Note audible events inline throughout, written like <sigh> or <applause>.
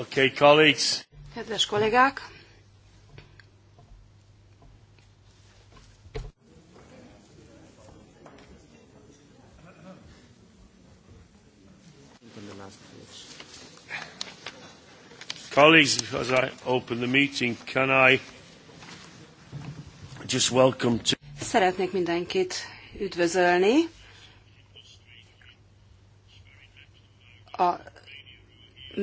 Okay, colleagues. Kedves kollégák! Colleagues, as I open the meeting, can I just welcome to... Szeretnék mindenkit üdvözölni.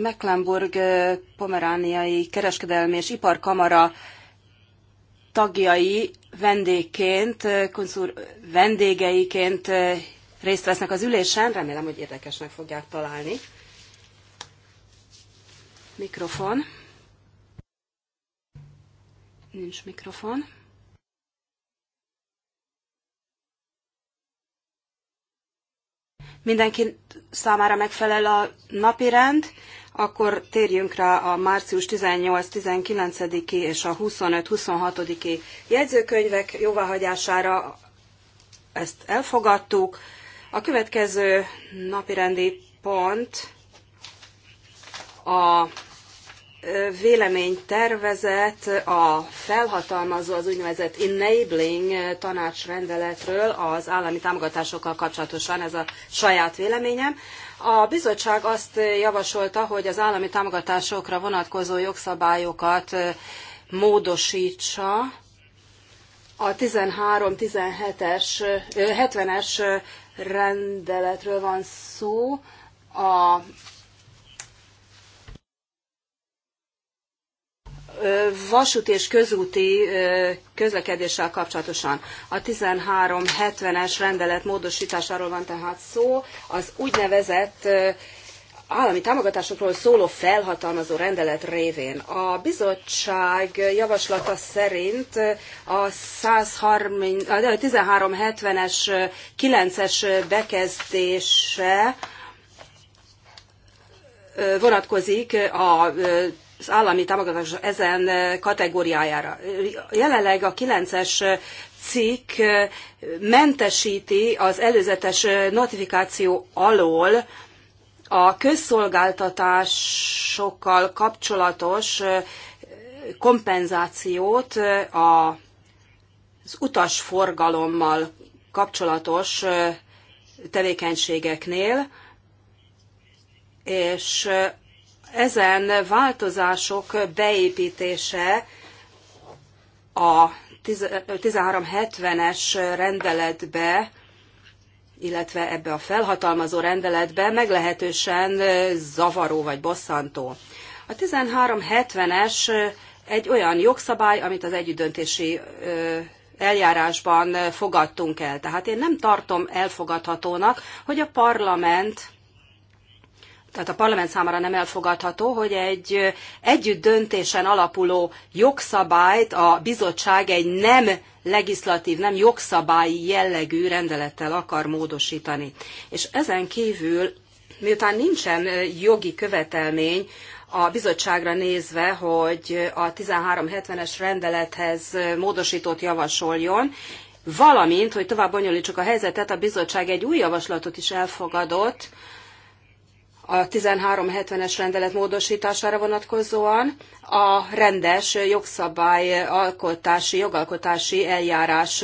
Mecklenburg eh, pomerániai kereskedelmi és iparkamara tagjai vendégként, eh, vendégeiként eh, részt vesznek az ülésen. Remélem, hogy érdekesnek fogják találni. Mikrofon. Nincs mikrofon. Mindenki számára megfelel a napirend akkor térjünk rá a március 18-19-i és a 25-26-i jegyzőkönyvek jóváhagyására. Ezt elfogadtuk. A következő napirendi pont a véleménytervezet a felhatalmazó, az úgynevezett enabling tanácsrendeletről az állami támogatásokkal kapcsolatosan, ez a saját véleményem. A bizottság azt javasolta, hogy az állami támogatásokra vonatkozó jogszabályokat módosítsa. A 13-17-es, 70-es rendeletről van szó, a vasúti és közúti közlekedéssel kapcsolatosan. A 1370-es rendelet módosításáról van tehát szó, az úgynevezett állami támogatásokról szóló felhatalmazó rendelet révén. A bizottság javaslata szerint a 1370-es 9-es bekezdése vonatkozik a az állami támogatás ezen kategóriájára. Jelenleg a 9-es cikk mentesíti az előzetes notifikáció alól a közszolgáltatásokkal kapcsolatos kompenzációt az utasforgalommal kapcsolatos tevékenységeknél, és ezen változások beépítése a 1370-es rendeletbe, illetve ebbe a felhatalmazó rendeletbe meglehetősen zavaró vagy bosszantó. A 1370-es egy olyan jogszabály, amit az együttdöntési eljárásban fogadtunk el. Tehát én nem tartom elfogadhatónak, hogy a parlament tehát a parlament számára nem elfogadható, hogy egy együtt döntésen alapuló jogszabályt a bizottság egy nem legislatív, nem jogszabályi jellegű rendelettel akar módosítani. És ezen kívül, miután nincsen jogi követelmény a bizottságra nézve, hogy a 1370-es rendelethez módosítót javasoljon, valamint, hogy tovább bonyolítsuk a helyzetet, a bizottság egy új javaslatot is elfogadott, a 1370-es rendelet módosítására vonatkozóan a rendes jogszabály alkotási, jogalkotási eljárás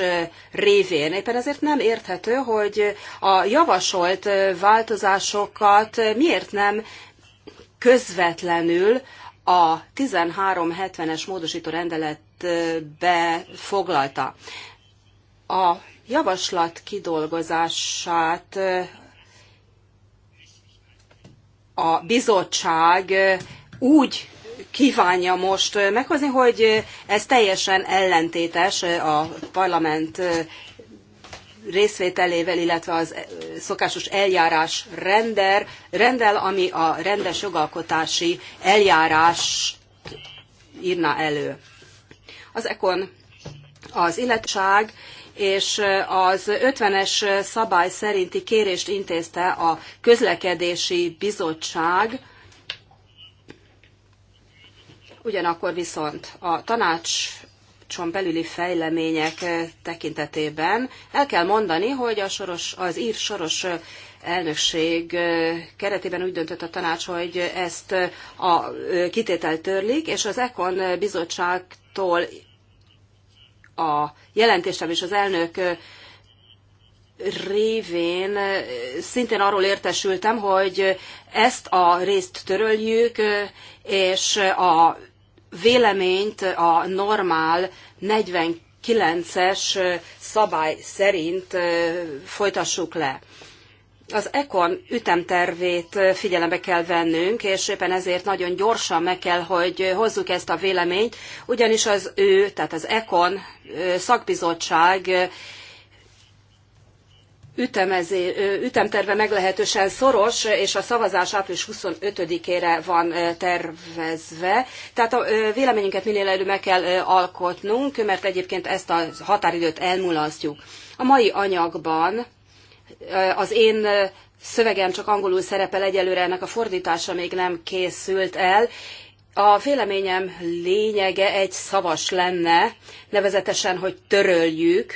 révén. Éppen ezért nem érthető, hogy a javasolt változásokat miért nem közvetlenül a 1370-es módosító rendeletbe foglalta. A javaslat kidolgozását a bizottság úgy kívánja most meghozni, hogy ez teljesen ellentétes a parlament részvételével, illetve az szokásos eljárás render rendel ami a rendes jogalkotási eljárás írna elő. Az ECON az illetság és az 50-es szabály szerinti kérést intézte a közlekedési bizottság, Ugyanakkor viszont a tanácson belüli fejlemények tekintetében el kell mondani, hogy a soros, az ír soros elnökség keretében úgy döntött a tanács, hogy ezt a kitételt törlik, és az Ekon bizottságtól a jelentésem és az elnök révén szintén arról értesültem, hogy ezt a részt töröljük, és a véleményt a normál 49-es szabály szerint folytassuk le az ECON ütemtervét figyelembe kell vennünk, és éppen ezért nagyon gyorsan meg kell, hogy hozzuk ezt a véleményt, ugyanis az ő, tehát az ECON szakbizottság ütemezi, ütemterve meglehetősen szoros, és a szavazás április 25-ére van tervezve. Tehát a véleményünket minél előbb meg kell alkotnunk, mert egyébként ezt a határidőt elmulasztjuk. A mai anyagban az én szövegem csak angolul szerepel egyelőre, ennek a fordítása még nem készült el. A véleményem lényege egy szavas lenne, nevezetesen, hogy töröljük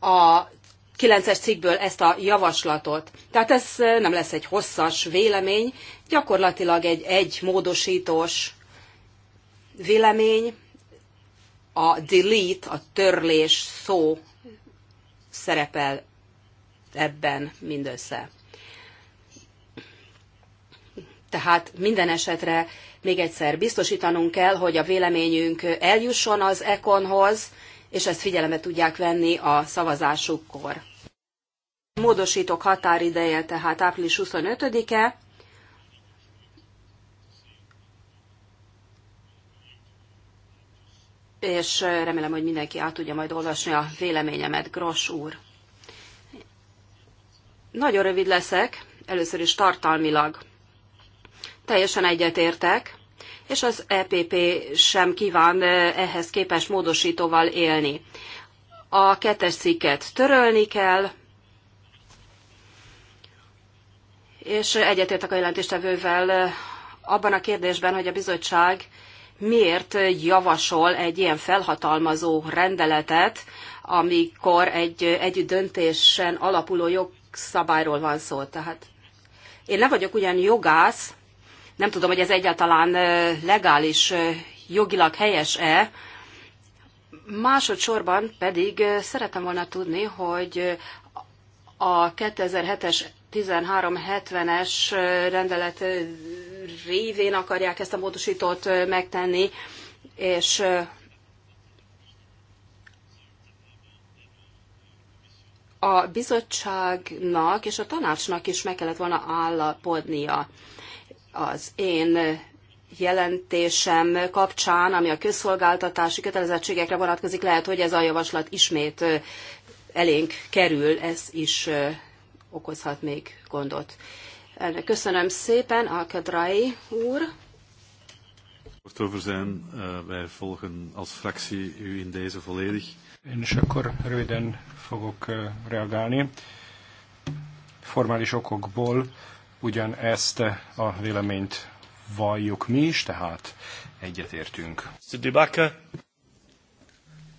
a 9-es cikkből ezt a javaslatot. Tehát ez nem lesz egy hosszas vélemény, gyakorlatilag egy egy módosítós vélemény, a delete, a törlés szó szerepel ebben mindössze. Tehát minden esetre még egyszer biztosítanunk kell, hogy a véleményünk eljusson az ekonhoz, és ezt figyelembe tudják venni a szavazásukkor. Módosítok határideje, tehát április 25-e, és remélem, hogy mindenki át tudja majd olvasni a véleményemet, Gros úr. Nagyon rövid leszek, először is tartalmilag. Teljesen egyetértek, és az EPP sem kíván ehhez képes módosítóval élni. A kettes cikket törölni kell, és egyetértek a jelentéstevővel abban a kérdésben, hogy a bizottság miért javasol egy ilyen felhatalmazó rendeletet, amikor egy együtt döntésen alapuló jogszabályról van szó. Tehát én nem vagyok ugyan jogász, nem tudom, hogy ez egyáltalán legális, jogilag helyes-e. Másodszorban pedig szeretem volna tudni, hogy a 2007-es 1370-es rendelet révén akarják ezt a módosítót megtenni, és a bizottságnak és a tanácsnak is meg kellett volna állapodnia az én jelentésem kapcsán, ami a közszolgáltatási kötelezettségekre vonatkozik, lehet, hogy ez a javaslat ismét elénk kerül, ez is okozhat még gondot. Elnök, köszönöm szépen, Alkadrai úr. Eh, Én is akkor röviden fogok eh, reagálni. Formális okokból ugyan ezt eh, a véleményt valljuk mi is, tehát egyetértünk. Studibakke.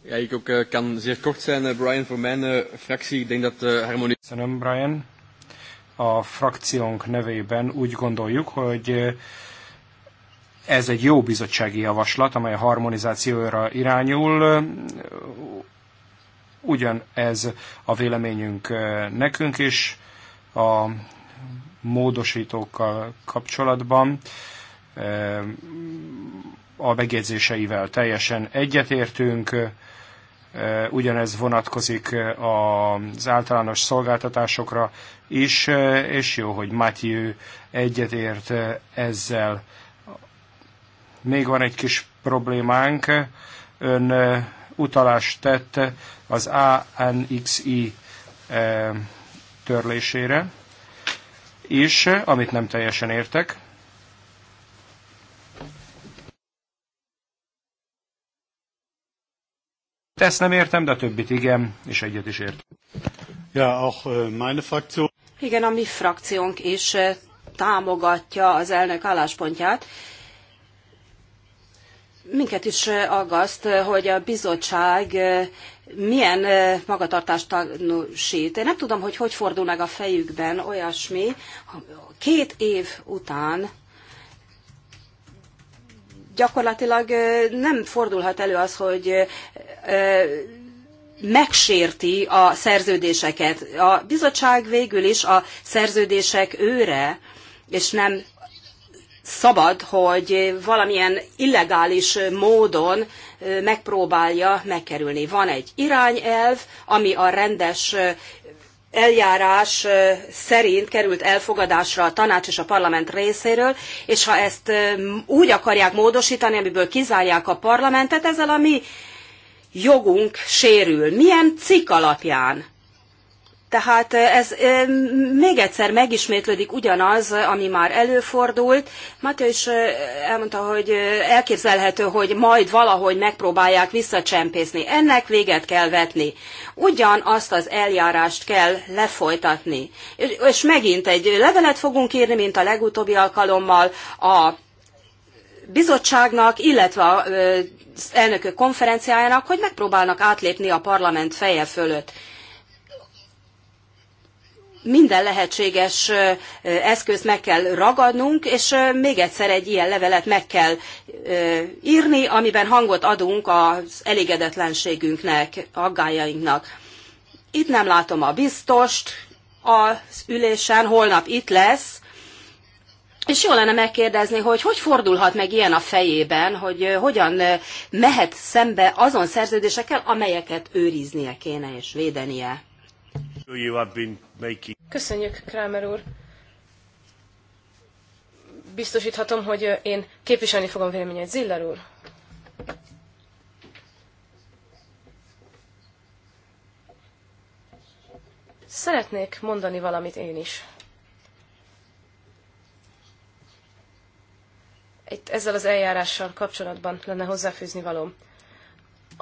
Ja, ik ook kan zeer kort zijn, Brian, voor mijn fractie. Ik denk dat harmonie... Köszönöm, Brian a frakciónk nevében úgy gondoljuk, hogy ez egy jó bizottsági javaslat, amely a harmonizációra irányul. Ugyan ez a véleményünk nekünk is a módosítókkal kapcsolatban a megjegyzéseivel teljesen egyetértünk, Eh, ugyanez vonatkozik eh, az általános szolgáltatásokra is, eh, és jó, hogy Matthew egyetért ezzel. Még van egy kis problémánk. Ön utalást tett az ANXI törlésére, és amit nem teljesen értek, Te ezt nem értem, de a többit igen, és egyet is ért. Ja, auch äh, meine Fraktion. Igen, a mi frakciónk is äh, támogatja az elnök álláspontját. Minket is äh, aggaszt, hogy a bizottság milyen magatartást tanúsít. Én nem tudom, hogy hogy fordul meg a fejükben olyasmi, két év után gyakorlatilag nem fordulhat elő az, hogy megsérti a szerződéseket. A bizottság végül is a szerződések őre, és nem szabad, hogy valamilyen illegális módon megpróbálja megkerülni. Van egy irányelv, ami a rendes eljárás szerint került elfogadásra a tanács és a parlament részéről, és ha ezt úgy akarják módosítani, amiből kizárják a parlamentet, ezzel a mi jogunk sérül. Milyen cikk alapján? Tehát eh, ez eh, még egyszer megismétlődik ugyanaz, ami már előfordult. Matya is eh, elmondta, hogy elképzelhető, hogy majd valahogy megpróbálják visszacsempészni. Ennek véget kell vetni. Ugyanazt az eljárást kell lefolytatni. És megint egy levelet fogunk írni, mint a legutóbbi alkalommal a bizottságnak, illetve az elnökök konferenciájának, hogy megpróbálnak átlépni a parlament feje fölött minden lehetséges eszközt meg kell ragadnunk, és még egyszer egy ilyen levelet meg kell írni, amiben hangot adunk az elégedetlenségünknek, aggájainknak. Itt nem látom a biztost az ülésen, holnap itt lesz, és jó lenne megkérdezni, hogy hogy fordulhat meg ilyen a fejében, hogy hogyan mehet szembe azon szerződésekkel, amelyeket őriznie kéne és védenie. Köszönjük, Kramer úr. Biztosíthatom, hogy én képviselni fogom véleményet. Ziller úr. Szeretnék mondani valamit én is. Itt ezzel az eljárással kapcsolatban lenne hozzáfűzni valóm.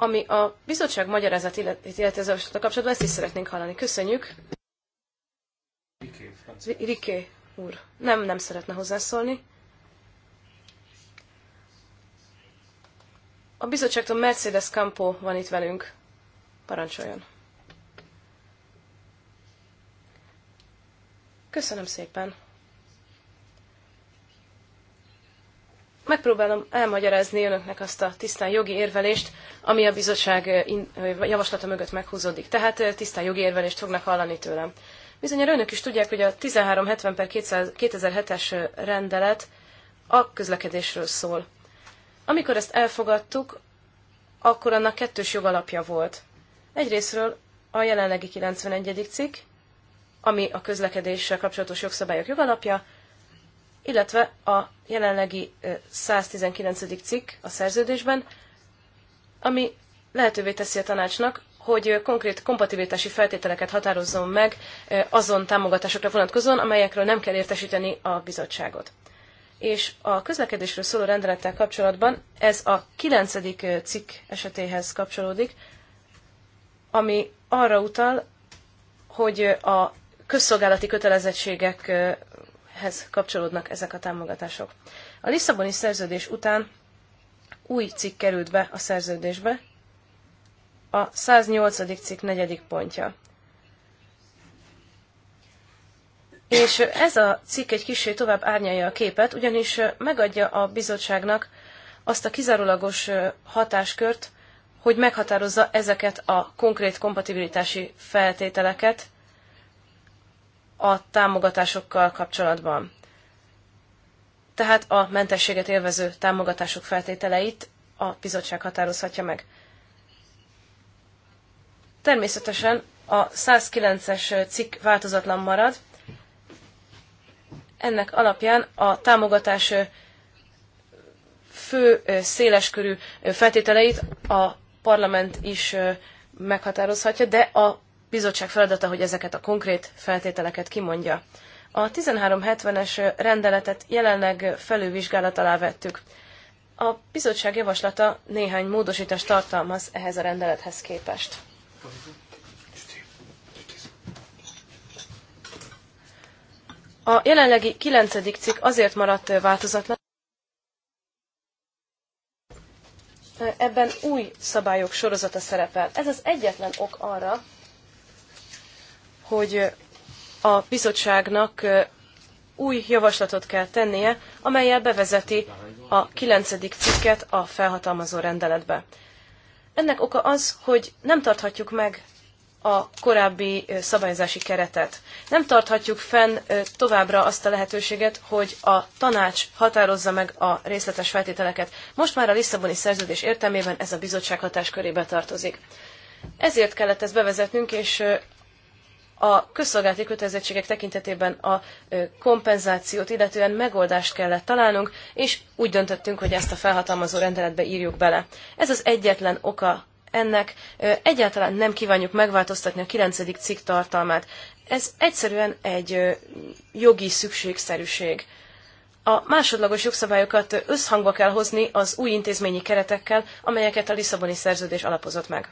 Ami a bizottság magyarázat illeti ezzel kapcsolatban, ezt is szeretnénk hallani. Köszönjük. Riké úr. Nem, nem szeretne hozzászólni. A bizottságtól Mercedes Campo van itt velünk. Parancsoljon. Köszönöm szépen. megpróbálom elmagyarázni önöknek azt a tisztán jogi érvelést, ami a bizottság javaslata mögött meghúzódik. Tehát tisztán jogi érvelést fognak hallani tőlem. Bizonyára önök is tudják, hogy a 1370 per 2007-es rendelet a közlekedésről szól. Amikor ezt elfogadtuk, akkor annak kettős jogalapja volt. Egyrésztről a jelenlegi 91. cikk, ami a közlekedéssel kapcsolatos jogszabályok jogalapja, illetve a jelenlegi 119. cikk a szerződésben, ami lehetővé teszi a tanácsnak, hogy konkrét kompatibilitási feltételeket határozzon meg azon támogatásokra vonatkozóan, amelyekről nem kell értesíteni a bizottságot. És a közlekedésről szóló rendelettel kapcsolatban ez a 9. cikk esetéhez kapcsolódik, ami arra utal, hogy a közszolgálati kötelezettségek hez kapcsolódnak ezek a támogatások. A Lisszaboni szerződés után új cikk került be a szerződésbe, a 108. cikk negyedik pontja. És ez a cikk egy kicsit tovább árnyalja a képet, ugyanis megadja a bizottságnak azt a kizárólagos hatáskört, hogy meghatározza ezeket a konkrét kompatibilitási feltételeket, a támogatásokkal kapcsolatban. Tehát a mentességet élvező támogatások feltételeit a bizottság határozhatja meg. Természetesen a 109-es cikk változatlan marad. Ennek alapján a támogatás fő széleskörű feltételeit a parlament is meghatározhatja, de a bizottság feladata, hogy ezeket a konkrét feltételeket kimondja. A 1370-es rendeletet jelenleg felülvizsgálat alá vettük. A bizottság javaslata néhány módosítást tartalmaz ehhez a rendelethez képest. A jelenlegi 9. cikk azért maradt változatlan, ebben új szabályok sorozata szerepel. Ez az egyetlen ok arra, hogy a bizottságnak új javaslatot kell tennie, amelyel bevezeti a kilencedik cikket a felhatalmazó rendeletbe. Ennek oka az, hogy nem tarthatjuk meg a korábbi szabályozási keretet. Nem tarthatjuk fenn továbbra azt a lehetőséget, hogy a tanács határozza meg a részletes feltételeket. Most már a Lisszaboni szerződés értelmében ez a bizottság hatáskörébe tartozik. Ezért kellett ezt bevezetnünk, és a közszolgálati kötelezettségek tekintetében a kompenzációt, illetően megoldást kellett találnunk, és úgy döntöttünk, hogy ezt a felhatalmazó rendeletbe írjuk bele. Ez az egyetlen oka ennek. Egyáltalán nem kívánjuk megváltoztatni a 9. cikk tartalmát. Ez egyszerűen egy jogi szükségszerűség. A másodlagos jogszabályokat összhangba kell hozni az új intézményi keretekkel, amelyeket a Lisszaboni szerződés alapozott meg.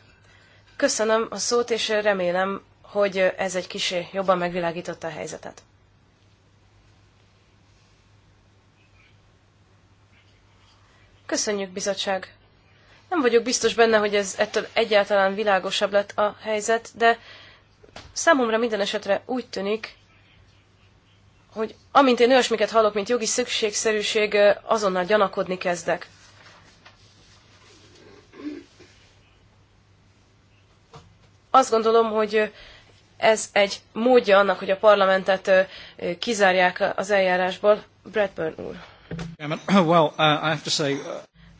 Köszönöm a szót, és remélem hogy ez egy kicsi jobban megvilágította a helyzetet. Köszönjük, bizottság! Nem vagyok biztos benne, hogy ez ettől egyáltalán világosabb lett a helyzet, de számomra minden esetre úgy tűnik, hogy amint én olyasmiket hallok, mint jogi szükségszerűség, azonnal gyanakodni kezdek. Azt gondolom, hogy ez egy módja annak, hogy a parlamentet kizárják az eljárásból. Bradburn úr. <coughs> Uh, uh,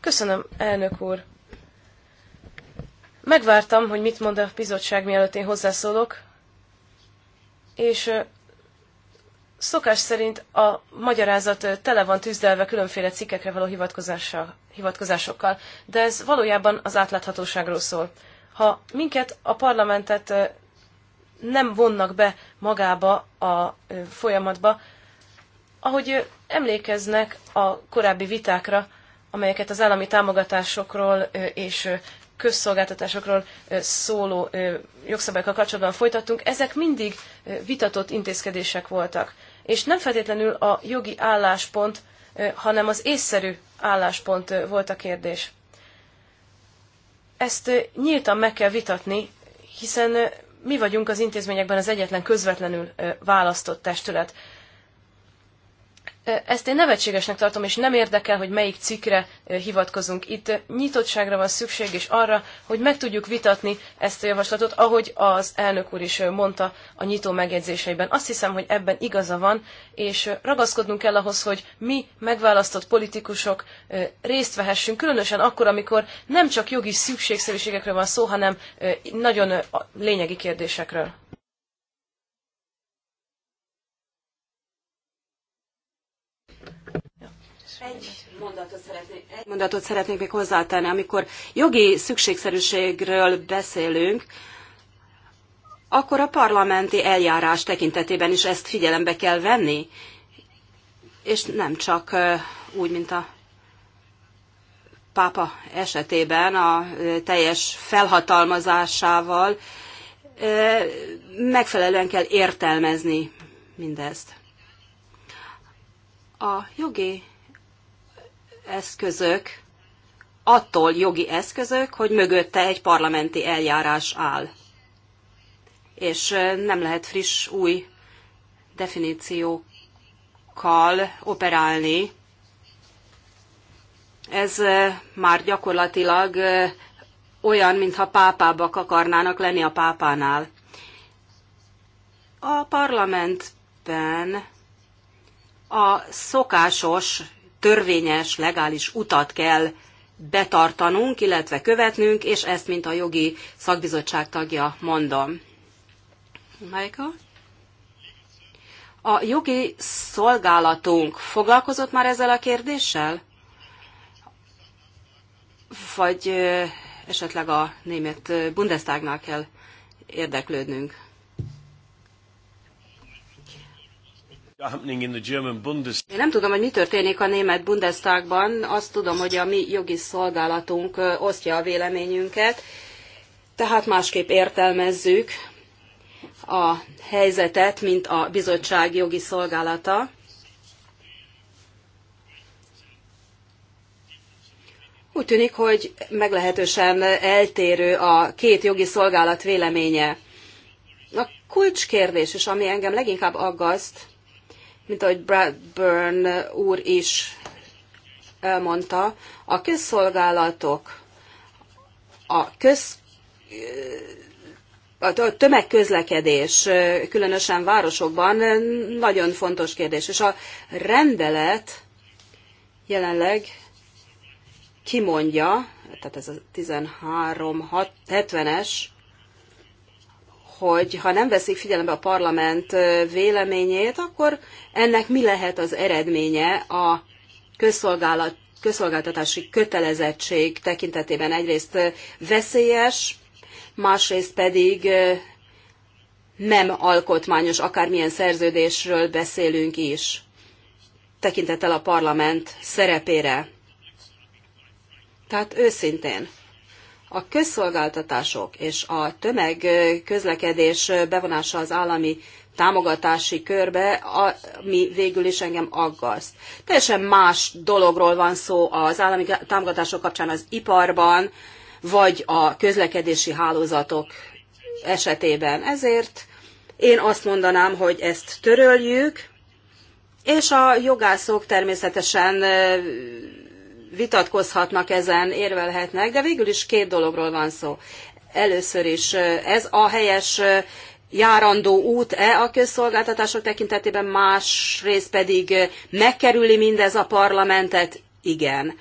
Köszönöm, elnök úr. Megvártam, hogy mit mond a bizottság, mielőtt én hozzászólok, és szokás szerint a magyarázat tele van tűzdelve különféle cikkekre való hivatkozásokkal, de ez valójában az átláthatóságról szól. Ha minket, a parlamentet nem vonnak be magába a folyamatba. Ahogy emlékeznek a korábbi vitákra, amelyeket az állami támogatásokról és közszolgáltatásokról szóló jogszabályokkal kapcsolatban folytattunk, ezek mindig vitatott intézkedések voltak. És nem feltétlenül a jogi álláspont, hanem az észszerű álláspont volt a kérdés. Ezt nyíltan meg kell vitatni, hiszen mi vagyunk az intézményekben az egyetlen közvetlenül választott testület. Ezt én nevetségesnek tartom, és nem érdekel, hogy melyik cikkre hivatkozunk. Itt nyitottságra van szükség, és arra, hogy meg tudjuk vitatni ezt a javaslatot, ahogy az elnök úr is mondta a nyitó megjegyzéseiben. Azt hiszem, hogy ebben igaza van, és ragaszkodnunk kell ahhoz, hogy mi, megválasztott politikusok részt vehessünk, különösen akkor, amikor nem csak jogi szükségszerűségekről van szó, hanem nagyon lényegi kérdésekről. Egy mondatot szeretnék, egy mondatot szeretnék még hozzátenni. Amikor jogi szükségszerűségről beszélünk, akkor a parlamenti eljárás tekintetében is ezt figyelembe kell venni, és nem csak úgy, mint a pápa esetében a teljes felhatalmazásával megfelelően kell értelmezni mindezt. A jogi eszközök, attól jogi eszközök, hogy mögötte egy parlamenti eljárás áll. És nem lehet friss, új definíciókkal operálni. Ez már gyakorlatilag olyan, mintha pápábbak akarnának lenni a pápánál. A parlamentben a szokásos törvényes, legális utat kell betartanunk, illetve követnünk, és ezt, mint a jogi szakbizottság tagja mondom. Michael? A jogi szolgálatunk foglalkozott már ezzel a kérdéssel? Vagy esetleg a német Bundestagnál kell érdeklődnünk? nem tudom, hogy mi történik a német Bundestagban, azt tudom, hogy a mi jogi szolgálatunk osztja a véleményünket, tehát másképp értelmezzük a helyzetet, mint a bizottság jogi szolgálata. Úgy tűnik, hogy meglehetősen eltérő a két jogi szolgálat véleménye. A kulcskérdés, és ami engem leginkább aggaszt, mint ahogy Bradburn úr is elmondta, a közszolgálatok, a köz a tömegközlekedés, különösen városokban nagyon fontos kérdés. És a rendelet jelenleg kimondja, tehát ez a 1370-es hogy ha nem veszik figyelembe a parlament véleményét, akkor ennek mi lehet az eredménye a közszolgálat, közszolgáltatási kötelezettség tekintetében egyrészt veszélyes, másrészt pedig nem alkotmányos, akármilyen szerződésről beszélünk is, tekintettel a parlament szerepére. Tehát őszintén, a közszolgáltatások és a tömegközlekedés bevonása az állami támogatási körbe, ami végül is engem aggaszt. Teljesen más dologról van szó az állami támogatások kapcsán az iparban, vagy a közlekedési hálózatok esetében. Ezért én azt mondanám, hogy ezt töröljük, és a jogászok természetesen vitatkozhatnak ezen, érvelhetnek, de végül is két dologról van szó. Először is ez a helyes járandó út-e a közszolgáltatások tekintetében, másrészt pedig megkerüli mindez a parlamentet? Igen.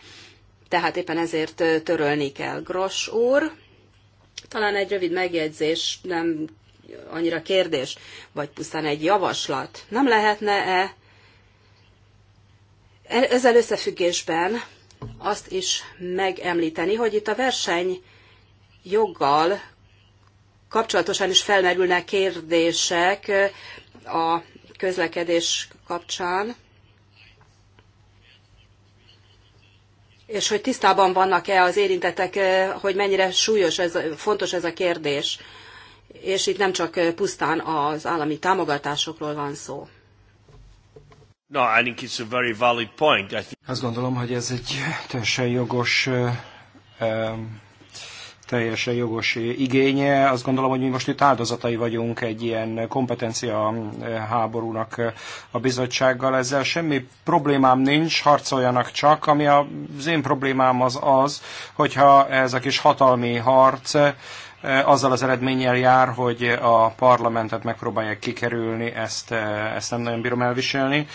Tehát éppen ezért törölni kell. Gross úr, talán egy rövid megjegyzés, nem annyira kérdés, vagy pusztán egy javaslat. Nem lehetne-e e-, ezzel összefüggésben azt is megemlíteni, hogy itt a verseny joggal kapcsolatosan is felmerülnek kérdések a közlekedés kapcsán, és hogy tisztában vannak-e az érintettek, hogy mennyire súlyos, ez, fontos ez a kérdés. És itt nem csak pusztán az állami támogatásokról van szó. No, I think it's a very valid point. I think... Azt gondolom, hogy ez egy teljesen jogos teljesen jogos igénye. Azt gondolom, hogy mi most itt áldozatai vagyunk egy ilyen kompetencia háborúnak a bizottsággal. Ezzel semmi problémám nincs, harcoljanak csak. Ami az én problémám az az, hogyha ez a kis hatalmi harc Eh, azzal az eredménnyel jár, hogy a parlamentet megpróbálják kikerülni, ezt, eh, ezt nem nagyon bírom elviselni.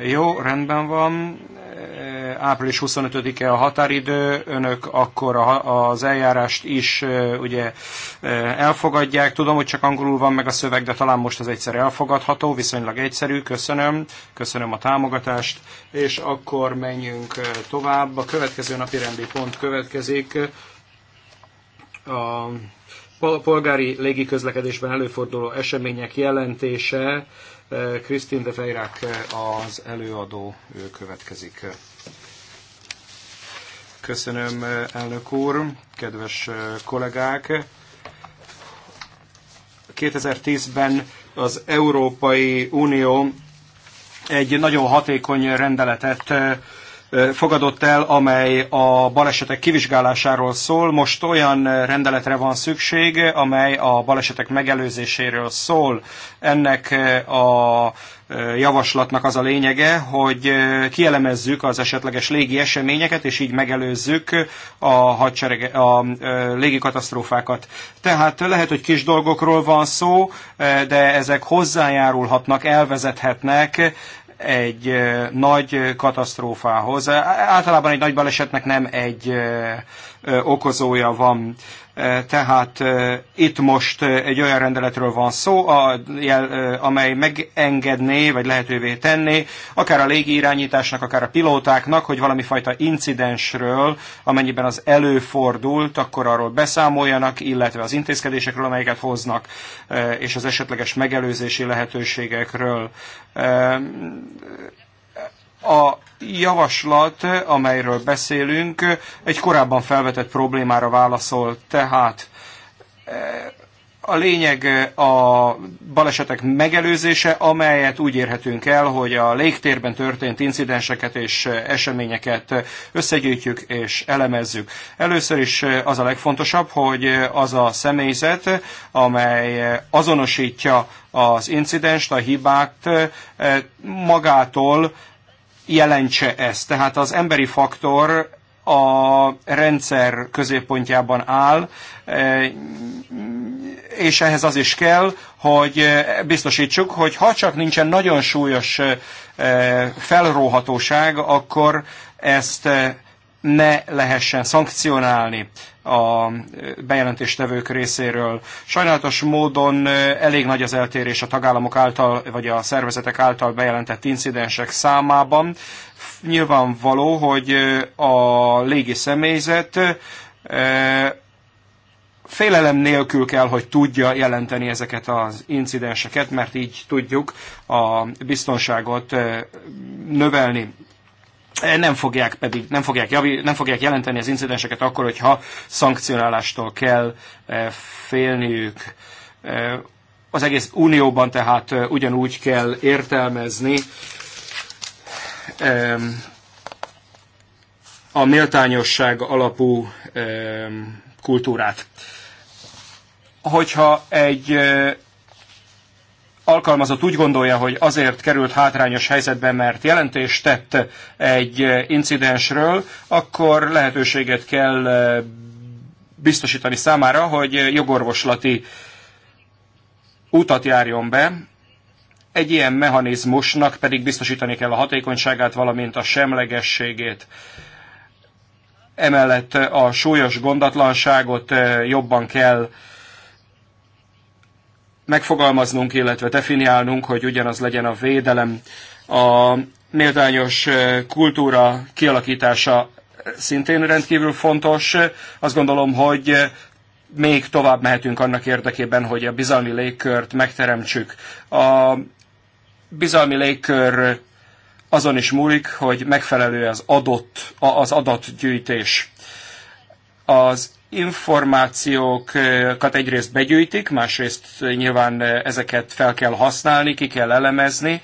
Jó, rendben van. Eh, április 25-e a határidő, önök akkor a, az eljárást is ugye elfogadják. Tudom, hogy csak angolul van meg a szöveg, de talán most az egyszer elfogadható, viszonylag egyszerű. Köszönöm, köszönöm a támogatást, és akkor menjünk tovább. A következő napi rendi pont következik. A polgári légiközlekedésben előforduló események jelentése. Krisztin eh, de Feirák eh, az előadó, ő következik. Köszönöm, eh, elnök úr, kedves kollégák! 2010-ben az Európai Unió egy nagyon hatékony rendeletet fogadott el, amely a balesetek kivizsgálásáról szól. Most olyan rendeletre van szükség, amely a balesetek megelőzéséről szól. Ennek a javaslatnak az a lényege, hogy kielemezzük az esetleges légi eseményeket, és így megelőzzük a, hadsereg, a légi katasztrófákat. Tehát lehet, hogy kis dolgokról van szó, de ezek hozzájárulhatnak, elvezethetnek egy nagy katasztrófához. Általában egy nagy balesetnek nem egy okozója van. Tehát itt most egy olyan rendeletről van szó, amely megengedné, vagy lehetővé tenné, akár a légirányításnak, akár a pilótáknak, hogy valami fajta incidensről, amennyiben az előfordult, akkor arról beszámoljanak, illetve az intézkedésekről, amelyeket hoznak, és az esetleges megelőzési lehetőségekről a javaslat, amelyről beszélünk, egy korábban felvetett problémára válaszol, tehát e, a lényeg a balesetek megelőzése, amelyet úgy érhetünk el, hogy a légtérben történt incidenseket és eseményeket összegyűjtjük és elemezzük. Először is az a legfontosabb, hogy az a személyzet, amely azonosítja az incidenst, a hibát e, magától jelentse ez. Tehát az emberi faktor a rendszer középpontjában áll, eh, és ehhez az is kell, hogy biztosítsuk, hogy ha csak nincsen nagyon súlyos eh, felróhatóság, akkor ezt eh, ne lehessen szankcionálni a bejelentéstevők részéről. Sajnálatos módon elég nagy az eltérés a tagállamok által, vagy a szervezetek által bejelentett incidensek számában. Nyilvánvaló, hogy a légi személyzet félelem nélkül kell, hogy tudja jelenteni ezeket az incidenseket, mert így tudjuk a biztonságot növelni nem fogják pedig, nem fogják, javi, nem fogják jelenteni az incidenseket akkor, hogyha szankcionálástól kell eh, félniük. Eh, az egész unióban tehát eh, ugyanúgy kell értelmezni a méltányosság alapú kultúrát. Hogyha egy alkalmazott úgy gondolja, hogy azért került hátrányos helyzetbe, mert jelentést tett egy incidensről, akkor lehetőséget kell eh, biztosítani számára, hogy jogorvoslati utat járjon be, egy ilyen mechanizmusnak pedig biztosítani kell a hatékonyságát, valamint a semlegességét. Emellett a súlyos gondatlanságot eh, jobban kell megfogalmaznunk, illetve definiálnunk, hogy ugyanaz legyen a védelem, a méltányos kultúra kialakítása szintén rendkívül fontos. Azt gondolom, hogy még tovább mehetünk annak érdekében, hogy a bizalmi légkört megteremtsük. A bizalmi légkör azon is múlik, hogy megfelelő az adott, az adatgyűjtés. Az információkat egyrészt begyűjtik, másrészt nyilván ezeket fel kell használni, ki kell elemezni.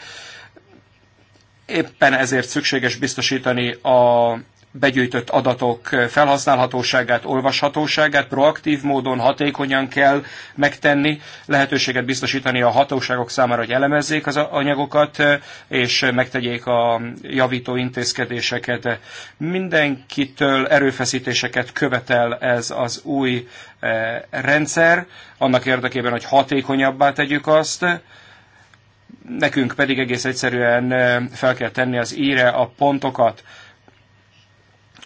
Éppen ezért szükséges biztosítani a begyűjtött adatok felhasználhatóságát, olvashatóságát proaktív módon, hatékonyan kell megtenni, lehetőséget biztosítani a hatóságok számára, hogy elemezzék az anyagokat, és megtegyék a javító intézkedéseket. Mindenkitől erőfeszítéseket követel ez az új eh, rendszer, annak érdekében, hogy hatékonyabbá tegyük azt, nekünk pedig egész egyszerűen eh, fel kell tenni az íre a pontokat.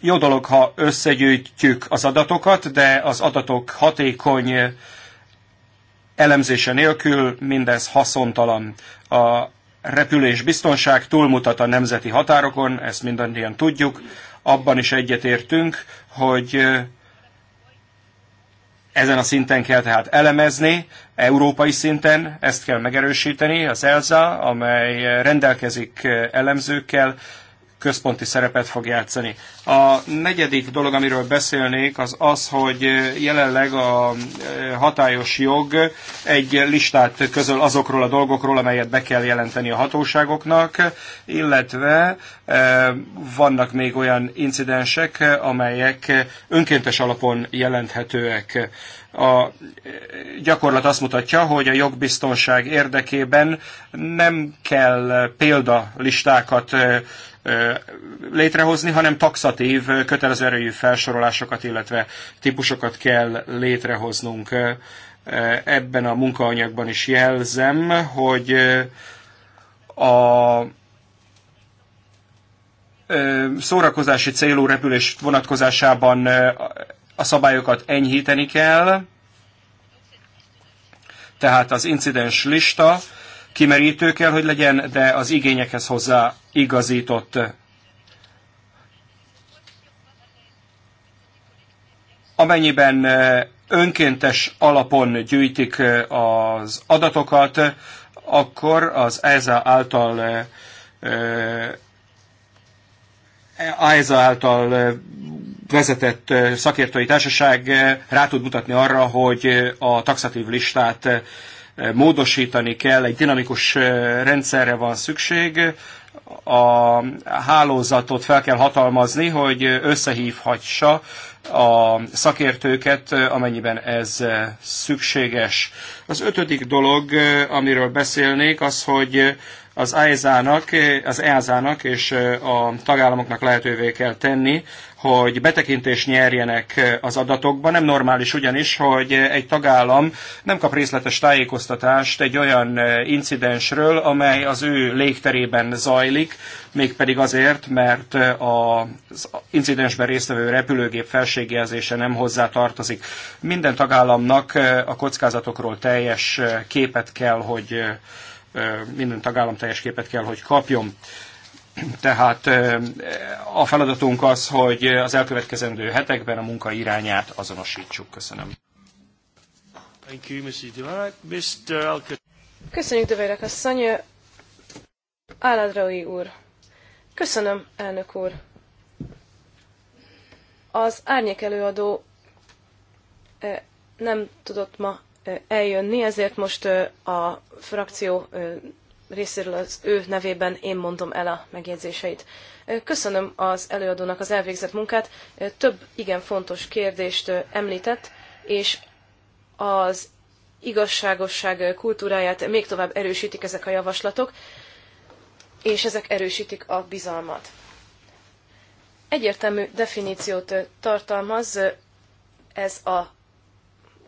Jó dolog, ha összegyűjtjük az adatokat, de az adatok hatékony eh, elemzése nélkül mindez haszontalan. A repülés biztonság túlmutat a nemzeti határokon, ezt mindannyian tudjuk. Abban is egyetértünk, hogy eh, ezen a szinten kell tehát elemezni, európai szinten ezt kell megerősíteni, az ELSA, amely eh, rendelkezik elemzőkkel, központi szerepet fog játszani. A negyedik dolog, amiről beszélnék, az az, hogy jelenleg a e, hatályos jog egy listát közöl azokról a dolgokról, amelyet be kell jelenteni a hatóságoknak, illetve e, vannak még olyan incidensek, amelyek önkéntes alapon jelenthetőek a e, gyakorlat azt mutatja, hogy a jogbiztonság érdekében nem kell példalistákat létrehozni, hanem taxatív, kötelező erőjű felsorolásokat, illetve típusokat kell létrehoznunk. Ebben a munkaanyagban is jelzem, hogy a szórakozási célú repülés vonatkozásában a szabályokat enyhíteni kell, tehát az incidens lista, kimerítő kell, hogy legyen, de az igényekhez hozzá igazított. Amennyiben eh, önkéntes alapon gyűjtik eh, az adatokat, akkor az ESA által AESA eh, által vezetett szakértői társaság rá tud mutatni arra, hogy a taxatív listát módosítani kell, egy dinamikus rendszerre van szükség, a hálózatot fel kell hatalmazni, hogy összehívhatsa a szakértőket, amennyiben ez szükséges. Az ötödik dolog, amiről beszélnék, az, hogy az aesa e nak az EASA-nak és a tagállamoknak lehetővé kell tenni, hogy betekintést nyerjenek az adatokba. Nem normális ugyanis, hogy egy tagállam nem kap részletes tájékoztatást egy olyan incidensről, amely az ő légterében zajlik, mégpedig azért, mert az incidensben résztvevő repülőgép felségjelzése nem hozzá tartozik. Minden tagállamnak a kockázatokról teljes képet kell, hogy minden tagállam teljes képet kell, hogy kapjon. Tehát a feladatunk az, hogy az elkövetkezendő hetekben a munka irányát azonosítsuk. Köszönöm. Thank you, Mr. Mr. Alcat. Köszönjük, Dövérek asszony. Áladraui úr. Köszönöm, elnök úr. Az árnyék előadó nem tudott ma eljönni, ezért most a frakció részéről az ő nevében én mondom el a megjegyzéseit. Köszönöm az előadónak az elvégzett munkát. Több igen fontos kérdést említett, és az igazságosság kultúráját még tovább erősítik ezek a javaslatok, és ezek erősítik a bizalmat. Egyértelmű definíciót tartalmaz ez a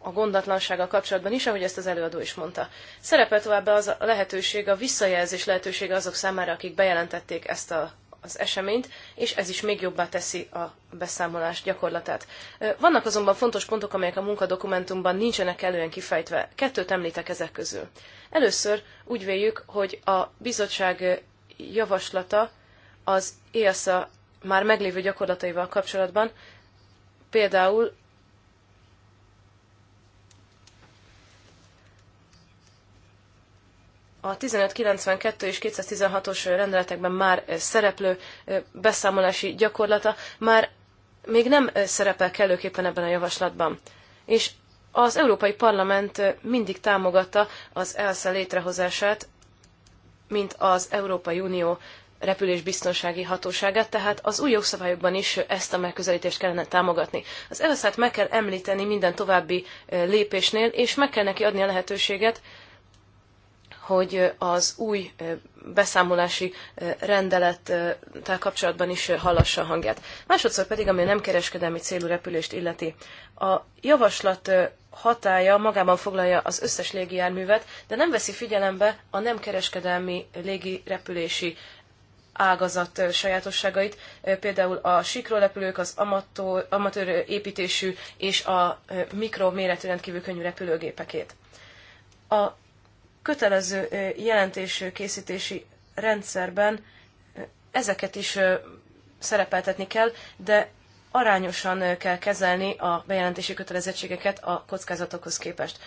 a gondatlansággal kapcsolatban is, ahogy ezt az előadó is mondta. Szerepel továbbá az a lehetőség, a visszajelzés lehetősége azok számára, akik bejelentették ezt a az eseményt, és ez is még jobbá teszi a beszámolás gyakorlatát. Vannak azonban fontos pontok, amelyek a munkadokumentumban nincsenek elően kifejtve. Kettőt említek ezek közül. Először úgy véljük, hogy a bizottság javaslata az EASA már meglévő gyakorlataival kapcsolatban, például a 1592 és 216-os rendeletekben már szereplő beszámolási gyakorlata már még nem szerepel kellőképpen ebben a javaslatban. És az Európai Parlament mindig támogatta az ELSZE létrehozását, mint az Európai Unió repülésbiztonsági hatóságát, tehát az új jogszabályokban is ezt a megközelítést kellene támogatni. Az ELSZ-t meg kell említeni minden további lépésnél, és meg kell neki adni a lehetőséget, hogy az új beszámolási rendelettel kapcsolatban is hallassa a hangját. Másodszor pedig, ami a nem kereskedelmi célú repülést illeti. A javaslat hatája magában foglalja az összes légijárművet, de nem veszi figyelembe a nem kereskedelmi légirepülési ágazat sajátosságait, például a sikrólepülők, az amatőr, amatőr építésű és a mikroméretű rendkívül könnyű repülőgépekét. A kötelező jelentés készítési rendszerben ezeket is szerepeltetni kell, de arányosan kell kezelni a bejelentési kötelezettségeket a kockázatokhoz képest.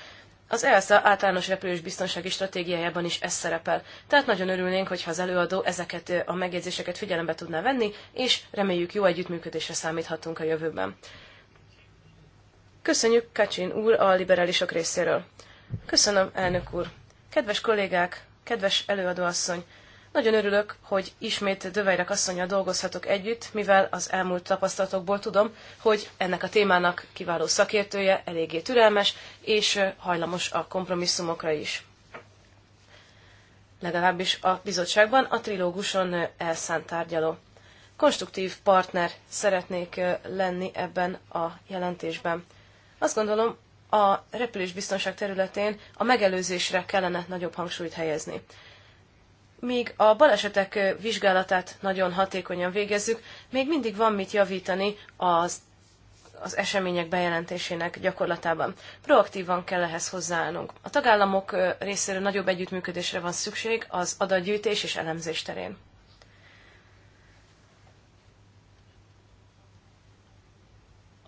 Az ELSA általános repülős biztonsági stratégiájában is ez szerepel. Tehát nagyon örülnénk, hogyha az előadó ezeket a megjegyzéseket figyelembe tudná venni, és reméljük jó együttműködésre számíthatunk a jövőben. Köszönjük Kacsin úr a liberálisok részéről. Köszönöm, elnök úr. Kedves kollégák, kedves előadóasszony, nagyon örülök, hogy ismét Dövejrek asszonya dolgozhatok együtt, mivel az elmúlt tapasztalatokból tudom, hogy ennek a témának kiváló szakértője, eléggé türelmes, és hajlamos a kompromisszumokra is. Legalábbis a bizottságban a trilóguson elszánt tárgyaló. Konstruktív partner szeretnék lenni ebben a jelentésben. Azt gondolom, a repülésbiztonság területén a megelőzésre kellene nagyobb hangsúlyt helyezni. Míg a balesetek vizsgálatát nagyon hatékonyan végezzük, még mindig van mit javítani az, az események bejelentésének gyakorlatában. Proaktívan kell ehhez hozzáállnunk. A tagállamok részéről nagyobb együttműködésre van szükség az adatgyűjtés és elemzés terén.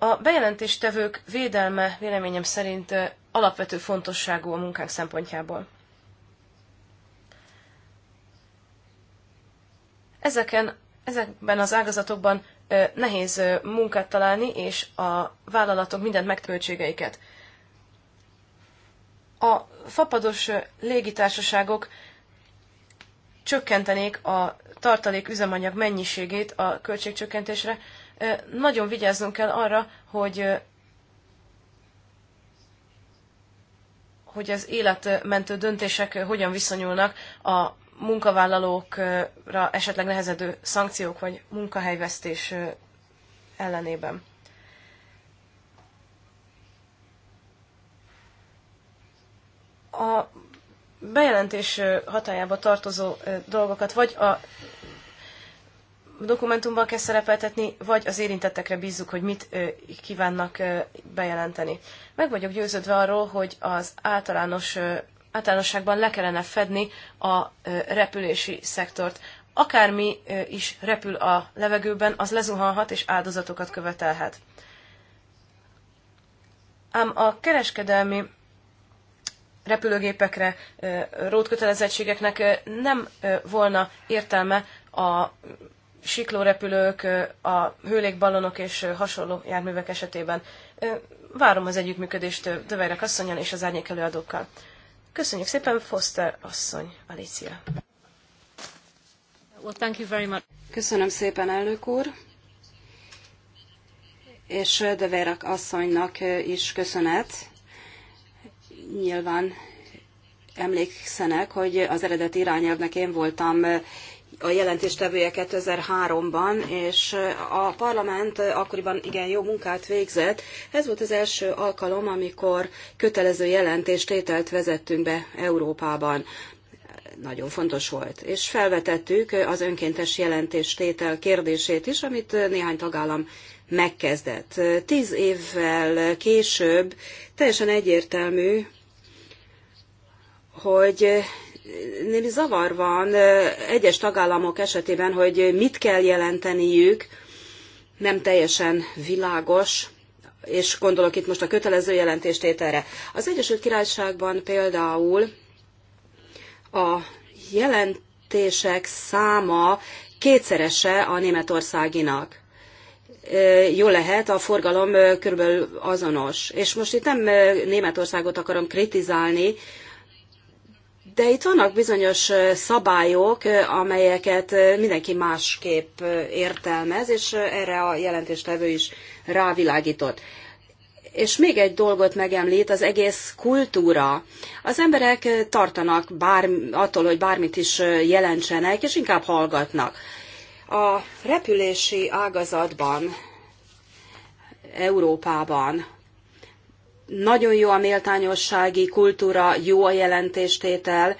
A bejelentéstevők védelme véleményem szerint alapvető fontosságú a munkánk szempontjából. Ezeken, ezekben az ágazatokban nehéz munkát találni, és a vállalatok mindent megtöltségeiket. A fapados légitársaságok csökkentenék a tartalék üzemanyag mennyiségét a költségcsökkentésre, nagyon vigyáznunk kell arra, hogy hogy az életmentő döntések hogyan viszonyulnak a munkavállalókra esetleg nehezedő szankciók vagy munkahelyvesztés ellenében. A bejelentés hatájába tartozó dolgokat vagy a dokumentumban kell szerepeltetni, vagy az érintettekre bízzuk, hogy mit kívánnak bejelenteni. Meg vagyok győződve arról, hogy az általános, általánosságban le kellene fedni a repülési szektort. Akármi is repül a levegőben, az lezuhanhat és áldozatokat követelhet. Ám a kereskedelmi repülőgépekre rótkötelezettségeknek nem volna értelme a siklórepülők, a hőlékballonok és hasonló járművek esetében. Várom az együttműködést Dövejrek asszonyon és az árnyék előadókkal. Köszönjük szépen, Foster asszony, Alicia. Well, thank you very much. Köszönöm szépen, elnök úr és Dövejrek asszonynak is köszönet. Nyilván emlékszenek, hogy az eredeti irányelvnek én voltam a jelentéstevője 2003-ban, és a parlament akkoriban igen jó munkát végzett. Ez volt az első alkalom, amikor kötelező jelentéstételt vezettünk be Európában. Nagyon fontos volt. És felvetettük az önkéntes jelentéstétel kérdését is, amit néhány tagállam megkezdett. Tíz évvel később teljesen egyértelmű, hogy némi zavar van egyes tagállamok esetében, hogy mit kell jelenteniük, nem teljesen világos, és gondolok itt most a kötelező jelentéstételre. Az Egyesült Királyságban például a jelentések száma kétszerese a németországinak. Jó lehet, a forgalom körülbelül azonos. És most itt nem Németországot akarom kritizálni, de itt vannak bizonyos szabályok, amelyeket mindenki másképp értelmez, és erre a jelentéstevő is rávilágított. És még egy dolgot megemlít, az egész kultúra. Az emberek tartanak bár, attól, hogy bármit is jelentsenek, és inkább hallgatnak. A repülési ágazatban, Európában nagyon jó a méltányossági kultúra, jó a jelentéstétel,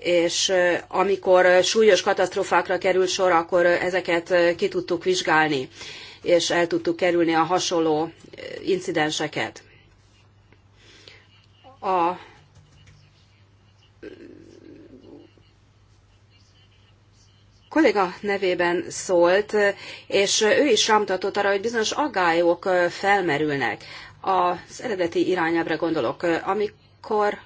és amikor súlyos katasztrófákra került sor, akkor ezeket ki tudtuk vizsgálni, és el tudtuk kerülni a hasonló incidenseket. A kolléga nevében szólt, és ő is rámutatott arra, hogy bizonyos aggályok felmerülnek az eredeti irányelvre gondolok. Amikor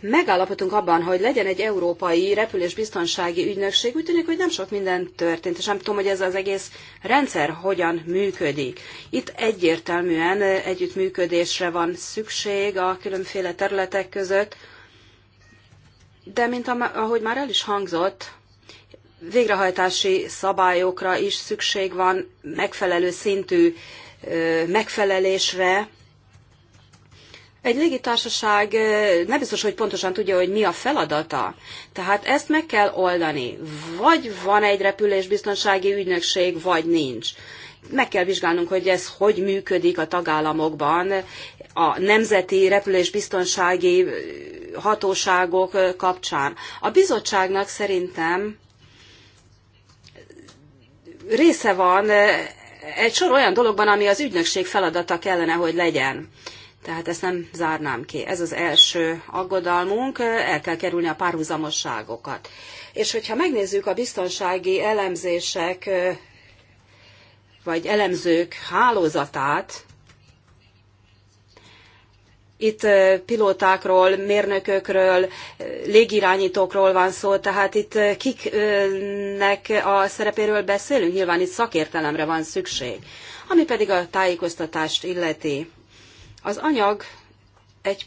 megállapodtunk abban, hogy legyen egy európai repülésbiztonsági ügynökség, úgy tűnik, hogy nem sok minden történt, és nem tudom, hogy ez az egész rendszer hogyan működik. Itt egyértelműen együttműködésre van szükség a különféle területek között, de mint ahogy már el is hangzott, végrehajtási szabályokra is szükség van, megfelelő szintű megfelelésre. Egy légitársaság nem biztos, hogy pontosan tudja, hogy mi a feladata. Tehát ezt meg kell oldani. Vagy van egy repülésbiztonsági ügynökség, vagy nincs. Meg kell vizsgálnunk, hogy ez hogy működik a tagállamokban, a nemzeti repülésbiztonsági hatóságok kapcsán. A bizottságnak szerintem része van egy sor olyan dologban, ami az ügynökség feladata kellene, hogy legyen. Tehát ezt nem zárnám ki. Ez az első aggodalmunk, el kell kerülni a párhuzamosságokat. És hogyha megnézzük a biztonsági elemzések vagy elemzők hálózatát, itt pilótákról, mérnökökről, légirányítókról van szó, tehát itt kiknek a szerepéről beszélünk, nyilván itt szakértelemre van szükség. Ami pedig a tájékoztatást illeti. Az anyag egy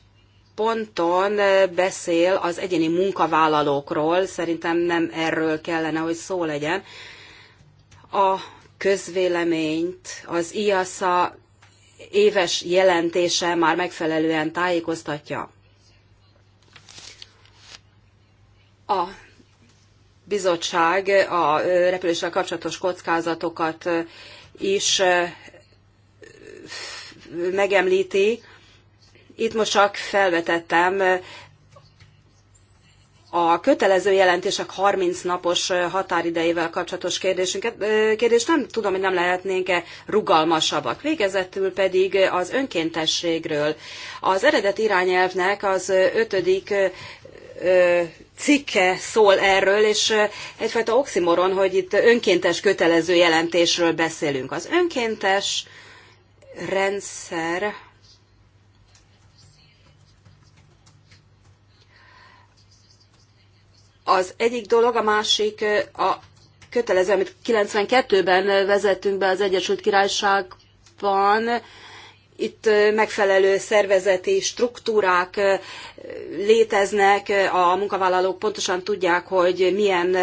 ponton beszél az egyéni munkavállalókról, szerintem nem erről kellene, hogy szó legyen. A közvéleményt, az IASA éves jelentése már megfelelően tájékoztatja. A bizottság a repüléssel kapcsolatos kockázatokat is megemlíti. Itt most csak felvetettem a kötelező jelentések 30 napos határidejével kapcsolatos kérdésünket, kérdést nem tudom, hogy nem lehetnénk-e rugalmasabbak. Végezetül pedig az önkéntességről. Az eredet irányelvnek az ötödik cikke szól erről, és egyfajta oximoron, hogy itt önkéntes kötelező jelentésről beszélünk. Az önkéntes rendszer az egyik dolog, a másik a kötelező, amit 92-ben vezettünk be az Egyesült Királyságban, itt megfelelő szervezeti struktúrák léteznek, a munkavállalók pontosan tudják, hogy milyen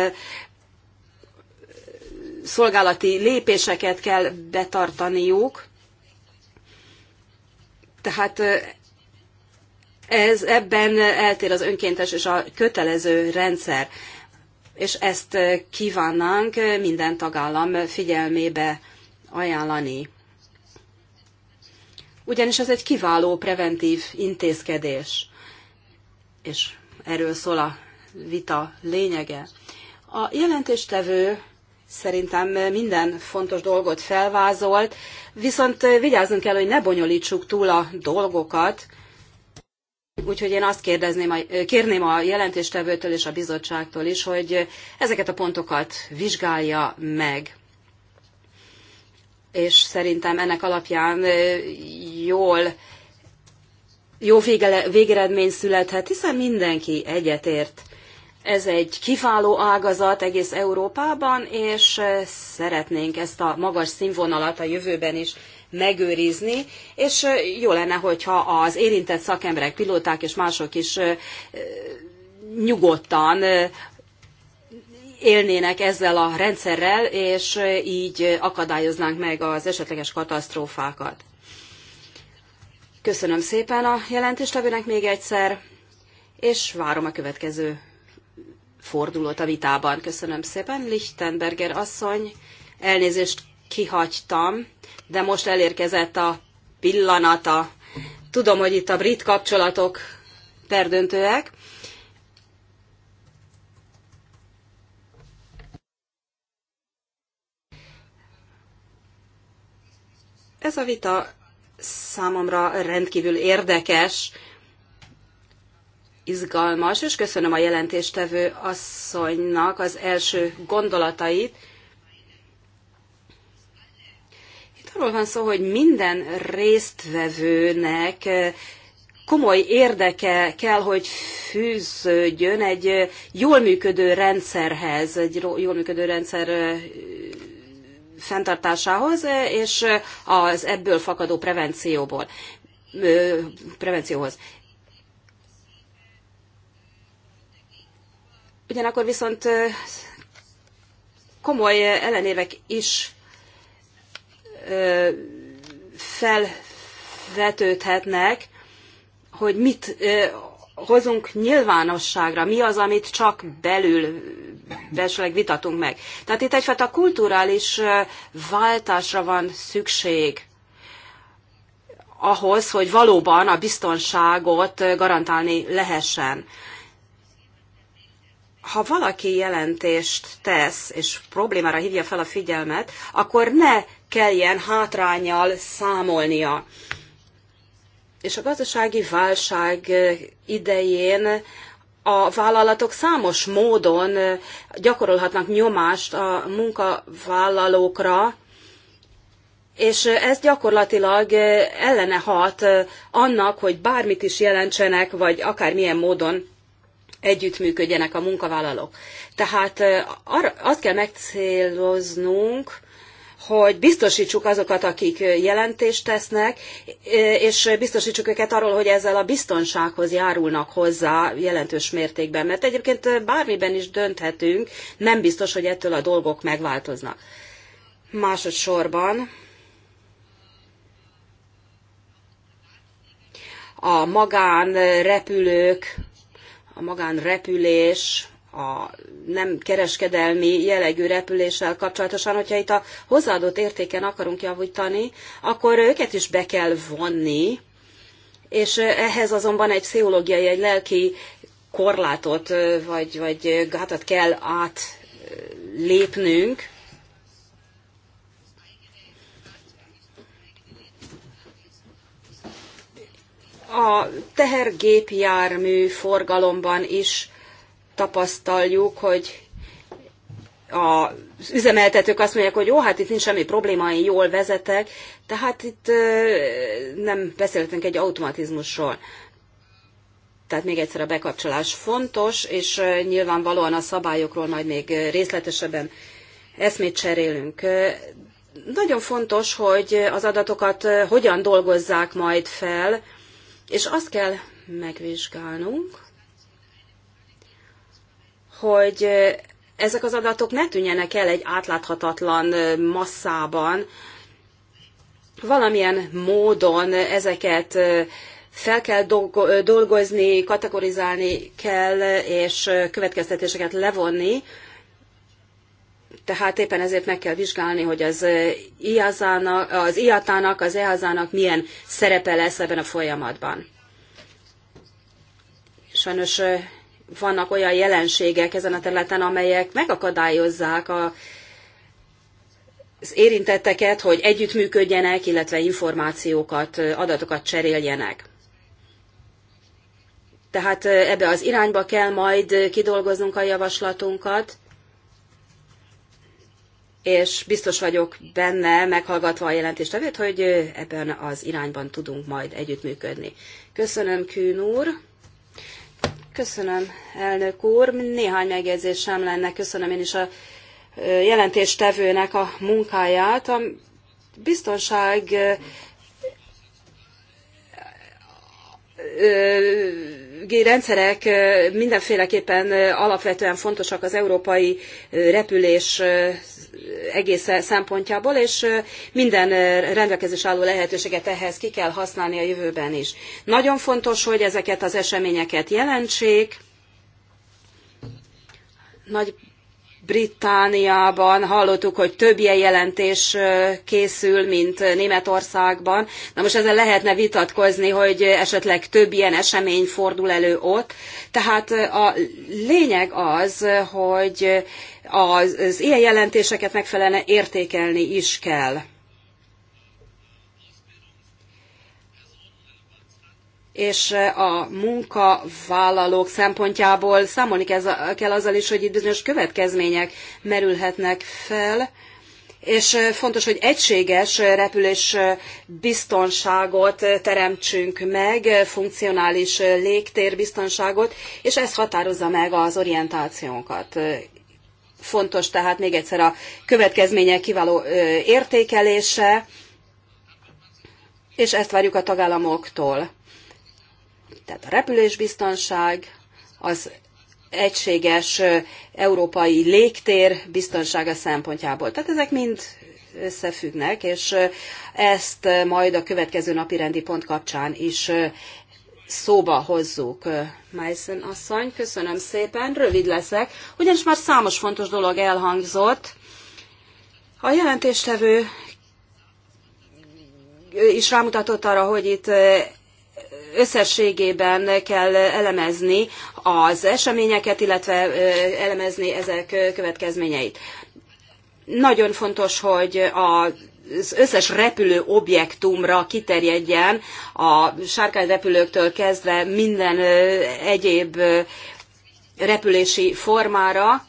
szolgálati lépéseket kell betartaniuk. Tehát ez ebben eltér az önkéntes és a kötelező rendszer, és ezt kívánnánk minden tagállam figyelmébe ajánlani. Ugyanis ez egy kiváló preventív intézkedés, és erről szól a vita lényege. A jelentéstevő szerintem minden fontos dolgot felvázolt, viszont vigyázzunk kell, hogy ne bonyolítsuk túl a dolgokat, Úgyhogy én azt kérdezném, kérném a jelentéstevőtől és a bizottságtól is, hogy ezeket a pontokat vizsgálja meg. És szerintem ennek alapján jól, jó végeredmény születhet, hiszen mindenki egyetért ez egy kiváló ágazat egész Európában, és eh, szeretnénk ezt a magas színvonalat a jövőben is megőrizni, és eh, jó lenne, hogyha az érintett szakemberek, pilóták és mások is eh, nyugodtan élnének ezzel a rendszerrel, és így akadályoznánk meg az esetleges katasztrófákat. Köszönöm szépen a jelentéstevőnek még egyszer, és várom a következő fordulót a vitában. Köszönöm szépen. Lichtenberger asszony, elnézést kihagytam, de most elérkezett a pillanata. Tudom, hogy itt a brit kapcsolatok perdöntőek. Ez a vita számomra rendkívül érdekes, izgalmas, és köszönöm a jelentéstevő asszonynak az első gondolatait. Itt arról van szó, hogy minden résztvevőnek eh, komoly érdeke kell, hogy fűződjön egy eh, jól működő rendszerhez, egy jól működő rendszer eh, fenntartásához, és az ebből fakadó prevencióból prevencióhoz. Ugyanakkor viszont komoly ellenévek is felvetődhetnek, hogy mit hozunk nyilvánosságra, mi az, amit csak belül besleg vitatunk meg. Tehát itt egyfajta kulturális váltásra van szükség ahhoz, hogy valóban a biztonságot garantálni lehessen ha valaki jelentést tesz, és problémára hívja fel a figyelmet, akkor ne kelljen hátrányjal számolnia. És a gazdasági válság idején a vállalatok számos módon gyakorolhatnak nyomást a munkavállalókra, és ez gyakorlatilag ellene hat annak, hogy bármit is jelentsenek, vagy akármilyen módon együttműködjenek a munkavállalók. Tehát arra, azt kell megcéloznunk, hogy biztosítsuk azokat, akik jelentést tesznek, és biztosítsuk őket arról, hogy ezzel a biztonsághoz járulnak hozzá jelentős mértékben. Mert egyébként bármiben is dönthetünk, nem biztos, hogy ettől a dolgok megváltoznak. Másodszorban a magánrepülők a magánrepülés, a nem kereskedelmi jellegű repüléssel kapcsolatosan, hogyha itt a hozzáadott értéken akarunk javítani, akkor őket is be kell vonni, és ehhez azonban egy pszichológiai, egy lelki korlátot vagy, vagy gátat kell átlépnünk, a tehergépjármű forgalomban is tapasztaljuk, hogy az üzemeltetők azt mondják, hogy jó, hát itt nincs semmi probléma, én jól vezetek, tehát itt nem beszéltünk egy automatizmusról. Tehát még egyszer a bekapcsolás fontos, és nyilvánvalóan a szabályokról majd még részletesebben eszmét cserélünk. Nagyon fontos, hogy az adatokat hogyan dolgozzák majd fel, és azt kell megvizsgálnunk, hogy ezek az adatok ne tűnjenek el egy átláthatatlan masszában, valamilyen módon ezeket fel kell dolgozni, kategorizálni kell, és következtetéseket levonni, tehát éppen ezért meg kell vizsgálni, hogy az eh, IAZ-nak, az IATA-nak, az easa nak milyen szerepe lesz ebben a folyamatban. Sajnos eh, vannak olyan jelenségek ezen a területen, amelyek megakadályozzák a, az érintetteket, hogy együttműködjenek, illetve információkat, eh, adatokat cseréljenek. Tehát ebbe az irányba kell majd kidolgoznunk a javaslatunkat, és biztos vagyok benne, meghallgatva a jelentéstevét, hogy ebben az irányban tudunk majd együttműködni. Köszönöm, Kűn úr! Köszönöm, elnök úr! Néhány megjegyzésem lenne. Köszönöm én is a jelentéstevőnek a munkáját. A biztonság rendszerek mindenféleképpen alapvetően fontosak az európai repülés egész szempontjából, és minden rendelkezés álló lehetőséget ehhez ki kell használni a jövőben is. Nagyon fontos, hogy ezeket az eseményeket jelentsék. Nagy Britániában hallottuk, hogy több ilyen jelentés készül, mint Németországban. Na most ezzel lehetne vitatkozni, hogy esetleg több ilyen esemény fordul elő ott. Tehát a lényeg az, hogy az, az ilyen jelentéseket megfelelően értékelni is kell. és e, a munkavállalók szempontjából számolni kell azzal is, hogy itt bizonyos következmények merülhetnek fel, és e, fontos, hogy egységes e, repülés biztonságot teremtsünk meg, funkcionális légtérbiztonságot, és ez határozza meg az orientációnkat. Fontos tehát még egyszer a következmények kiváló értékelése, és ezt várjuk a tagállamoktól. Tehát a repülésbiztonság, az egységes európai légtér biztonsága szempontjából. Tehát ezek mind összefüggnek, és ezt majd a következő napi rendi pont kapcsán is szóba hozzuk. Meissen asszony, köszönöm szépen, rövid leszek, ugyanis már számos fontos dolog elhangzott. A jelentéstevő is rámutatott arra, hogy itt összességében kell elemezni az eseményeket, illetve elemezni ezek következményeit. Nagyon fontos, hogy az összes repülő objektumra kiterjedjen, a sárkányrepülőktől kezdve minden egyéb repülési formára,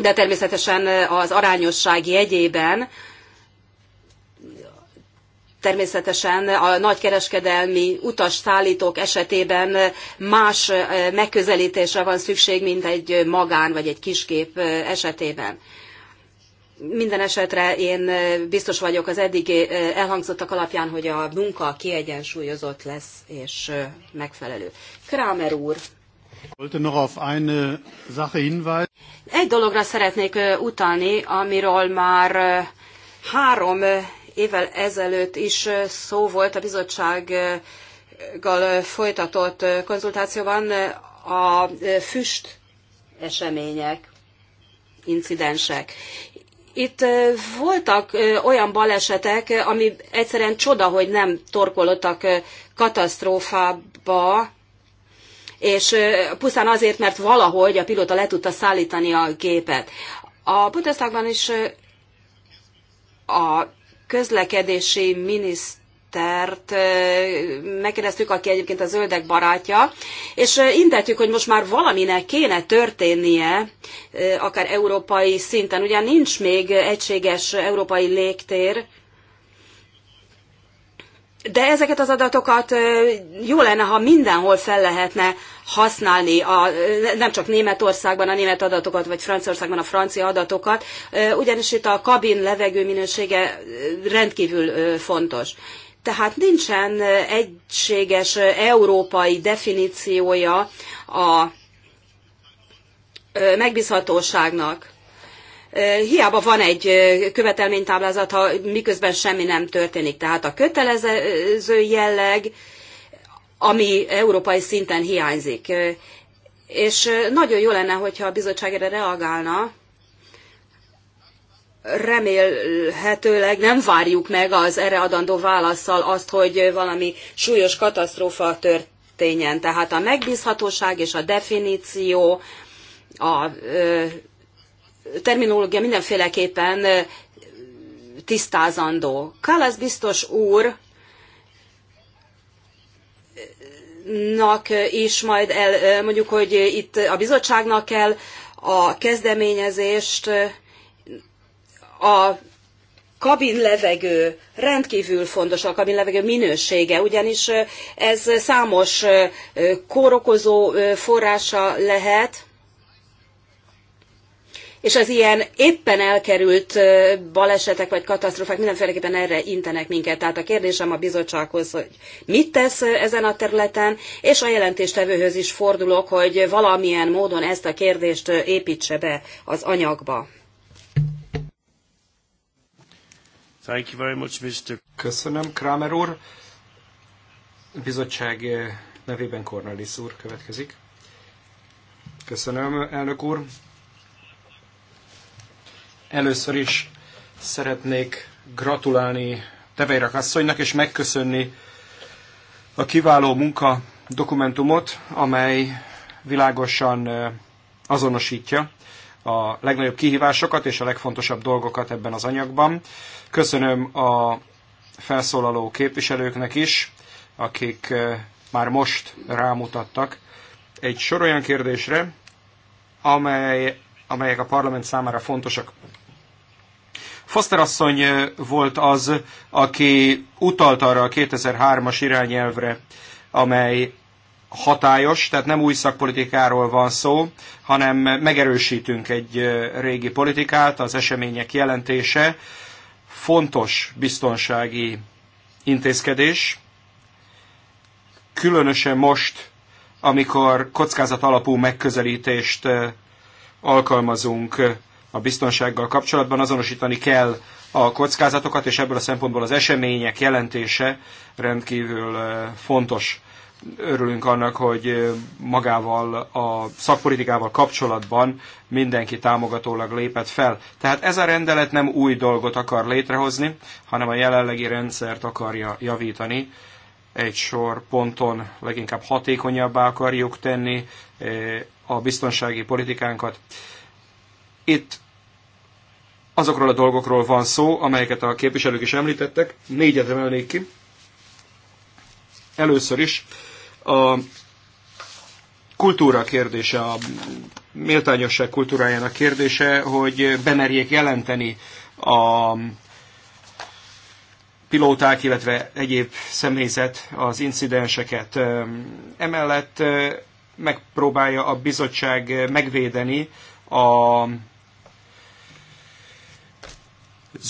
de természetesen az arányosság jegyében, Természetesen a nagykereskedelmi utasszállítók esetében más eh, megközelítésre van szükség, mint egy magán vagy egy kiskép eh, esetében. Minden esetre én eh, biztos vagyok az eddig elhangzottak alapján, hogy a munka kiegyensúlyozott lesz és megfelelő. Kramer úr. Egy dologra szeretnék utalni, amiről már három évvel ezelőtt is szó volt a bizottsággal folytatott konzultációban a füst események, incidensek. Itt voltak olyan balesetek, ami egyszerűen csoda, hogy nem torkolottak katasztrófába, és pusztán azért, mert valahogy a pilóta le tudta szállítani a gépet. A Bundestagban is a közlekedési minisztert megkérdeztük, aki egyébként a zöldek barátja, és intettük, hogy most már valaminek kéne történnie, akár európai szinten. Ugyan nincs még egységes európai légtér, de ezeket az adatokat jó lenne, ha mindenhol fel lehetne használni, a, nem csak Németországban a német adatokat, vagy Franciaországban a francia adatokat, ugyanis itt a kabin levegő minősége rendkívül fontos. Tehát nincsen egységes európai definíciója a megbízhatóságnak. Hiába van egy követelménytáblázat, ha miközben semmi nem történik. Tehát a kötelező jelleg, ami európai szinten hiányzik. És nagyon jó lenne, hogyha a bizottság erre reagálna, remélhetőleg nem várjuk meg az erre adandó válaszsal azt, hogy valami súlyos katasztrófa történjen. Tehát a megbízhatóság és a definíció, a terminológia mindenféleképpen tisztázandó. Kálasz biztos úr is majd el, mondjuk, hogy itt a bizottságnak kell a kezdeményezést a kabin levegő rendkívül fontos a kabin levegő minősége, ugyanis ez számos kórokozó forrása lehet, és az ilyen éppen elkerült balesetek vagy katasztrófák mindenféleképpen erre intenek minket. Tehát a kérdésem a bizottsághoz, hogy mit tesz ezen a területen, és a jelentéstevőhöz is fordulok, hogy valamilyen módon ezt a kérdést építse be az anyagba. Thank you very much, Mr. Köszönöm, Kramer úr. Bizottság nevében Cornelis úr következik. Köszönöm, elnök úr. Először is szeretnék gratulálni Teveira asszonynak, és megköszönni a kiváló munka dokumentumot, amely világosan azonosítja a legnagyobb kihívásokat és a legfontosabb dolgokat ebben az anyagban. Köszönöm a felszólaló képviselőknek is, akik már most rámutattak egy sor olyan kérdésre, amely, amelyek a parlament számára fontosak. Foster asszony volt az, aki utalt arra a 2003-as irányelvre, amely hatályos, tehát nem új szakpolitikáról van szó, hanem megerősítünk egy régi politikát, az események jelentése, fontos biztonsági intézkedés, különösen most, amikor kockázat alapú megközelítést alkalmazunk a biztonsággal kapcsolatban azonosítani kell a kockázatokat, és ebből a szempontból az események jelentése rendkívül fontos. Örülünk annak, hogy magával a szakpolitikával kapcsolatban mindenki támogatólag lépett fel. Tehát ez a rendelet nem új dolgot akar létrehozni, hanem a jelenlegi rendszert akarja javítani. Egy sor ponton leginkább hatékonyabbá akarjuk tenni a biztonsági politikánkat. Itt azokról a dolgokról van szó, amelyeket a képviselők is említettek, négyet emelnék ki. Először is a kultúra kérdése, a méltányosság kultúrájának kérdése, hogy bemerjék jelenteni a pilóták, illetve egyéb személyzet az incidenseket. Emellett megpróbálja a bizottság megvédeni a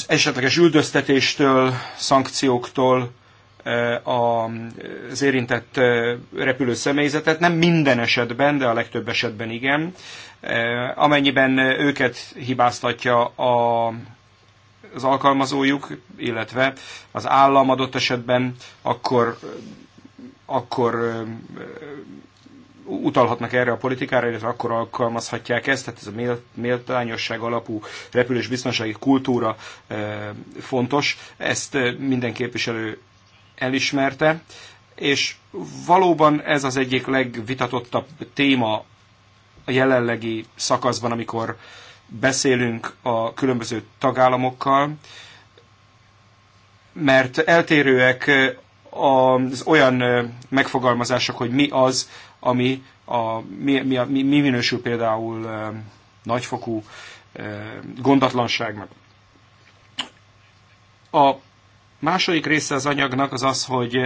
esetleges üldöztetéstől, szankcióktól e, az érintett e, repülő személyzetet. Nem minden esetben, de a legtöbb esetben igen. E, amennyiben őket hibáztatja a az alkalmazójuk, illetve az állam adott esetben, akkor, akkor utalhatnak erre a politikára, illetve akkor alkalmazhatják ezt, tehát ez a méltányosság alapú repülés biztonsági kultúra e, fontos. Ezt e, minden képviselő elismerte, és valóban ez az egyik legvitatottabb téma a jelenlegi szakaszban, amikor beszélünk a különböző tagállamokkal, mert eltérőek e, az olyan megfogalmazások, hogy mi az, ami a, mi, mi, mi, mi minősül például nagyfokú gondatlanságnak. A második része az anyagnak az az, hogy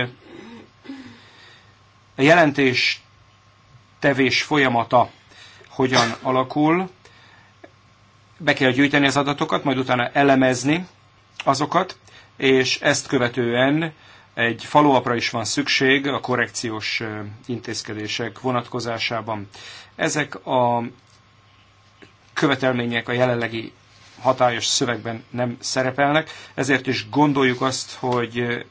a jelentés tevés folyamata hogyan alakul, be kell gyűjteni az adatokat, majd utána elemezni azokat, és ezt követően egy faluapra is van szükség a korrekciós intézkedések vonatkozásában. Ezek a követelmények a jelenlegi hatályos szövegben nem szerepelnek, ezért is gondoljuk azt, hogy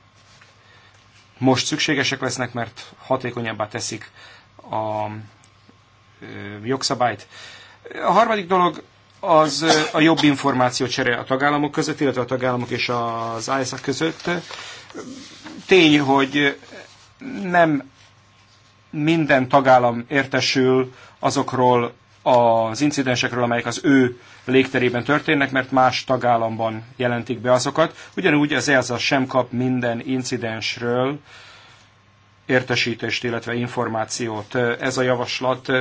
most szükségesek lesznek, mert hatékonyabbá teszik a jogszabályt. A harmadik dolog az a jobb információ csere a tagállamok között, illetve a tagállamok és az ISA között tény, hogy nem minden tagállam értesül azokról az incidensekről, amelyek az ő légterében történnek, mert más tagállamban jelentik be azokat. Ugyanúgy az ELSA sem kap minden incidensről értesítést, illetve információt. Ez a javaslat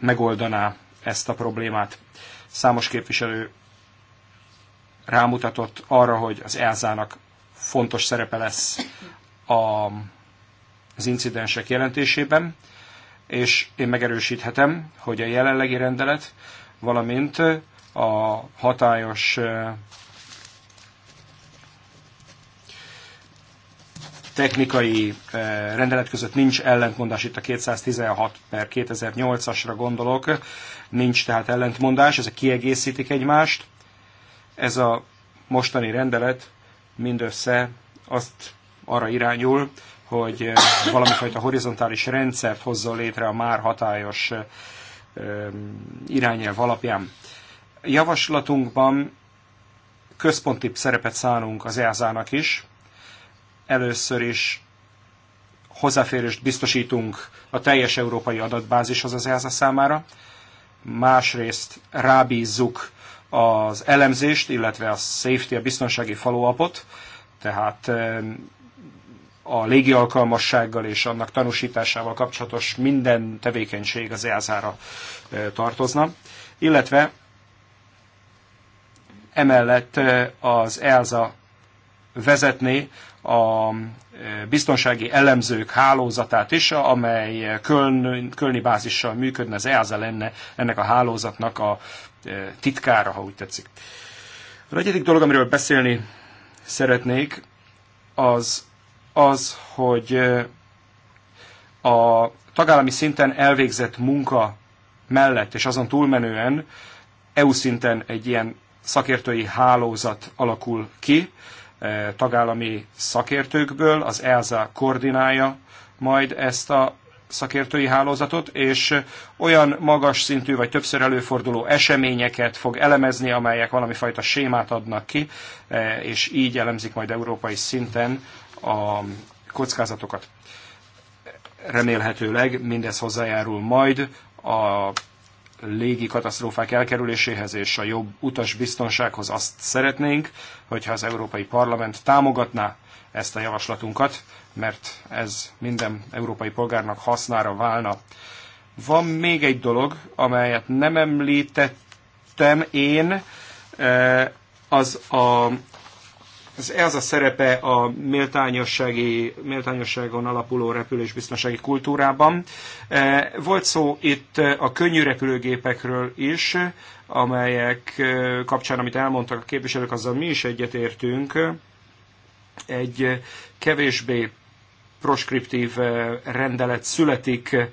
megoldaná ezt a problémát. Számos képviselő rámutatott arra, hogy az ELSA-nak fontos szerepe lesz a, az incidensek jelentésében, és én megerősíthetem, hogy a jelenlegi rendelet, valamint a hatályos technikai rendelet között nincs ellentmondás, itt a 216 per 2008-asra gondolok, nincs tehát ellentmondás, ezek kiegészítik egymást. Ez a mostani rendelet mindössze azt arra irányul, hogy eh, valamifajta horizontális rendszert hozzon létre a már hatályos eh, eh, irányelv alapján. Javaslatunkban központi szerepet szánunk az EASA-nak is. Először is hozzáférést biztosítunk a teljes európai adatbázishoz az EASA számára. Másrészt rábízzuk az elemzést, illetve a safety, a biztonsági faluapot, tehát a légi alkalmassággal és annak tanúsításával kapcsolatos minden tevékenység az EASA-ra tartozna, illetve emellett az EASA vezetné a biztonsági elemzők hálózatát is, amely Köln, Kölni bázissal működne, az EASA lenne ennek a hálózatnak a titkára, ha úgy tetszik. A negyedik dolog, amiről beszélni szeretnék, az az, hogy a tagállami szinten elvégzett munka mellett és azon túlmenően EU szinten egy ilyen szakértői hálózat alakul ki, tagállami szakértőkből, az ELSA koordinálja majd ezt a szakértői hálózatot, és olyan magas szintű vagy többször előforduló eseményeket fog elemezni, amelyek valami fajta sémát adnak ki, e, és így elemzik majd európai szinten a kockázatokat. Remélhetőleg mindez hozzájárul majd a légi katasztrófák elkerüléséhez és a jobb utasbiztonsághoz azt szeretnénk, hogyha az Európai Parlament támogatná ezt a javaslatunkat, mert ez minden európai polgárnak hasznára válna. Van még egy dolog, amelyet nem említettem én, e, az a, az, ez a szerepe a méltányossági, méltányosságon alapuló repülésbiztonsági kultúrában. E, volt szó itt a könnyű repülőgépekről is, amelyek e, kapcsán, amit elmondtak a képviselők, azzal mi is egyetértünk egy kevésbé proskriptív eh, rendelet születik eh,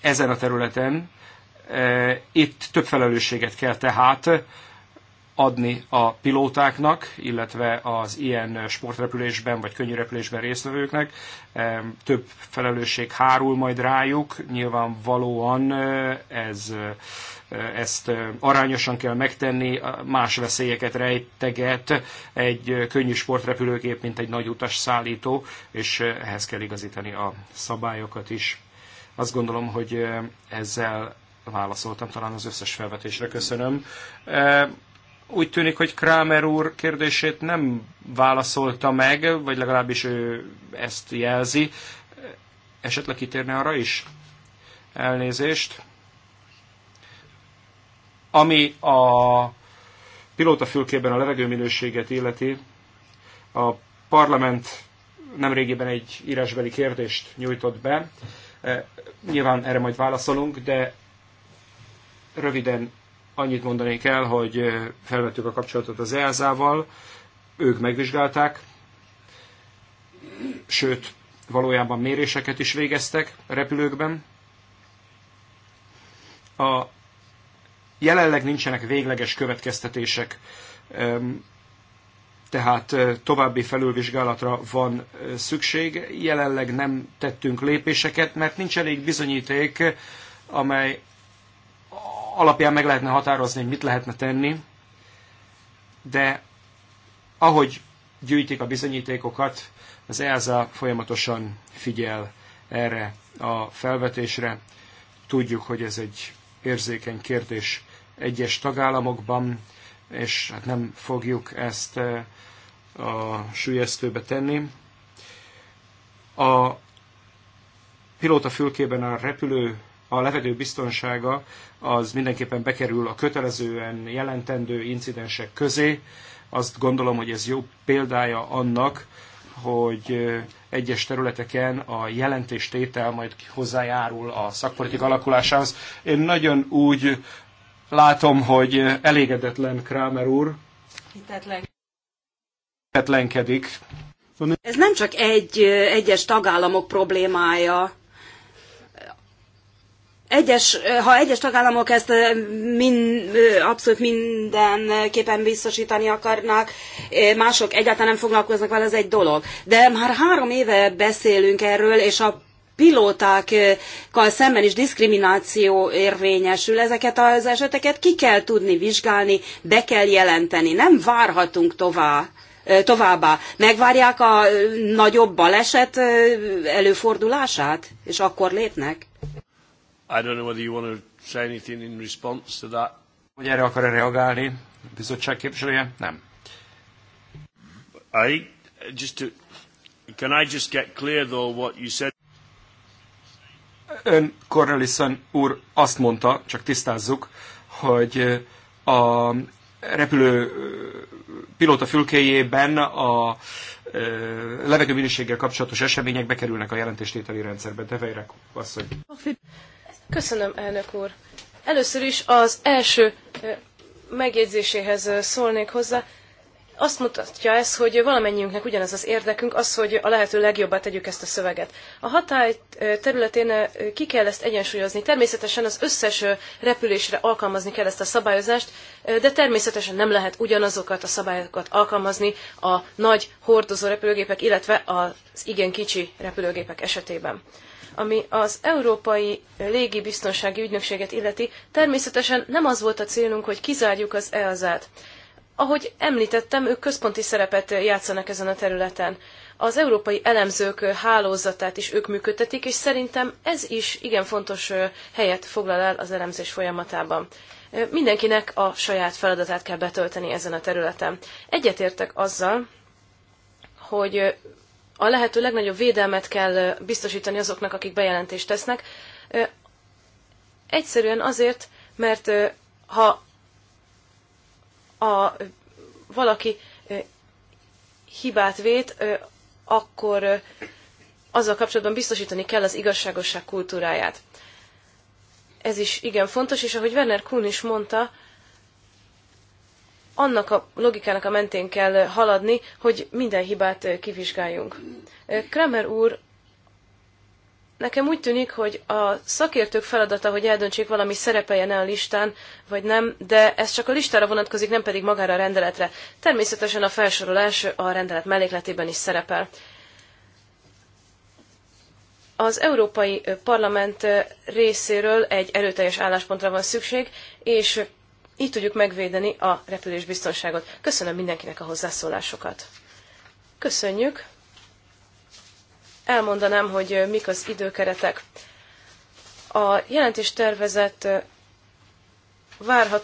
ezen a területen. Eh, itt több felelősséget kell tehát adni a pilótáknak, illetve az ilyen sportrepülésben vagy könnyű repülésben résztvevőknek. Több felelősség hárul majd rájuk, nyilvánvalóan ez, ezt arányosan kell megtenni, más veszélyeket rejteget egy könnyű sportrepülőkép, mint egy nagy utas szállító, és ehhez kell igazítani a szabályokat is. Azt gondolom, hogy ezzel válaszoltam talán az összes felvetésre. Köszönöm. Úgy tűnik, hogy Kramer úr kérdését nem válaszolta meg, vagy legalábbis ő ezt jelzi. Esetleg kitérne arra is? Elnézést. Ami a pilótafülkében a levegőminőséget illeti, a parlament nemrégiben egy írásbeli kérdést nyújtott be. Nyilván erre majd válaszolunk, de röviden annyit mondanék el, hogy felvettük a kapcsolatot az EASA-val, ők megvizsgálták, sőt, valójában méréseket is végeztek repülőkben. A jelenleg nincsenek végleges következtetések, tehát további felülvizsgálatra van szükség. Jelenleg nem tettünk lépéseket, mert nincs elég bizonyíték, amely alapján meg lehetne határozni, hogy mit lehetne tenni, de ahogy gyűjtik a bizonyítékokat, az EASA folyamatosan figyel erre a felvetésre. Tudjuk, hogy ez egy érzékeny kérdés egyes tagállamokban, és hát nem fogjuk ezt eh, a sülyeztőbe tenni. A pilóta fülkében a repülő a levegő biztonsága az mindenképpen bekerül a kötelezően jelentendő incidensek közé. Azt gondolom, hogy ez jó példája annak, hogy egyes területeken a jelentéstétel majd hozzájárul a szakpolitik alakulásához. Én nagyon úgy látom, hogy elégedetlen Kramer úr. Hitetlen. Hitetlenkedik. Ez nem csak egy egyes tagállamok problémája, egyes, ha egyes tagállamok ezt min, abszolút mindenképpen biztosítani akarnak, mások egyáltalán nem foglalkoznak vele, ez egy dolog. De már három éve beszélünk erről, és a pilótákkal szemben is diszkrimináció érvényesül. Ezeket az eseteket ki kell tudni vizsgálni, be kell jelenteni. Nem várhatunk tovább. Továbbá, megvárják a nagyobb baleset előfordulását, és akkor lépnek? I don't know whether you want to say anything in response to that. Hogy erre akar -e reagálni a bizottság képviselője? Nem. I just to, can I just get clear though what you said? Ön Cornelison úr azt mondta, csak tisztázzuk, hogy a repülő pilóta fülkéjében a levegő minőséggel kapcsolatos események bekerülnek a jelentéstételi rendszerbe. De Vejrek asszony. Köszönöm, elnök úr. Először is az első megjegyzéséhez szólnék hozzá. Azt mutatja ez, hogy valamennyiünknek ugyanaz az érdekünk, az, hogy a lehető legjobbá tegyük ezt a szöveget. A hatály területén ki kell ezt egyensúlyozni. Természetesen az összes repülésre alkalmazni kell ezt a szabályozást, de természetesen nem lehet ugyanazokat a szabályokat alkalmazni a nagy hordozó repülőgépek, illetve az igen kicsi repülőgépek esetében. Ami az Európai Légi Biztonsági Ügynökséget illeti, természetesen nem az volt a célunk, hogy kizárjuk az EASA-t. Ahogy említettem, ők központi szerepet játszanak ezen a területen. Az európai elemzők hálózatát is ők működtetik, és szerintem ez is igen fontos helyet foglal el az elemzés folyamatában. Mindenkinek a saját feladatát kell betölteni ezen a területen. Egyetértek azzal, hogy a lehető legnagyobb védelmet kell biztosítani azoknak, akik bejelentést tesznek. Egyszerűen azért, mert ha a, valaki hibát vét, akkor azzal kapcsolatban biztosítani kell az igazságosság kultúráját. Ez is igen fontos, és ahogy Werner Kuhn is mondta, annak a logikának a mentén kell haladni, hogy minden hibát kivizsgáljunk. Kramer úr, nekem úgy tűnik, hogy a szakértők feladata, hogy eldöntsék valami szerepeljen-e a listán, vagy nem, de ez csak a listára vonatkozik, nem pedig magára a rendeletre. Természetesen a felsorolás a rendelet mellékletében is szerepel. Az Európai Parlament részéről egy erőteljes álláspontra van szükség, és így tudjuk megvédeni a repülés biztonságot. Köszönöm mindenkinek a hozzászólásokat. Köszönjük. Elmondanám, hogy mik az időkeretek. A jelentés tervezett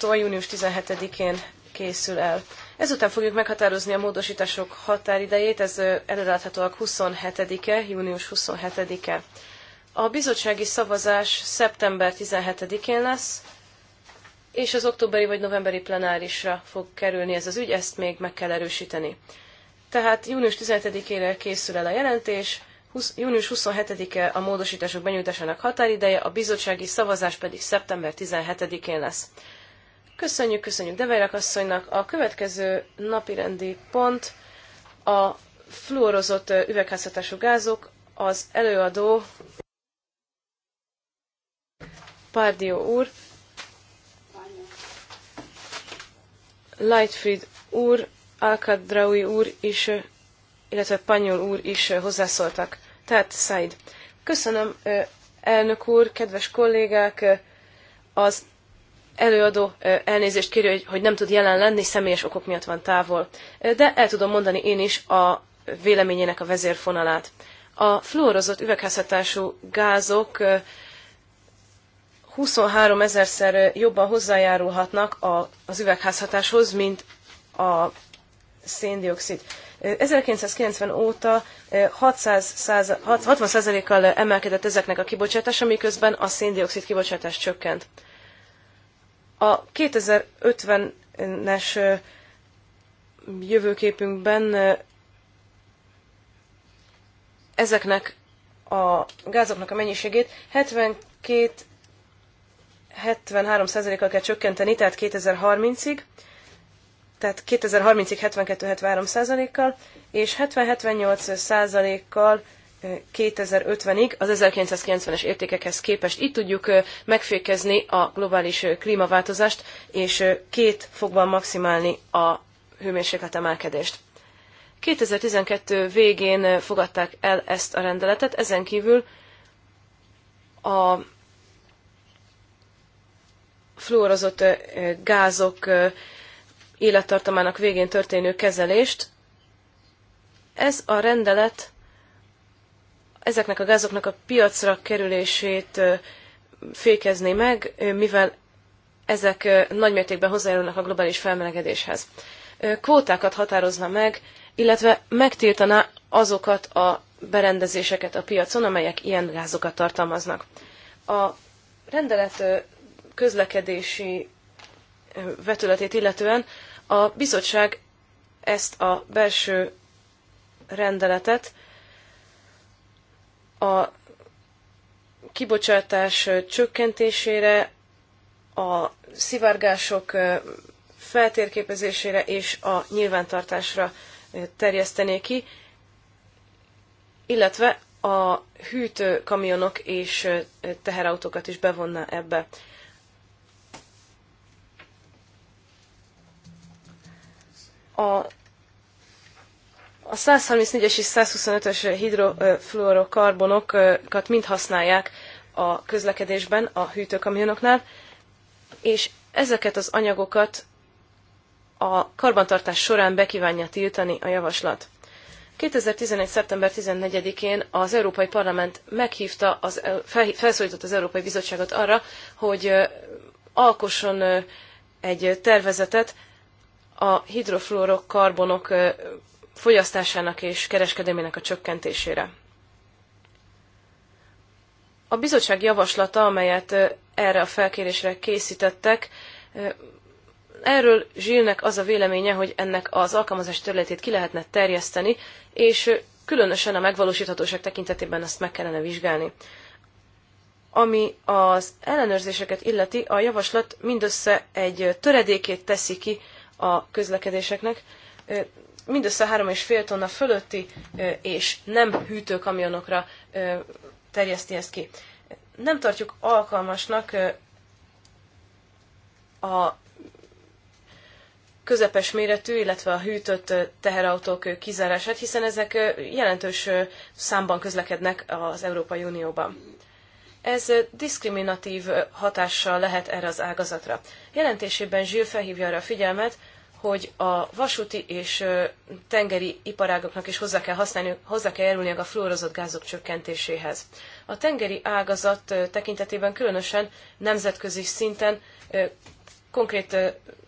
a június 17-én készül el. Ezután fogjuk meghatározni a módosítások határidejét, ez előreláthatóak 27-e, június 27-e. A bizottsági szavazás szeptember 17-én lesz, és az októberi vagy novemberi plenárisra fog kerülni ez az ügy, ezt még meg kell erősíteni. Tehát június 17-ére készül el a jelentés, 20, június 27-e a módosítások benyújtásának határideje, a bizottsági szavazás pedig szeptember 17-én lesz. Köszönjük, köszönjük Deverek asszonynak. A következő napirendi pont a fluorozott üvegházhatású gázok, az előadó Párdió úr, Lightfried úr, Alkadraui úr is, illetve Panyol úr is hozzászóltak. Tehát, Said, köszönöm, elnök úr, kedves kollégák, az előadó elnézést kérő, hogy, hogy nem tud jelen lenni, személyes okok miatt van távol. De el tudom mondani én is a véleményének a vezérfonalát. A fluorozott üvegházhatású gázok 23 ezerszer jobban hozzájárulhatnak az üvegházhatáshoz, mint a széndiokszid. 1990 óta 600, eh, 60%-kal emelkedett ezeknek a kibocsátása, miközben a széndiokszid kibocsátás csökkent. A 2050-es eh, jövőképünkben eh, ezeknek a gázoknak a mennyiségét 72 73%-kal kell csökkenteni, tehát 2030-ig, tehát 2030-ig 72-73%-kal, és 70-78%-kal 2050-ig az 1990-es értékekhez képest. Itt tudjuk megfékezni a globális klímaváltozást, és két fokban maximálni a hőmérséklet emelkedést. 2012 végén fogadták el ezt a rendeletet, ezen kívül a fluorozott gázok élettartamának végén történő kezelést. Ez a rendelet ezeknek a gázoknak a piacra kerülését fékezné meg, mivel ezek nagymértékben hozzájárulnak a globális felmelegedéshez. Kvótákat határozna meg, illetve megtiltaná azokat a berendezéseket a piacon, amelyek ilyen gázokat tartalmaznak. A rendelet közlekedési vetületét illetően a bizottság ezt a belső rendeletet a kibocsátás csökkentésére, a szivárgások feltérképezésére és a nyilvántartásra terjesztené ki, illetve a hűtőkamionok és teherautókat is bevonna ebbe. a a 134-es és 125-ös hidrofluorokarbonokat mind használják a közlekedésben, a hűtőkamionoknál, és ezeket az anyagokat a karbantartás során bekívánja tiltani a javaslat. 2011. szeptember 14-én az Európai Parlament meghívta, az, felszólított az Európai Bizottságot arra, hogy alkosson egy tervezetet a hidrofluorok karbonok fogyasztásának és kereskedelmének a csökkentésére. A bizottság javaslata, amelyet erre a felkérésre készítettek, erről Zsilnek az a véleménye, hogy ennek az alkalmazás területét ki lehetne terjeszteni, és különösen a megvalósíthatóság tekintetében ezt meg kellene vizsgálni. Ami az ellenőrzéseket illeti, a javaslat mindössze egy töredékét teszi ki a közlekedéseknek. Mindössze 3,5 tonna fölötti és nem hűtőkamionokra terjeszti ezt ki. Nem tartjuk alkalmasnak a közepes méretű, illetve a hűtött teherautók kizárását, hiszen ezek jelentős számban közlekednek az Európai Unióban. Ez diszkriminatív hatással lehet erre az ágazatra. Jelentésében Zsil felhívja arra a figyelmet, hogy a vasúti és tengeri iparágoknak is hozzá kell használni, hozzá kell járulni a fluorozott gázok csökkentéséhez. A tengeri ágazat tekintetében különösen nemzetközi szinten konkrét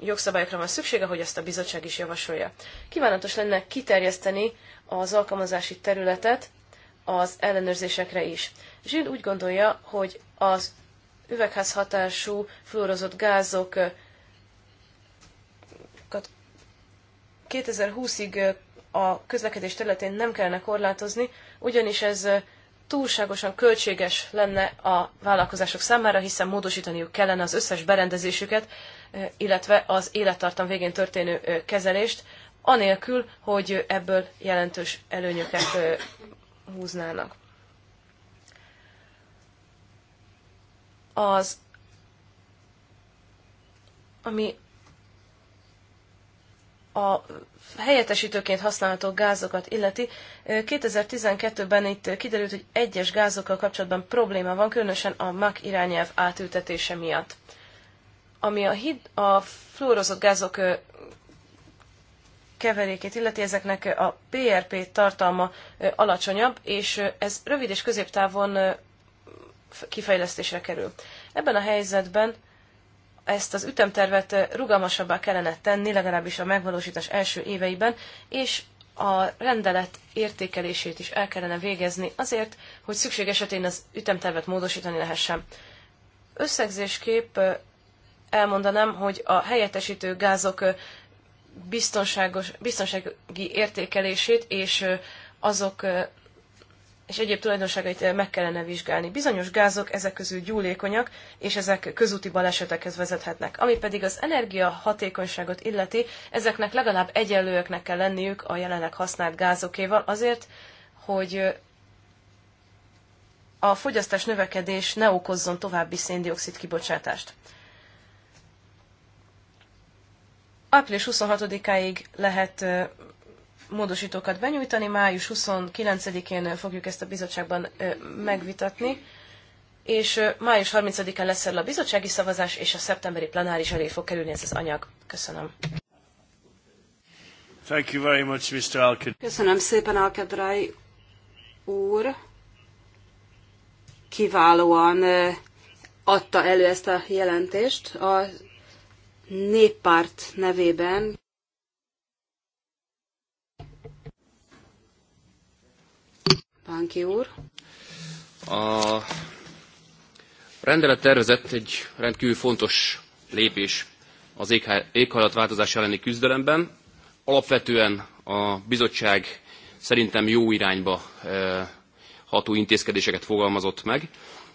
jogszabályokra van szüksége, hogy ezt a bizottság is javasolja. Kívánatos lenne kiterjeszteni az alkalmazási területet az ellenőrzésekre is. Zsild úgy gondolja, hogy az üvegházhatású fluorozott gázok százalékokat 2020-ig a közlekedés területén nem kellene korlátozni, ugyanis ez túlságosan költséges lenne a vállalkozások számára, hiszen módosítaniuk kellene az összes berendezésüket, illetve az élettartam végén történő kezelést, anélkül, hogy ebből jelentős előnyöket húznának. Az, ami a helyettesítőként használható gázokat illeti, 2012-ben itt kiderült, hogy egyes gázokkal kapcsolatban probléma van, különösen a MAC irányelv átültetése miatt. Ami a, hid, a fluorozott gázok keverékét illeti, ezeknek a PRP tartalma alacsonyabb, és ez rövid és középtávon kifejlesztésre kerül. Ebben a helyzetben ezt az ütemtervet eh, rugalmasabbá kellene tenni, legalábbis a megvalósítás első éveiben, és a rendelet értékelését is el kellene végezni azért, hogy szükség esetén az ütemtervet módosítani lehessen. Összegzésképp eh, elmondanám, hogy a helyettesítő gázok eh, biztonságos, biztonsági értékelését és azok és egyéb tulajdonságait eh, meg kellene vizsgálni. Bizonyos gázok ezek közül gyúlékonyak, és ezek közúti balesetekhez vezethetnek. Ami pedig az energia hatékonyságot illeti, ezeknek legalább egyenlőeknek kell lenniük a jelenleg használt gázokéval azért, hogy eh, a fogyasztás növekedés ne okozzon további széndiokszid kibocsátást. Április 26-áig lehet eh, módosítókat benyújtani. Május 29-én fogjuk ezt a bizottságban megvitatni, és május 30-án lesz el a bizottsági szavazás, és a szeptemberi plenáris elé fog kerülni ez az anyag. Köszönöm. Thank you very much, Mr. Alked. Köszönöm szépen, Alkedrai úr. Kiválóan adta elő ezt a jelentést. A néppárt nevében Pánki úr. A rendelet tervezett egy rendkívül fontos lépés az éghajlatváltozás elleni küzdelemben. Alapvetően a bizottság szerintem jó irányba e, ható intézkedéseket fogalmazott meg.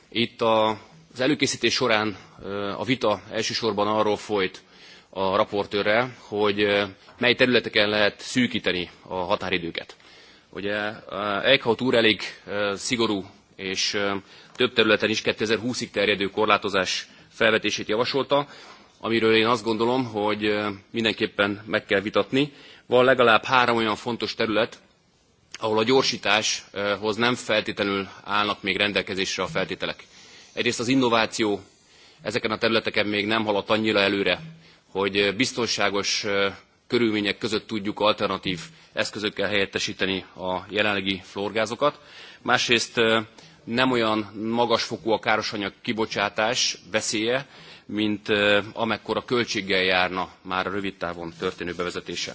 Itt az előkészítés során e, a vita elsősorban arról folyt a raportőrrel, hogy e, mely területeken lehet szűkíteni a határidőket. Ugye eh, Eichhaut úr elég eh, szigorú és eh, több területen is 2020-ig terjedő korlátozás felvetését javasolta, amiről én azt gondolom, hogy mindenképpen meg kell vitatni. Van legalább három olyan fontos terület, ahol a gyorsításhoz nem feltétlenül állnak még rendelkezésre a feltételek. Egyrészt az innováció ezeken a területeken még nem haladt annyira előre, hogy biztonságos körülmények között tudjuk alternatív eszközökkel helyettesíteni a jelenlegi florgázokat. Másrészt nem olyan fokú a károsanyag kibocsátás veszélye, mint amekkora költséggel járna már a rövid távon történő bevezetése.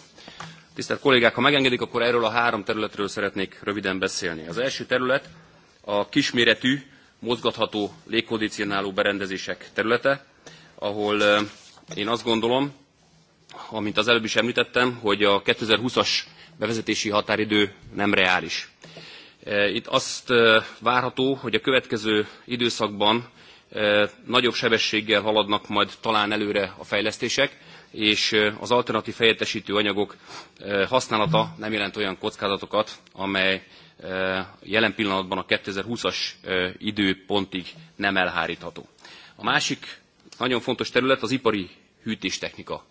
Tisztelt kollégák, ha megengedik, akkor erről a három területről szeretnék röviden beszélni. Az első terület a kisméretű, mozgatható légkondicionáló berendezések területe, ahol én azt gondolom, amint az előbb is említettem, hogy a 2020-as bevezetési határidő nem reális. E, itt azt e, várható, hogy a következő időszakban e, nagyobb sebességgel haladnak majd talán előre a fejlesztések, és az alternatív helyettesítő anyagok használata nem jelent olyan kockázatokat, amely jelen pillanatban a 2020-as időpontig nem elhárítható. A másik nagyon fontos terület az ipari hűtéstechnika.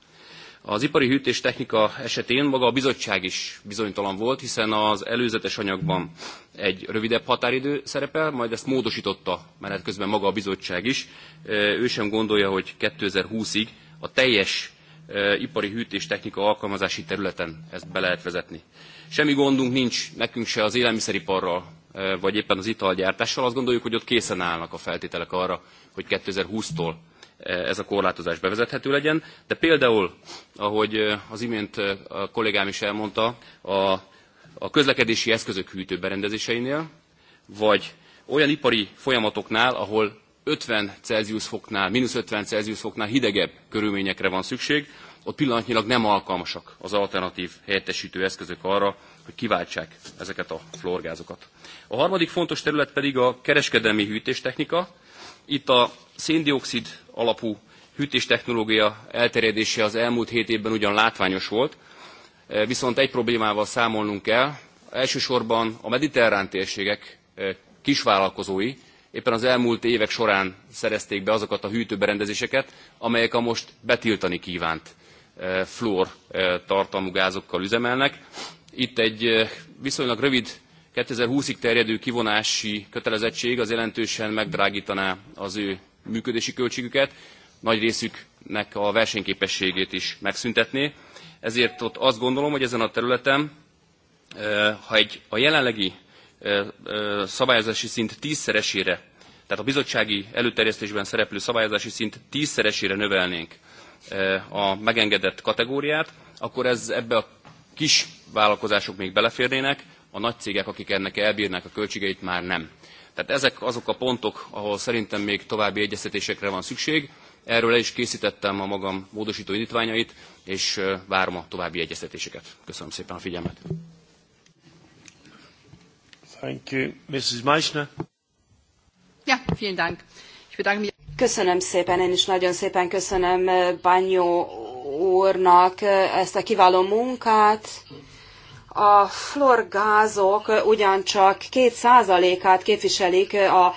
Az ipari hűtéstechnika esetén maga a bizottság is bizonytalan volt, hiszen az előzetes anyagban egy rövidebb határidő szerepel, majd ezt módosította menet közben maga a bizottság is. Ő sem gondolja, hogy 2020-ig a teljes ipari hűtéstechnika alkalmazási területen ezt be lehet vezetni. Semmi gondunk nincs nekünk se az élelmiszeriparral, vagy éppen az italgyártással. Azt gondoljuk, hogy ott készen állnak a feltételek arra, hogy 2020-tól ez a korlátozás bevezethető legyen. De például, ahogy az imént a kollégám is elmondta, a, a közlekedési eszközök hűtőberendezéseinél, vagy olyan ipari folyamatoknál, ahol 50 Celsius foknál, mínusz 50 Celsius foknál hidegebb körülményekre van szükség, ott pillanatnyilag nem alkalmasak az alternatív helyettesítő eszközök arra, hogy kiváltsák ezeket a florgázokat. A harmadik fontos terület pedig a kereskedelmi hűtéstechnika. Itt a széndiokszid alapú hűtéstechnológia elterjedése az elmúlt hét évben ugyan látványos volt, e, viszont egy problémával számolnunk kell. Elsősorban a mediterrán térségek e, kisvállalkozói éppen az elmúlt évek során szerezték be azokat a hűtőberendezéseket, amelyek a most betiltani kívánt e, fluor tartalmú gázokkal üzemelnek. Itt egy viszonylag rövid 2020-ig terjedő kivonási kötelezettség az jelentősen megdrágítaná az ő működési költségüket, nagy részüknek a versenyképességét is megszüntetné. Ezért ott azt gondolom, hogy ezen a területen, ha egy, a jelenlegi szabályozási szint tízszeresére, tehát a bizottsági előterjesztésben szereplő szabályozási szint tízszeresére növelnénk a megengedett kategóriát, akkor ez ebbe a kis vállalkozások még beleférnének, a nagy cégek, akik ennek elbírnák a költségeit, már nem. Tehát ezek azok a pontok, ahol szerintem még további egyeztetésekre van szükség. Erről el is készítettem a magam módosító indítványait, és várom a további egyeztetéseket. Köszönöm szépen a figyelmet. Thank you. Mrs. Meissner. Ja, vielen Dank. Ich bedanke mich. Köszönöm szépen, én is nagyon szépen köszönöm Banyó úrnak ezt a kiváló munkát. A florgázok ugyancsak két százalékát képviselik a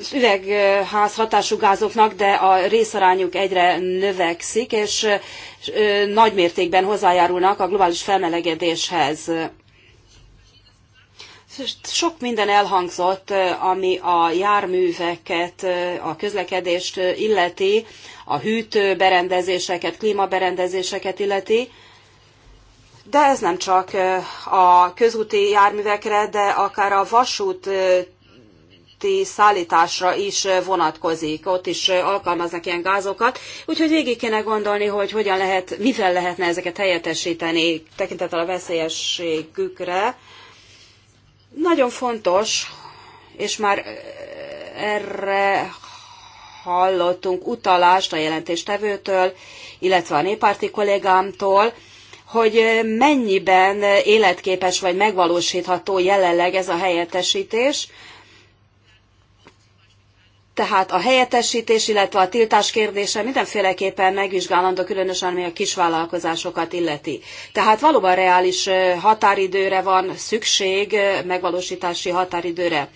az üvegházhatású gázoknak, de a részarányuk egyre növekszik, és nagy mértékben hozzájárulnak a globális felmelegedéshez. Sok minden elhangzott, ami a járműveket, a közlekedést illeti, a hűtőberendezéseket, klímaberendezéseket illeti. De ez nem csak a közúti járművekre, de akár a vasúti szállításra is vonatkozik. Ott is alkalmaznak ilyen gázokat. Úgyhogy végig kéne gondolni, hogy hogyan lehet, mivel lehetne ezeket helyettesíteni tekintettel a veszélyességükre. Nagyon fontos, és már erre hallottunk utalást a jelentéstevőtől, illetve a néppárti kollégámtól, hogy mennyiben életképes vagy megvalósítható jelenleg ez a helyettesítés. Tehát a helyettesítés, illetve a tiltás kérdése mindenféleképpen megvizsgálandó, különösen ami a kisvállalkozásokat illeti. Tehát valóban reális határidőre van szükség, megvalósítási határidőre.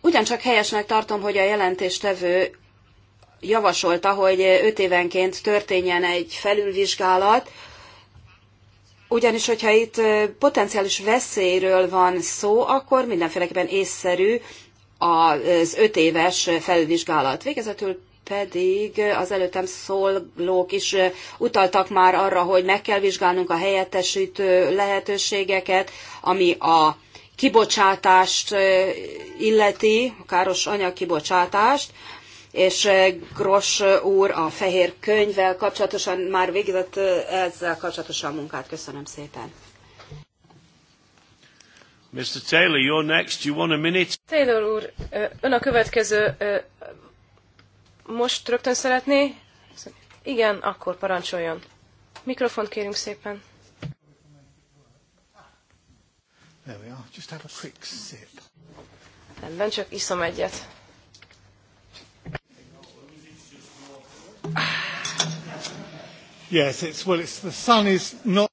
Ugyancsak helyesnek tartom, hogy a jelentéstevő javasolta, hogy öt évenként történjen egy felülvizsgálat, ugyanis, hogyha itt potenciális veszélyről van szó, akkor mindenféleképpen észszerű az öt éves felülvizsgálat. Végezetül pedig az előttem szólók is utaltak már arra, hogy meg kell vizsgálnunk a helyettesítő lehetőségeket, ami a kibocsátást illeti, a káros anyagkibocsátást, kibocsátást, és eh, Gros eh, úr a fehér könyvvel kapcsolatosan már végzett eh, ezzel kapcsolatosan munkát. Köszönöm szépen. Mr. Taylor, you're next. You want a minute? Taylor úr, ön a következő. Most rögtön szeretné? Igen, akkor parancsoljon. Mikrofont kérünk szépen. There we are. Just have a quick sip. csak iszom egyet. Yes, it's well, it's the sun is not.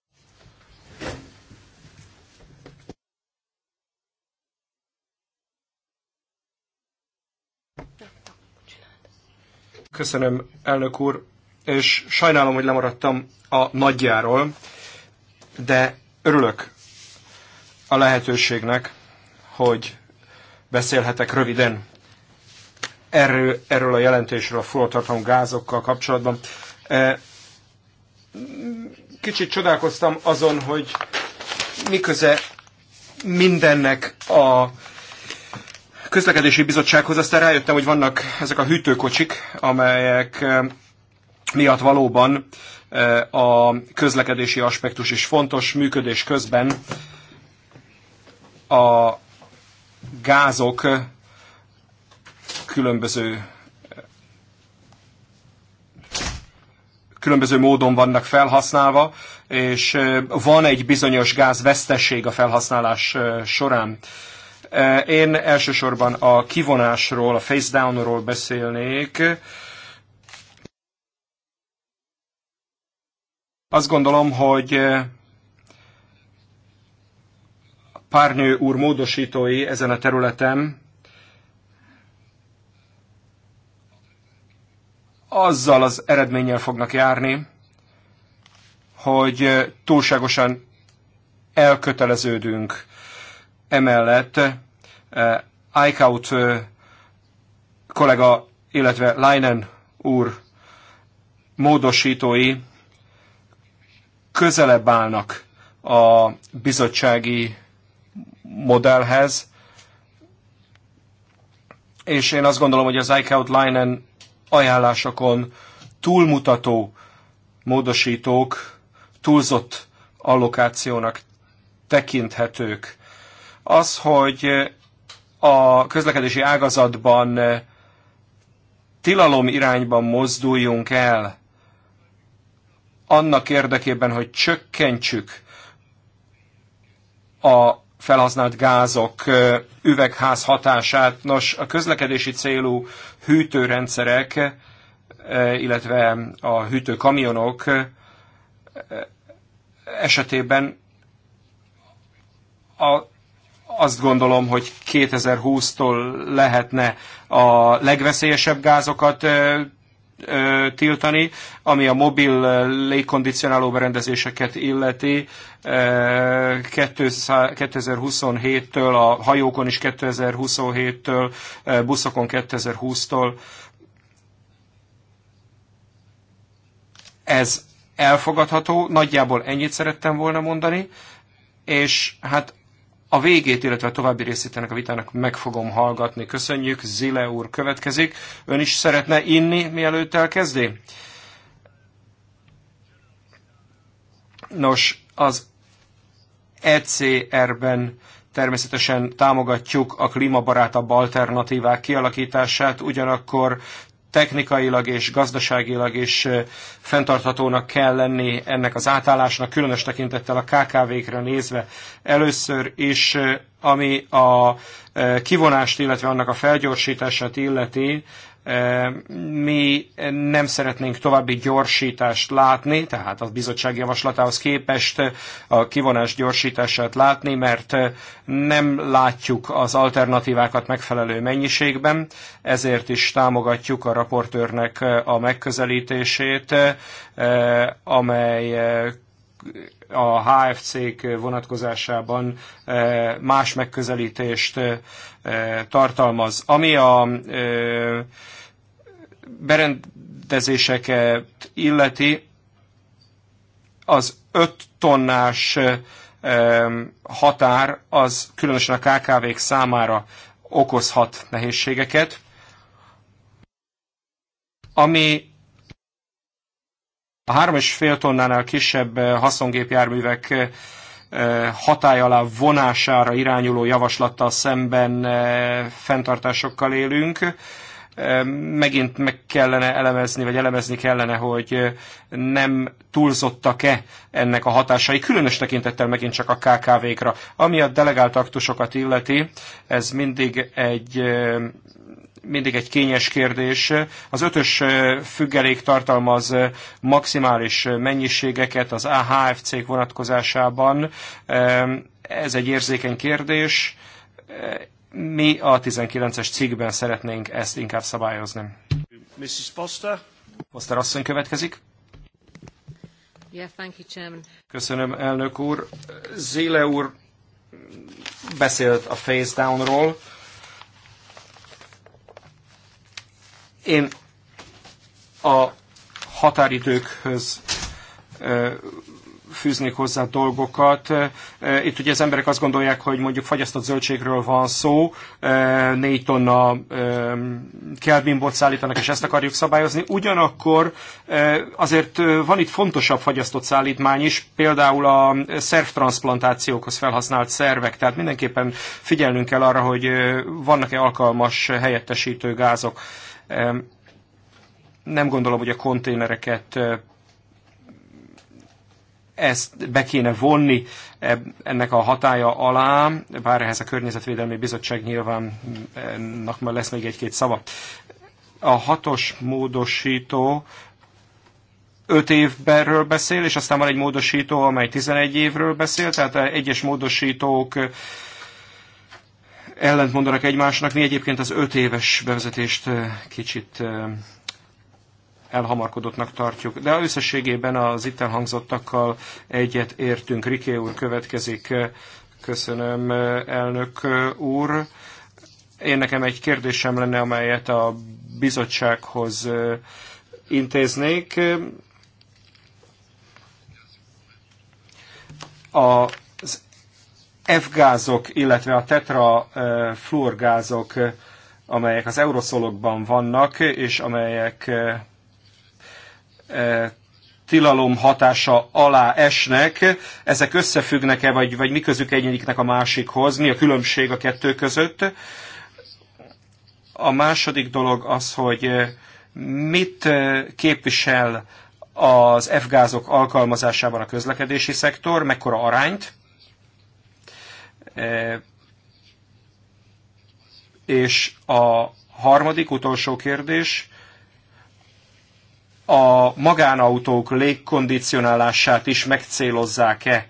Köszönöm, elnök úr, és sajnálom, hogy lemaradtam a nagyjáról, de örülök a lehetőségnek, hogy beszélhetek röviden erről, erről a jelentésről a fluortartalmú gázokkal kapcsolatban. E, kicsit csodálkoztam azon, hogy miköze mindennek a közlekedési bizottsághoz, aztán rájöttem, hogy vannak ezek a hűtőkocsik, amelyek e, miatt valóban e, a közlekedési aspektus is fontos működés közben a gázok különböző különböző módon vannak felhasználva, és van egy bizonyos gázvesztesség a felhasználás során. Én elsősorban a kivonásról, a face downról beszélnék. Azt gondolom, hogy párnő úr módosítói ezen a területen azzal az eredménnyel fognak járni, hogy túlságosan elköteleződünk emellett. Eichaut kollega, illetve Leinen úr módosítói közelebb állnak a bizottsági modellhez, és én azt gondolom, hogy az Eichaut Leinen ajánlásokon túlmutató módosítók túlzott allokációnak tekinthetők. Az, hogy a közlekedési ágazatban tilalom irányban mozduljunk el, annak érdekében, hogy csökkentsük a felhasznált gázok üvegház hatását. Nos, a közlekedési célú hűtőrendszerek, illetve a hűtőkamionok esetében a, azt gondolom, hogy 2020-tól lehetne a legveszélyesebb gázokat tiltani, ami a mobil légkondicionáló berendezéseket illeti. 2027-től, a hajókon is 2027-től, buszokon 2020-tól. Ez elfogadható, nagyjából ennyit szerettem volna mondani, és hát a végét, illetve a további részét ennek a vitának meg fogom hallgatni. Köszönjük, Zile úr következik. Ön is szeretne inni, mielőtt elkezdi? Nos, az ECR-ben természetesen támogatjuk a klímabarátabb alternatívák kialakítását, ugyanakkor technikailag és gazdaságilag is fenntarthatónak kell lenni ennek az átállásnak, különös tekintettel a KKV-kre nézve. Először is, ami a kivonást, illetve annak a felgyorsítását illeti, mi nem szeretnénk további gyorsítást látni, tehát a bizottság javaslatához képest a kivonás gyorsítását látni, mert nem látjuk az alternatívákat megfelelő mennyiségben, ezért is támogatjuk a raportőrnek a megközelítését, amely a HFC-k vonatkozásában más megközelítést tartalmaz. Ami a berendezéseket illeti, az 5 tonnás határ az különösen a KKV-k számára okozhat nehézségeket, ami a 3,5 tonnánál kisebb eh, haszongépjárművek eh, hatály alá vonására irányuló javaslattal szemben eh, fenntartásokkal élünk megint meg kellene elemezni, vagy elemezni kellene, hogy nem túlzottak-e ennek a hatásai, különös tekintettel megint csak a KKV-kra. Ami a delegált aktusokat illeti, ez mindig egy mindig egy kényes kérdés. Az ötös függelék tartalmaz maximális mennyiségeket az AHFC-k vonatkozásában. Ez egy érzékeny kérdés mi a 19-es cikkben szeretnénk ezt inkább szabályozni. Mrs. Foster. Foster asszony következik. Yeah, thank you, Chairman. Köszönöm, elnök úr. Zéle úr beszélt a face downról. Én a határidőkhöz fűznék hozzá dolgokat. E, itt ugye az emberek azt gondolják, hogy mondjuk fagyasztott zöldségről van szó, e, négy tonna e, kelbimbot szállítanak, és ezt akarjuk szabályozni. Ugyanakkor azért van itt fontosabb fagyasztott szállítmány is, például a szervtransplantációkhoz felhasznált szervek, tehát mindenképpen figyelnünk kell arra, hogy vannak-e alkalmas helyettesítő gázok nem gondolom, hogy a konténereket ezt be kéne vonni e, ennek a hatája alá, bár ehhez a Környezetvédelmi Bizottság nyilván már lesz még egy-két szava. A hatos módosító öt évbenről beszél, és aztán van egy módosító, amely 11 évről beszél, tehát egyes módosítók ellent mondanak egymásnak. Mi egyébként az öt éves bevezetést e, kicsit e, elhamarkodottnak tartjuk. De összességében az itt elhangzottakkal egyet értünk. Riké úr következik. Köszönöm, elnök úr. Én nekem egy kérdésem lenne, amelyet a bizottsághoz intéznék. A F-gázok, illetve a tetrafluorgázok, amelyek az euroszolokban vannak, és amelyek E, tilalom hatása alá esnek, ezek összefüggnek-e, vagy, vagy mi közük egyiknek a másikhoz, mi a különbség a kettő között. A második dolog az, hogy e, mit e, képvisel az F-gázok alkalmazásában a közlekedési szektor, mekkora arányt, és a harmadik, utolsó kérdés, a magánautók légkondicionálását is megcélozzák-e?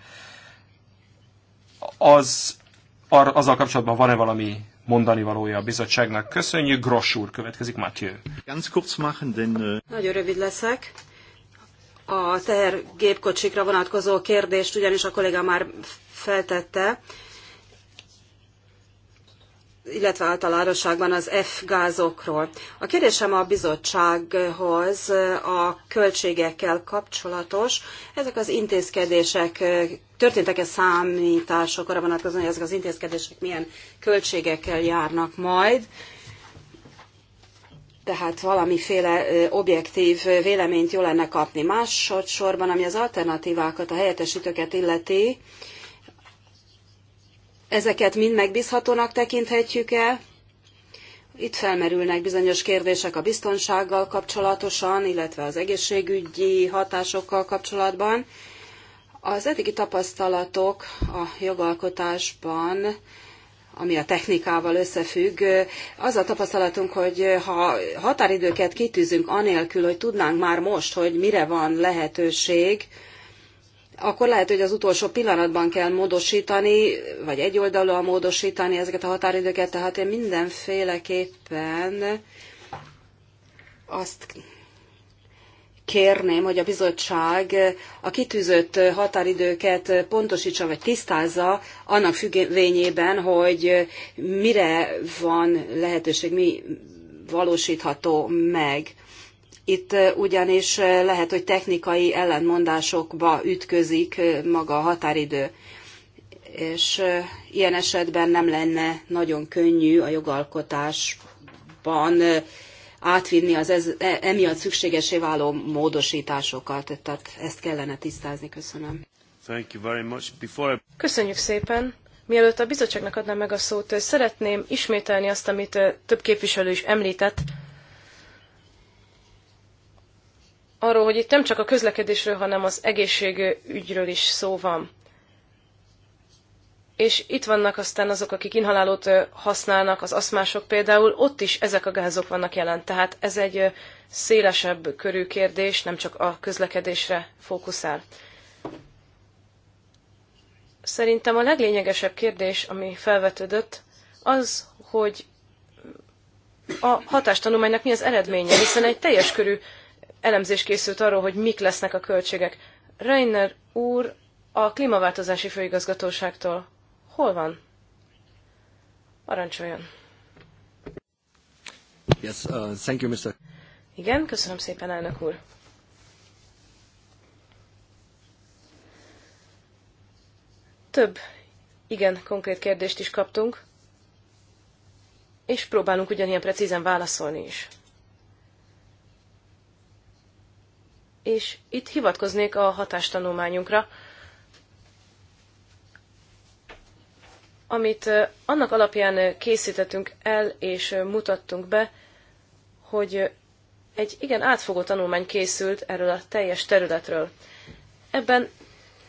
Az, ar, azzal kapcsolatban van-e valami mondani valója a bizottságnak? Köszönjük, Gross úr, következik Mathieu. Äh, Nagyon rövid leszek. A tehergépkocsikra vonatkozó kérdést ugyanis a kolléga már feltette illetve általánosságban az F-gázokról. A kérdésem a bizottsághoz a költségekkel kapcsolatos. Ezek az intézkedések, történtek-e számítások arra vonatkozóan, hogy ezek az intézkedések milyen költségekkel járnak majd? tehát valamiféle objektív véleményt jó lenne kapni. Másodszorban, ami az alternatívákat, a helyettesítőket illeti, ezeket mind megbízhatónak tekinthetjük el. Itt felmerülnek bizonyos kérdések a biztonsággal kapcsolatosan, illetve az egészségügyi hatásokkal kapcsolatban. Az eddigi tapasztalatok a jogalkotásban, ami a technikával összefügg, az a tapasztalatunk, hogy ha határidőket kitűzünk anélkül, hogy tudnánk már most, hogy mire van lehetőség, akkor lehet, hogy az utolsó pillanatban kell módosítani, vagy egyoldalúan módosítani ezeket a határidőket, tehát én mindenféleképpen azt kérném, hogy a bizottság a kitűzött határidőket pontosítsa vagy tisztázza annak függvényében, hogy mire van lehetőség, mi valósítható meg. Itt ugyanis lehet, hogy technikai ellentmondásokba ütközik maga a határidő, és ilyen esetben nem lenne nagyon könnyű a jogalkotásban átvinni az ez, e, emiatt szükségesé váló módosításokat. Tehát ezt kellene tisztázni. Köszönöm. Thank you very much. Before I... Köszönjük szépen. Mielőtt a bizottságnak adnám meg a szót, szeretném ismételni azt, amit több képviselő is említett, arról, hogy itt nem csak a közlekedésről, hanem az egészségügyről is szó van. És itt vannak aztán azok, akik inhalálót használnak, az aszmások például, ott is ezek a gázok vannak jelen. Tehát ez egy szélesebb körű kérdés, nem csak a közlekedésre fókuszál. Szerintem a leglényegesebb kérdés, ami felvetődött, az, hogy a hatástanulmánynak mi az eredménye, hiszen egy teljes körű elemzés készült arról, hogy mik lesznek a költségek. Reiner úr a klímaváltozási főigazgatóságtól. Hol van? Parancsoljon. Yes, uh, thank you, Mr. Igen, köszönöm szépen, elnök úr. Több igen konkrét kérdést is kaptunk, és próbálunk ugyanilyen precízen válaszolni is. és itt hivatkoznék a hatástanulmányunkra, amit annak alapján készítettünk el és mutattunk be, hogy egy igen átfogó tanulmány készült erről a teljes területről. Ebben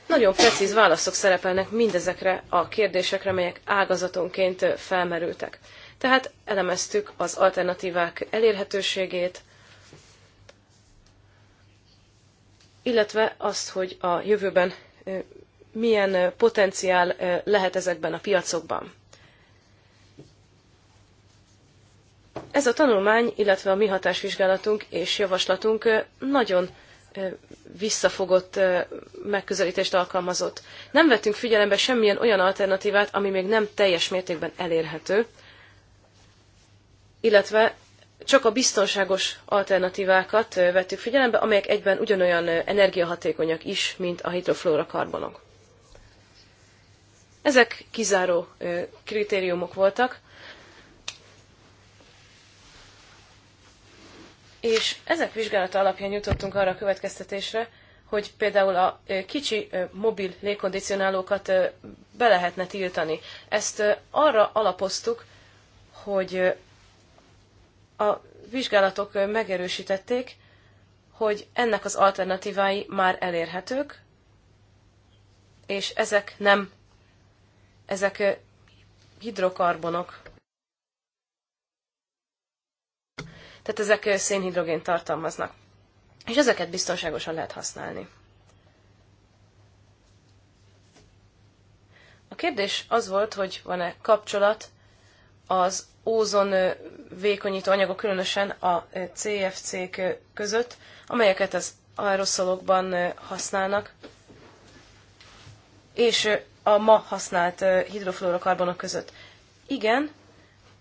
nagyon precíz válaszok szerepelnek mindezekre a kérdésekre, melyek ágazatonként felmerültek. Tehát elemeztük az alternatívák elérhetőségét, illetve azt, hogy a jövőben milyen potenciál lehet ezekben a piacokban. Ez a tanulmány, illetve a mi hatásvizsgálatunk és javaslatunk nagyon visszafogott megközelítést alkalmazott. Nem vettünk figyelembe semmilyen olyan alternatívát, ami még nem teljes mértékben elérhető, illetve csak a biztonságos alternatívákat vettük figyelembe, amelyek egyben ugyanolyan energiahatékonyak is, mint a hidrofluorokarbonok. Ezek kizáró kritériumok voltak, és ezek vizsgálata alapján jutottunk arra a következtetésre, hogy például a kicsi mobil légkondicionálókat be lehetne tiltani. Ezt arra alapoztuk, hogy a vizsgálatok megerősítették, hogy ennek az alternatívái már elérhetők, és ezek nem, ezek hidrokarbonok. Tehát ezek szénhidrogént tartalmaznak. És ezeket biztonságosan lehet használni. A kérdés az volt, hogy van-e kapcsolat az ózon vékonyító anyagok, különösen a CFC-k között, amelyeket az aeroszolokban használnak, és a ma használt hidrofluorokarbonok között. Igen,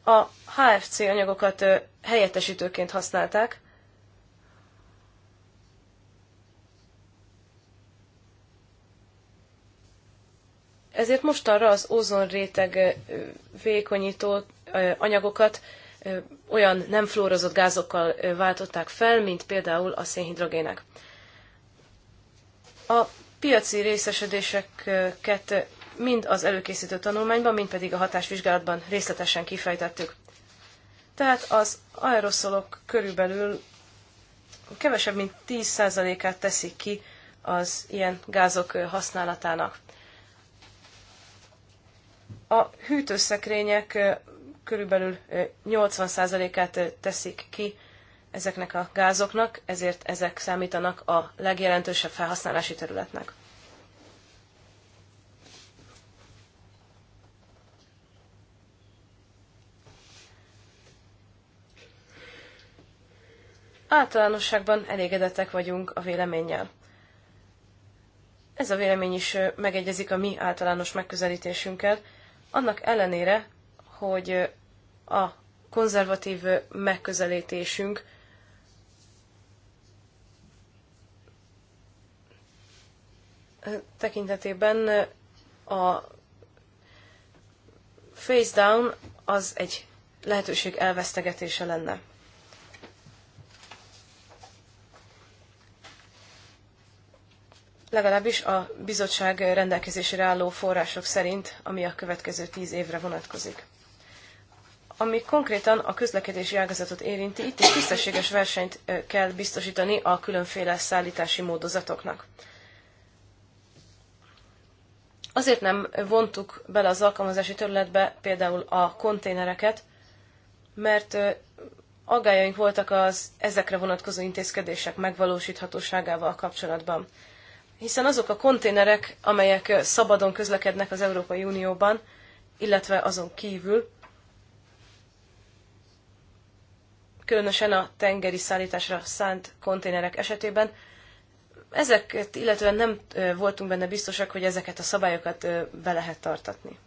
a HFC anyagokat helyettesítőként használták, Ezért mostanra az ozonréteg vékonyítót anyagokat olyan nem fluorozott gázokkal váltották fel, mint például a szénhidrogének. A piaci részesedéseket mind az előkészítő tanulmányban, mind pedig a hatásvizsgálatban részletesen kifejtettük. Tehát az aeroszolok körülbelül kevesebb, mint 10%-át teszik ki az ilyen gázok használatának. A hűtőszekrények körülbelül 80%-át teszik ki ezeknek a gázoknak, ezért ezek számítanak a legjelentősebb felhasználási területnek. Általánosságban elégedettek vagyunk a véleménnyel. Ez a vélemény is megegyezik a mi általános megközelítésünkkel, annak ellenére, hogy a konzervatív megközelítésünk tekintetében a face down az egy lehetőség elvesztegetése lenne. Legalábbis a bizottság rendelkezésére álló források szerint, ami a következő tíz évre vonatkozik ami konkrétan a közlekedési ágazatot érinti, itt is tisztességes versenyt kell biztosítani a különféle szállítási módozatoknak. Azért nem vontuk bele az alkalmazási területbe például a konténereket, mert aggájaink voltak az ezekre vonatkozó intézkedések megvalósíthatóságával kapcsolatban. Hiszen azok a konténerek, amelyek szabadon közlekednek az Európai Unióban, illetve azon kívül, különösen a tengeri szállításra szánt konténerek esetében. Ezeket illetően nem voltunk benne biztosak, hogy ezeket a szabályokat be lehet tartatni.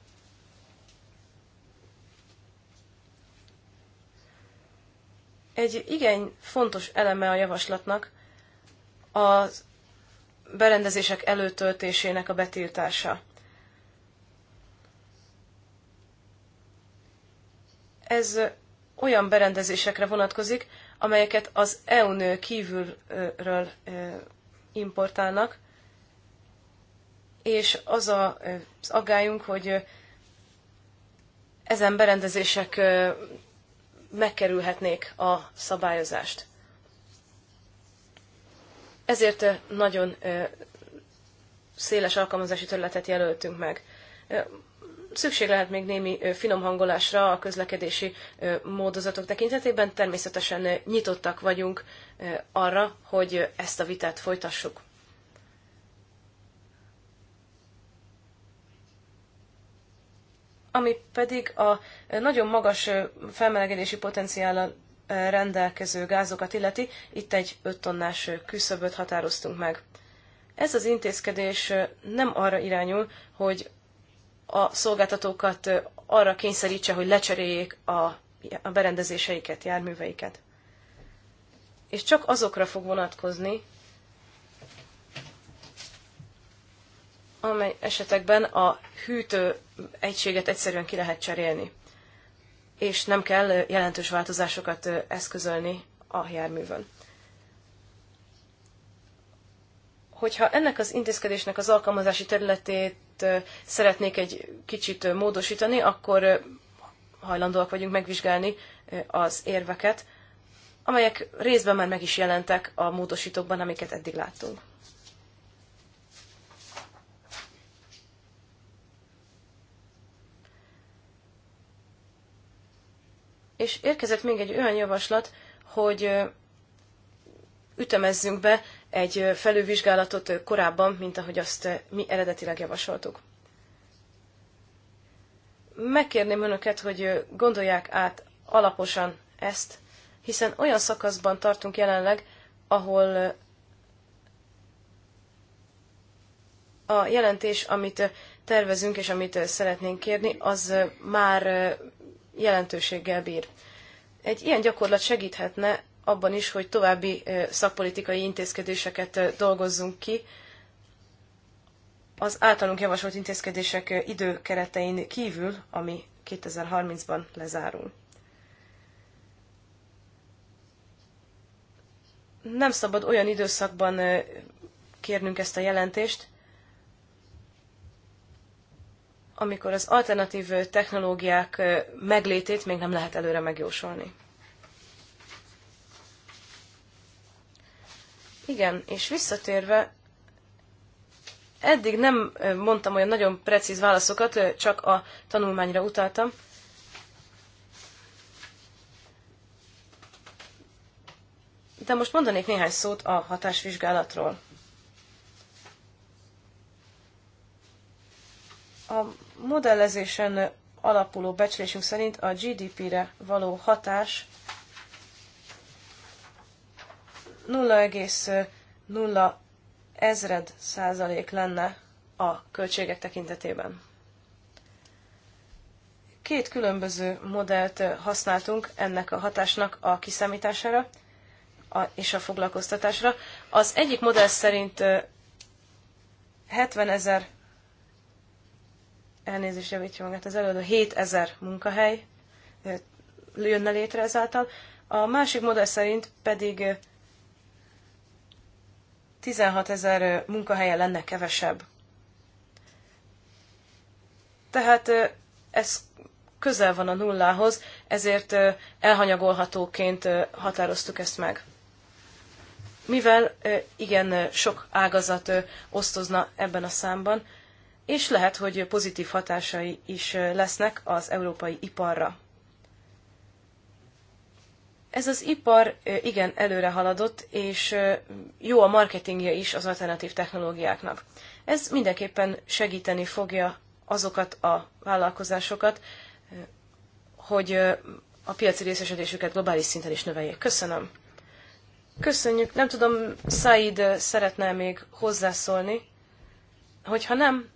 Egy igen fontos eleme a javaslatnak a berendezések előtöltésének a betiltása. Ez olyan berendezésekre vonatkozik, amelyeket az EU-n kívülről importálnak, és az a, az aggályunk, hogy ezen berendezések megkerülhetnék a szabályozást. Ezért nagyon széles alkalmazási területet jelöltünk meg. Szükség lehet még némi finomhangolásra a közlekedési módozatok tekintetében. Természetesen nyitottak vagyunk arra, hogy ezt a vitát folytassuk. Ami pedig a nagyon magas felmelegedési potenciállal rendelkező gázokat illeti, itt egy 5 tonnás küszöböt határoztunk meg. Ez az intézkedés nem arra irányul, hogy a szolgáltatókat arra kényszerítse, hogy lecseréljék a berendezéseiket, járműveiket. És csak azokra fog vonatkozni, amely esetekben a hűtő egységet egyszerűen ki lehet cserélni, és nem kell jelentős változásokat eszközölni a járművön. hogyha ennek az intézkedésnek az alkalmazási területét szeretnék egy kicsit módosítani, akkor hajlandóak vagyunk megvizsgálni az érveket, amelyek részben már meg is jelentek a módosítókban, amiket eddig láttunk. És érkezett még egy olyan javaslat, hogy ütemezzünk be egy felülvizsgálatot korábban, mint ahogy azt eh, mi eredetileg javasoltuk. Megkérném önöket, hogy eh, gondolják át alaposan ezt, hiszen olyan szakaszban tartunk jelenleg, ahol eh, a jelentés, amit tervezünk és amit szeretnénk kérni, az már jelentőséggel bír. Egy ilyen gyakorlat segíthetne abban is, hogy további szakpolitikai intézkedéseket dolgozzunk ki, az általunk javasolt intézkedések időkeretein kívül, ami 2030-ban lezárul. Nem szabad olyan időszakban kérnünk ezt a jelentést, amikor az alternatív technológiák meglétét még nem lehet előre megjósolni. Igen, és visszatérve, eddig nem mondtam olyan nagyon precíz válaszokat, csak a tanulmányra utaltam. De most mondanék néhány szót a hatásvizsgálatról. A modellezésen alapuló becslésünk szerint a GDP-re való hatás 0,0 ezred százalék lenne a költségek tekintetében. Két különböző modellt használtunk ennek a hatásnak a kiszámítására és a foglalkoztatásra. Az egyik modell szerint 70 ezer, elnézést javítja magát az előadó, 7 ezer munkahely jönne létre ezáltal, a másik modell szerint pedig 16 ezer munkahelye lenne kevesebb. Tehát ez közel van a nullához, ezért elhanyagolhatóként határoztuk ezt meg. Mivel igen sok ágazat osztozna ebben a számban, és lehet, hogy pozitív hatásai is lesznek az európai iparra. Ez az ipar igen előre haladott, és jó a marketingje is az alternatív technológiáknak. Ez mindenképpen segíteni fogja azokat a vállalkozásokat, hogy a piaci részesedésüket globális szinten is növeljék. Köszönöm. Köszönjük. Nem tudom, Said szeretne még hozzászólni. Hogyha nem,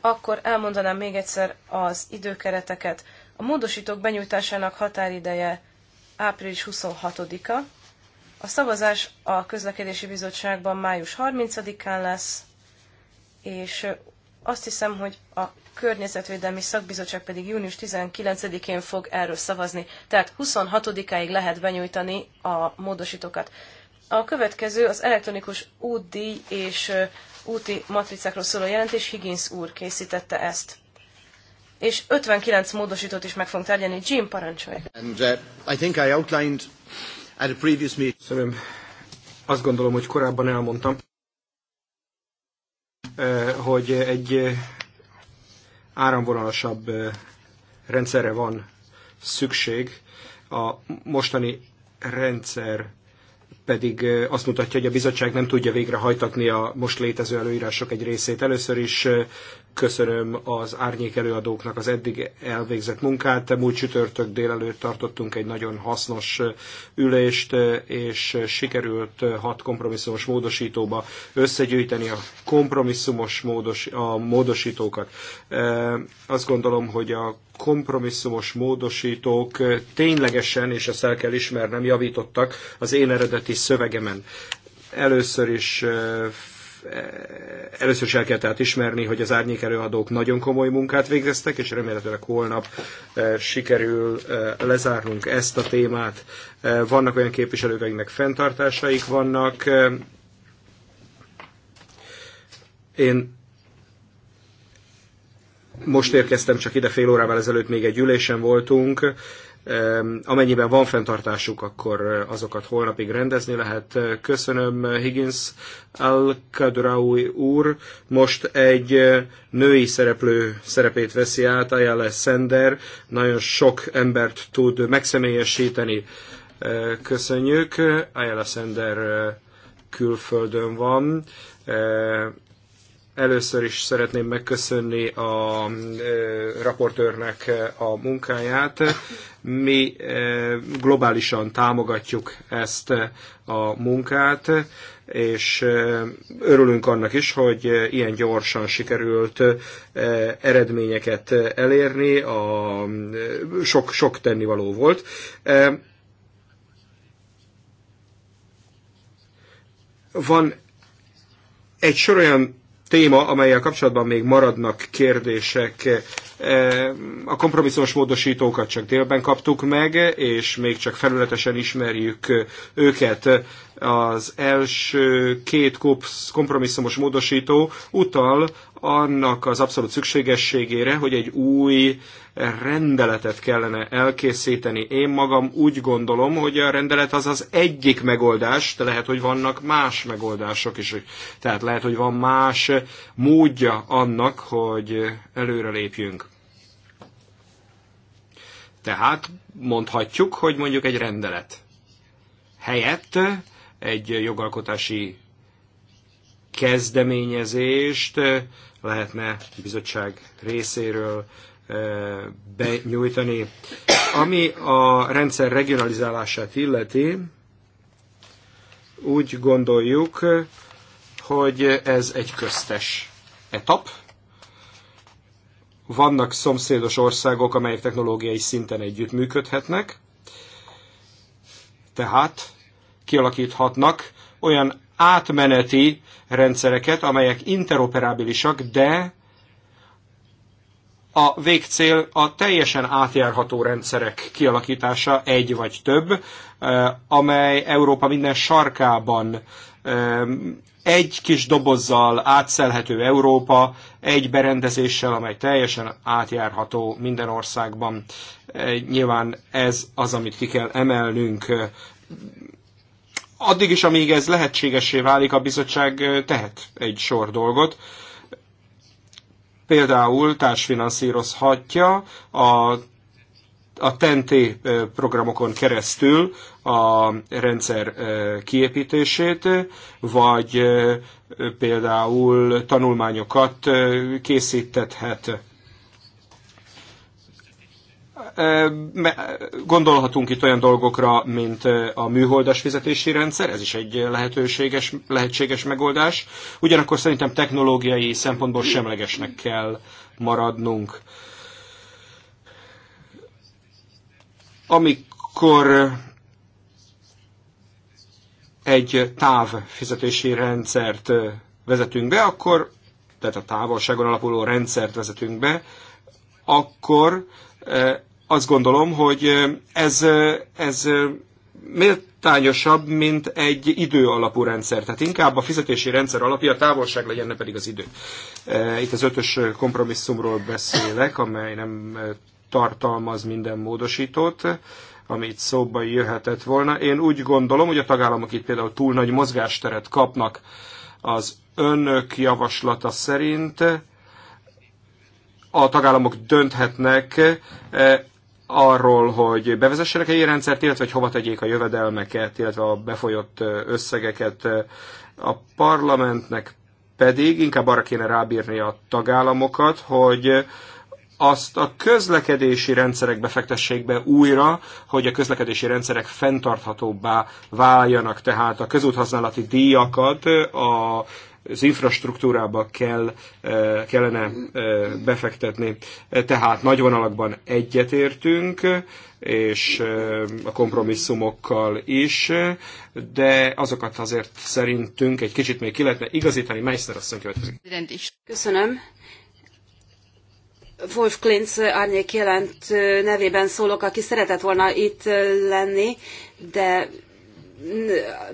akkor elmondanám még egyszer az időkereteket. A módosítók benyújtásának határideje április 26-a, a szavazás a közlekedési bizottságban május 30-án lesz, és azt hiszem, hogy a környezetvédelmi szakbizottság pedig június 19-én fog erről szavazni. Tehát 26-áig lehet benyújtani a módosítókat. A következő az elektronikus útdíj és úti matricákról szóló jelentés, Higgins úr készítette ezt és 59 módosítót is meg fogunk tárgyalni. Jim, parancsolj! And, uh, I think I outlined at a previous meeting. Szerintem azt gondolom, hogy korábban elmondtam, uh, hogy egy uh, áramvonalasabb uh, rendszerre van szükség. A mostani rendszer pedig azt mutatja, hogy a bizottság nem tudja végrehajtatni a most létező előírások egy részét. Először is köszönöm az árnyék előadóknak az eddig elvégzett munkát. Múlt csütörtök délelőtt tartottunk egy nagyon hasznos ülést, és sikerült hat kompromisszumos módosítóba összegyűjteni a kompromisszumos módos, a módosítókat. Azt gondolom, hogy a kompromisszumos módosítók ténylegesen, és ezt el kell ismernem, javítottak az én eredeti kis szövegemen. Először is e, először is el kell tehát ismerni, hogy az árnyék előadók nagyon komoly munkát végeztek, és remélhetőleg holnap sikerül lezárnunk ezt a témát. Vannak olyan képviselők, akiknek fenntartásaik vannak. Én most érkeztem csak ide, fél órával ezelőtt még egy ülésen voltunk, Amennyiben van fenntartásuk, akkor eh, azokat holnapig rendezni lehet. Köszönöm Higgins al úr. Most egy eh, női szereplő szerepét veszi át, Ayala Sender. Nagyon sok embert tud megszemélyesíteni. Eh, köszönjük. Ayala Sender külföldön van Először is szeretném megköszönni a raportőrnek a munkáját. Mi globálisan támogatjuk ezt a munkát, és örülünk annak is, hogy ilyen gyorsan sikerült eredményeket elérni, a, sok, sok tennivaló volt. Van egy sor olyan téma, amelyel kapcsolatban még maradnak kérdések. E, a kompromisszumos módosítókat csak délben kaptuk meg, és még csak felületesen ismerjük őket. Az első két kompromisszumos módosító utal annak az abszolút szükségességére, hogy egy új rendeletet kellene elkészíteni. Én magam úgy gondolom, hogy a rendelet az az egyik megoldás, de lehet, hogy vannak más megoldások is. Tehát lehet, hogy van más módja annak, hogy előre lépjünk. Tehát mondhatjuk, hogy mondjuk egy rendelet helyett egy jogalkotási kezdeményezést eh, lehetne bizottság részéről eh, benyújtani. Ami a rendszer regionalizálását illeti, úgy gondoljuk, hogy ez egy köztes etap. Vannak szomszédos országok, amelyek technológiai szinten együttműködhetnek, tehát kialakíthatnak olyan átmeneti rendszereket, amelyek interoperábilisak, de a végcél a teljesen átjárható rendszerek kialakítása, egy vagy több, amely Európa minden sarkában egy kis dobozzal átszelhető Európa, egy berendezéssel, amely teljesen átjárható minden országban. Nyilván ez az, amit ki kell emelnünk addig is, amíg ez lehetségesé válik, a bizottság tehet egy sor dolgot. Például társfinanszírozhatja a a TNT e programokon keresztül a rendszer kiépítését, vagy például tanulmányokat készítethet Gondolhatunk itt olyan dolgokra, mint a műholdas fizetési rendszer, ez is egy lehetőséges, lehetséges megoldás. Ugyanakkor szerintem technológiai szempontból semlegesnek kell maradnunk. Amikor egy táv fizetési rendszert vezetünk be, akkor, tehát a távolságon alapuló rendszert vezetünk be, akkor azt gondolom, hogy ez, ez méltányosabb, mint egy idő alapú rendszer. Tehát inkább a fizetési rendszer alapja, a távolság legyen, ne pedig az idő. Itt az ötös kompromisszumról beszélek, amely nem tartalmaz minden módosítót, amit szóba jöhetett volna. Én úgy gondolom, hogy a tagállamok itt például túl nagy mozgásteret kapnak az önök javaslata szerint, a tagállamok dönthetnek arról, hogy bevezessenek egy ilyen rendszert, illetve hogy hova tegyék a jövedelmeket, illetve a befolyott összegeket. A parlamentnek pedig inkább arra kéne rábírni a tagállamokat, hogy azt a közlekedési rendszerek befektessék be újra, hogy a közlekedési rendszerek fenntarthatóbbá váljanak, tehát a közúthasználati díjakat a az infrastruktúrába kell, e, kellene e, befektetni. E, tehát nagy vonalakban egyetértünk, és a kompromisszumokkal is, de azokat azért szerintünk egy kicsit még ki lehetne igazítani. Meissner asszony következik. Köszönöm. Wolf Klintz árnyék jelent nevében szólok, aki szeretett volna itt lenni, de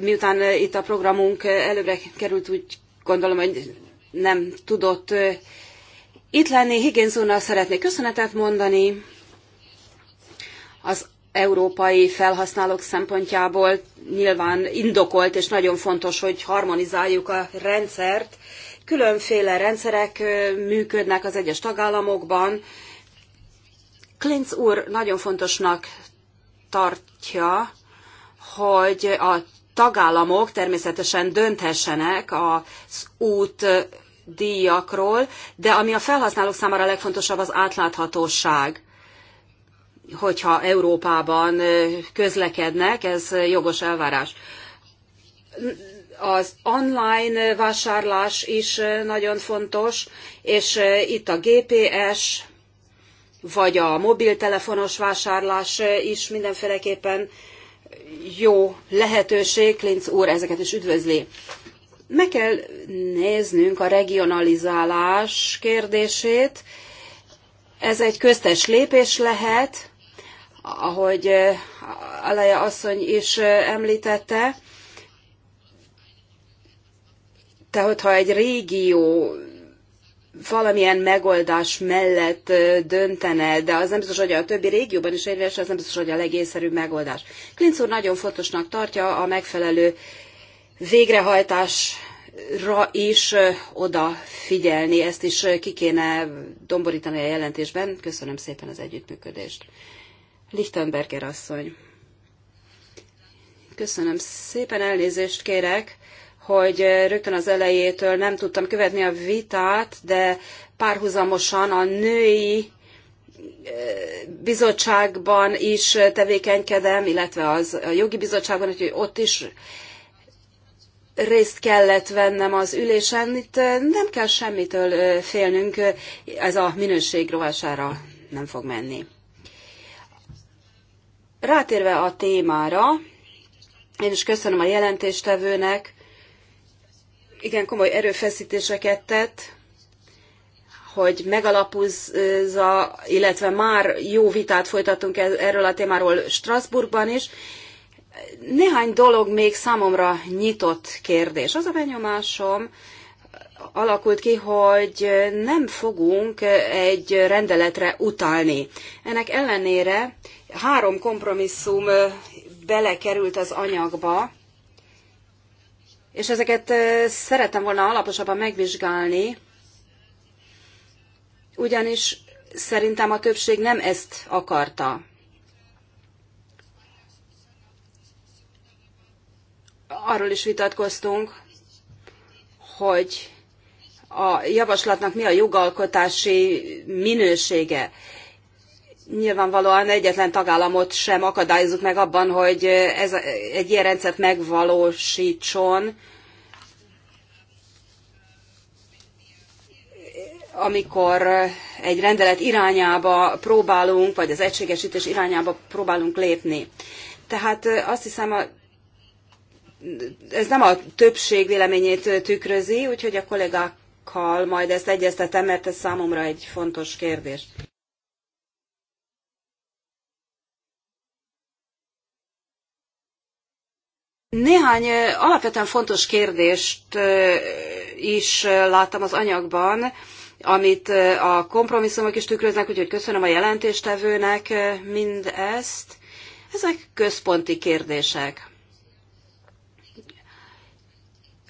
miután itt a programunk előre került, úgy gondolom, hogy nem tudott itt lenni. Higgins úrnak szeretnék köszönetet mondani. Az európai felhasználók szempontjából nyilván indokolt és nagyon fontos, hogy harmonizáljuk a rendszert. Különféle rendszerek működnek az egyes tagállamokban. Klinz úr nagyon fontosnak tartja, hogy a tagállamok természetesen dönthessenek az út díjakról, de ami a felhasználók számára legfontosabb, az átláthatóság. Hogyha Európában közlekednek, ez jogos elvárás. Az online vásárlás is nagyon fontos, és itt a GPS, vagy a mobiltelefonos vásárlás is mindenféleképpen jó lehetőség, Klinc úr ezeket is üdvözli. Meg kell néznünk a regionalizálás kérdését. Ez egy köztes lépés lehet, ahogy eh, Aleja asszony is eh, említette. Tehát, ha egy régió valamilyen megoldás mellett döntene, de az nem biztos, hogy a többi régióban is érvényes, az nem biztos, hogy a legészszerűbb megoldás. Klinc úr nagyon fontosnak tartja a megfelelő végrehajtásra is odafigyelni. Ezt is ki kéne domborítani a jelentésben. Köszönöm szépen az együttműködést. Lichtenberger asszony. Köszönöm szépen, elnézést kérek hogy rögtön az elejétől nem tudtam követni a vitát, de párhuzamosan a női bizottságban is tevékenykedem, illetve az a jogi bizottságban, hogy ott is részt kellett vennem az ülésen. Itt nem kell semmitől félnünk, ez a minőség rovására nem fog menni. Rátérve a témára, én is köszönöm a jelentéstevőnek igen komoly erőfeszítéseket tett, hogy megalapozza, illetve már jó vitát folytatunk e- erről a témáról Strasbourgban is. Néhány dolog még számomra nyitott kérdés. Az a benyomásom alakult ki, hogy nem fogunk egy rendeletre utalni. Ennek ellenére három kompromisszum belekerült az anyagba, és ezeket szerettem volna alaposabban megvizsgálni, ugyanis szerintem a többség nem ezt akarta. Arról is vitatkoztunk, hogy a javaslatnak mi a jogalkotási minősége nyilvánvalóan egyetlen tagállamot sem akadályozunk meg abban, hogy ez egy ilyen rendszert megvalósítson, amikor egy rendelet irányába próbálunk, vagy az egységesítés irányába próbálunk lépni. Tehát azt hiszem, a, ez nem a többség véleményét tükrözi, úgyhogy a kollégákkal majd ezt egyeztetem, mert ez számomra egy fontos kérdés. Néhány alapvetően fontos kérdést is láttam az anyagban, amit a kompromisszumok is tükröznek, úgyhogy köszönöm a jelentéstevőnek mindezt. Ezek központi kérdések.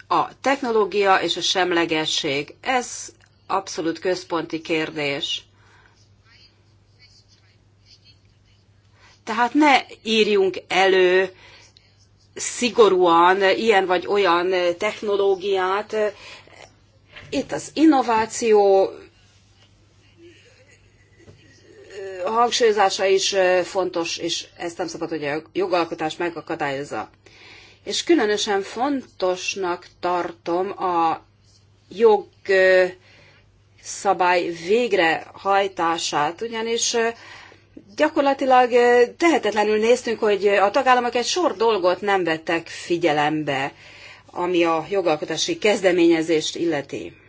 A technológia és a semlegesség, ez abszolút központi kérdés. Tehát ne írjunk elő szigorúan ilyen vagy olyan technológiát. Itt az innováció hangsúlyozása is fontos, és ezt nem szabad, hogy a jogalkotás megakadályozza. És különösen fontosnak tartom a jogszabály végrehajtását, ugyanis gyakorlatilag tehetetlenül néztünk, hogy a tagállamok egy sor dolgot nem vettek figyelembe, ami a jogalkotási kezdeményezést illeti.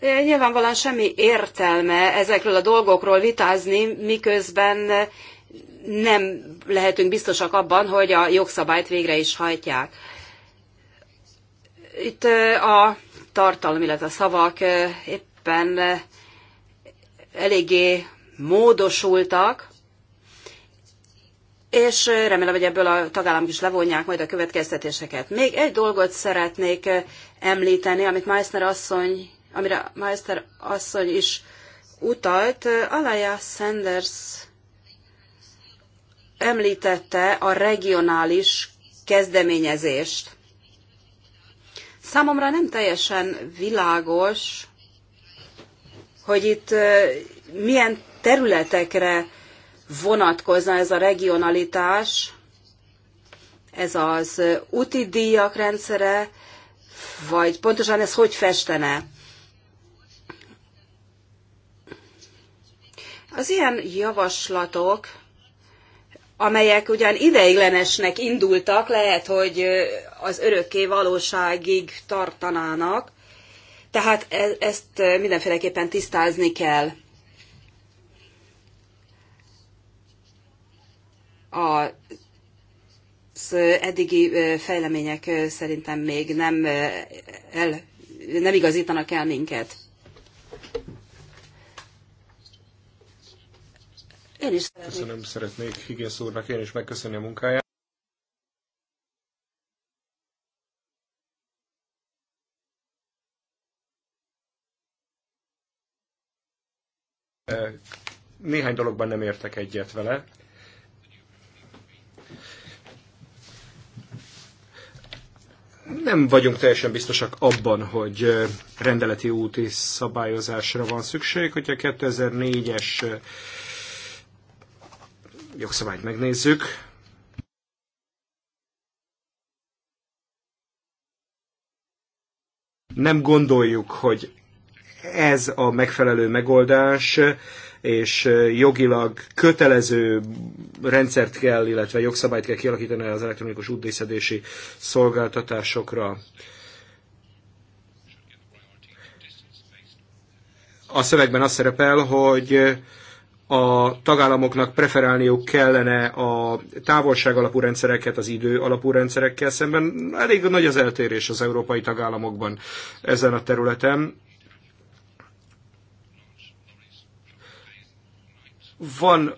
Nyilvánvalóan semmi értelme ezekről a dolgokról vitázni, miközben nem lehetünk biztosak abban, hogy a jogszabályt végre is hajtják. Itt a tartalom, illetve a szavak eh, éppen eh, eléggé módosultak, és eh, remélem, hogy ebből a tagállamok is levonják majd a következtetéseket. Még egy dolgot szeretnék említeni, amit Meissner asszony, amire Meissner asszony is utalt. Alaya Sanders említette a regionális kezdeményezést. Számomra nem teljesen világos, hogy itt milyen területekre vonatkozna ez a regionalitás, ez az úti díjak rendszere, vagy pontosan ez hogy festene? Az ilyen javaslatok amelyek ugyan ideiglenesnek indultak, lehet, hogy az örökké valóságig tartanának, tehát e, ezt mindenféleképpen tisztázni kell. Az eddigi fejlemények szerintem még nem, el, nem igazítanak el minket. Én is szeretnék. Köszönöm, szeretnék Higgins úrnak én is megköszönni a munkáját. E, néhány dologban nem értek egyet vele. nem vagyunk teljesen biztosak abban, hogy e, rendeleti úti szabályozásra van szükség, hogy a 2004-es jogszabályt megnézzük. Nem gondoljuk, hogy ez a megfelelő megoldás, és jogilag kötelező rendszert kell, illetve jogszabályt kell kialakítani az elektronikus útdíszedési szolgáltatásokra. A szövegben az szerepel, hogy a tagállamoknak preferálniuk kellene a távolság alapú rendszereket az idő alapú rendszerekkel szemben. Elég nagy az eltérés az európai tagállamokban ezen a területen. Van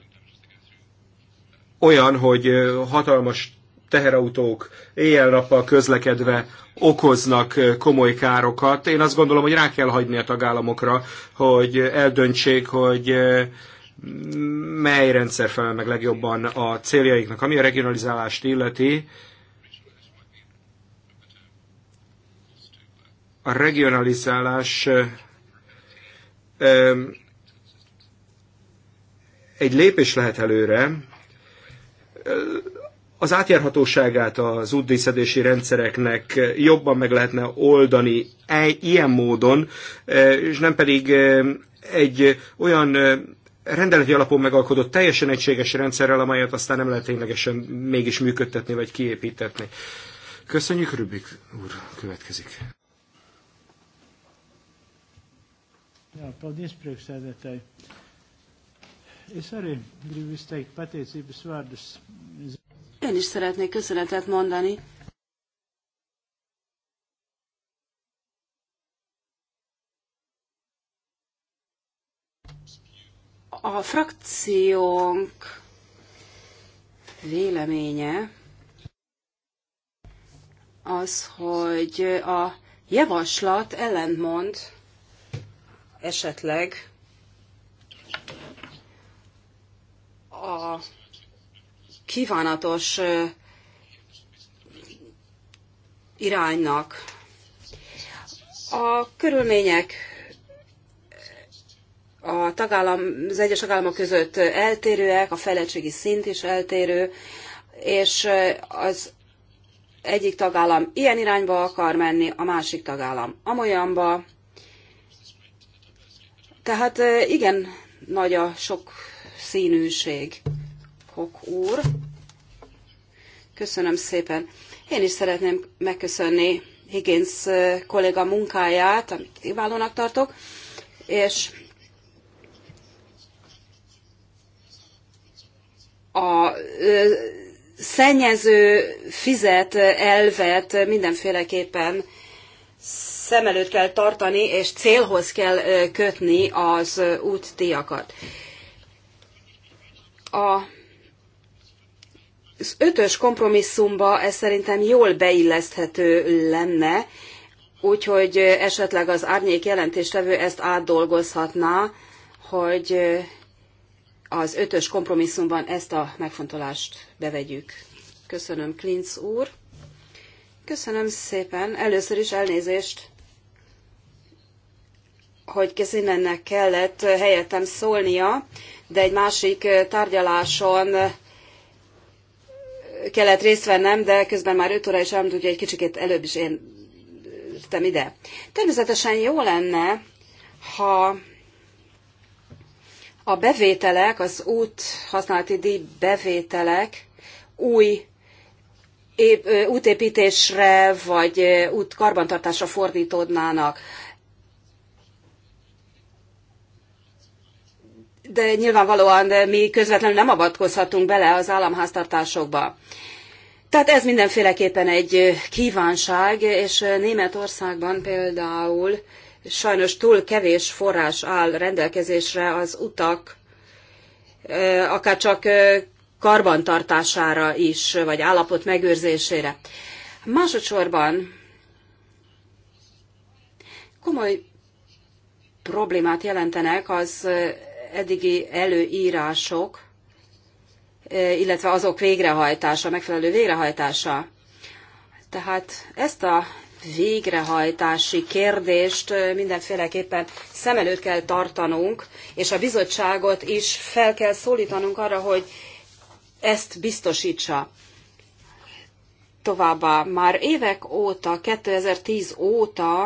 olyan, hogy hatalmas teherautók éjjel-nappal közlekedve okoznak komoly károkat. Én azt gondolom, hogy rá kell hagyni a tagállamokra, hogy eldöntsék, hogy mely rendszer felel meg legjobban a céljaiknak, ami a regionalizálást illeti. A regionalizálás egy lépés lehet előre, az átjárhatóságát az útdíszedési rendszereknek jobban meg lehetne oldani e- ilyen módon, és nem pedig egy olyan rendeleti alapon megalkodott teljesen egységes rendszerrel, amelyet aztán nem lehet ténylegesen mégis működtetni vagy kiépítetni. Köszönjük, Rubik úr, következik. Ja, paldies, priekšsēdētāji. Es arī gribu izteikt pateicības vārdus. Ön is szeretnék köszönetet mondani A frakciónk véleménye az, hogy a javaslat ellentmond esetleg a kívánatos iránynak. A körülmények a tagállam, az egyes tagállamok között eltérőek, a fejlettségi szint is eltérő, és az egyik tagállam ilyen irányba akar menni, a másik tagállam amolyanba. Tehát igen, nagy a sok színűség. Kok úr. Köszönöm szépen. Én is szeretném megköszönni Higgins kolléga munkáját, amit kiválónak tartok, és a szennyező fizet elvet mindenféleképpen szem előtt kell tartani, és célhoz kell kötni az útdiakat. A az ötös kompromisszumba ez szerintem jól beilleszthető lenne, úgyhogy esetleg az árnyék jelentéstevő ezt átdolgozhatná, hogy az ötös kompromisszumban ezt a megfontolást bevegyük. Köszönöm, Klinc úr. Köszönöm szépen. Először is elnézést, hogy Kezinennek kellett helyettem szólnia, de egy másik tárgyaláson kellett részt vennem, de közben már 5 óra is elmúlt, úgyhogy egy kicsikét előbb is én ide. Természetesen jó lenne, ha a bevételek, az út használati díj bevételek új útépítésre vagy út karbantartásra fordítódnának. De nyilvánvalóan mi közvetlenül nem avatkozhatunk bele az államháztartásokba. Tehát ez mindenféleképpen egy kívánság, és Németországban például sajnos túl kevés forrás áll rendelkezésre az utak, akár csak karbantartására is, vagy állapot megőrzésére. Másodszorban komoly problémát jelentenek az eddigi előírások, illetve azok végrehajtása, megfelelő végrehajtása. Tehát ezt a végrehajtási kérdést mindenféleképpen szem előtt kell tartanunk, és a bizottságot is fel kell szólítanunk arra, hogy ezt biztosítsa. Továbbá már évek óta, 2010 óta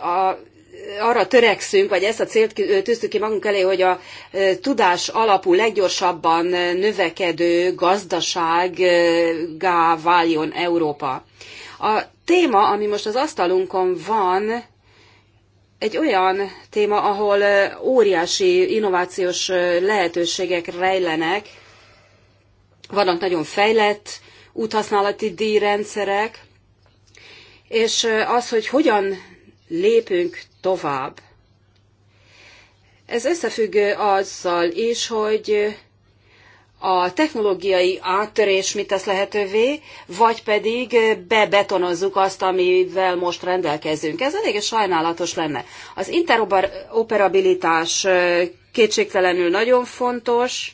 a arra törekszünk, vagy ezt a célt tűztük ki magunk elé, hogy a tudás alapú leggyorsabban növekedő gazdasággá váljon Európa. A téma, ami most az asztalunkon van, egy olyan téma, ahol óriási innovációs lehetőségek rejlenek. Vannak nagyon fejlett úthasználati díjrendszerek, és az, hogy hogyan lépünk tovább. Ez összefügg azzal is, hogy a technológiai áttörés mit tesz lehetővé, vagy pedig bebetonozzuk azt, amivel most rendelkezünk. Ez elég sajnálatos lenne. Az interoperabilitás kétségtelenül nagyon fontos,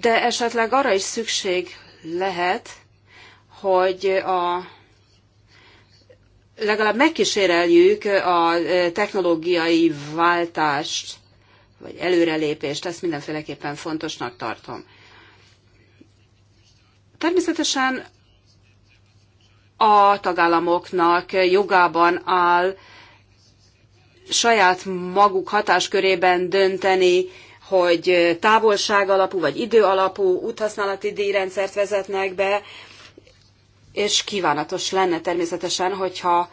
de esetleg arra is szükség lehet, hogy a legalább megkíséreljük a e, technológiai váltást, vagy előrelépést, ezt mindenféleképpen fontosnak tartom. Természetesen a tagállamoknak jogában áll saját maguk hatáskörében dönteni, hogy távolság alapú vagy idő alapú úthasználati díjrendszert vezetnek be, és kívánatos lenne természetesen, hogyha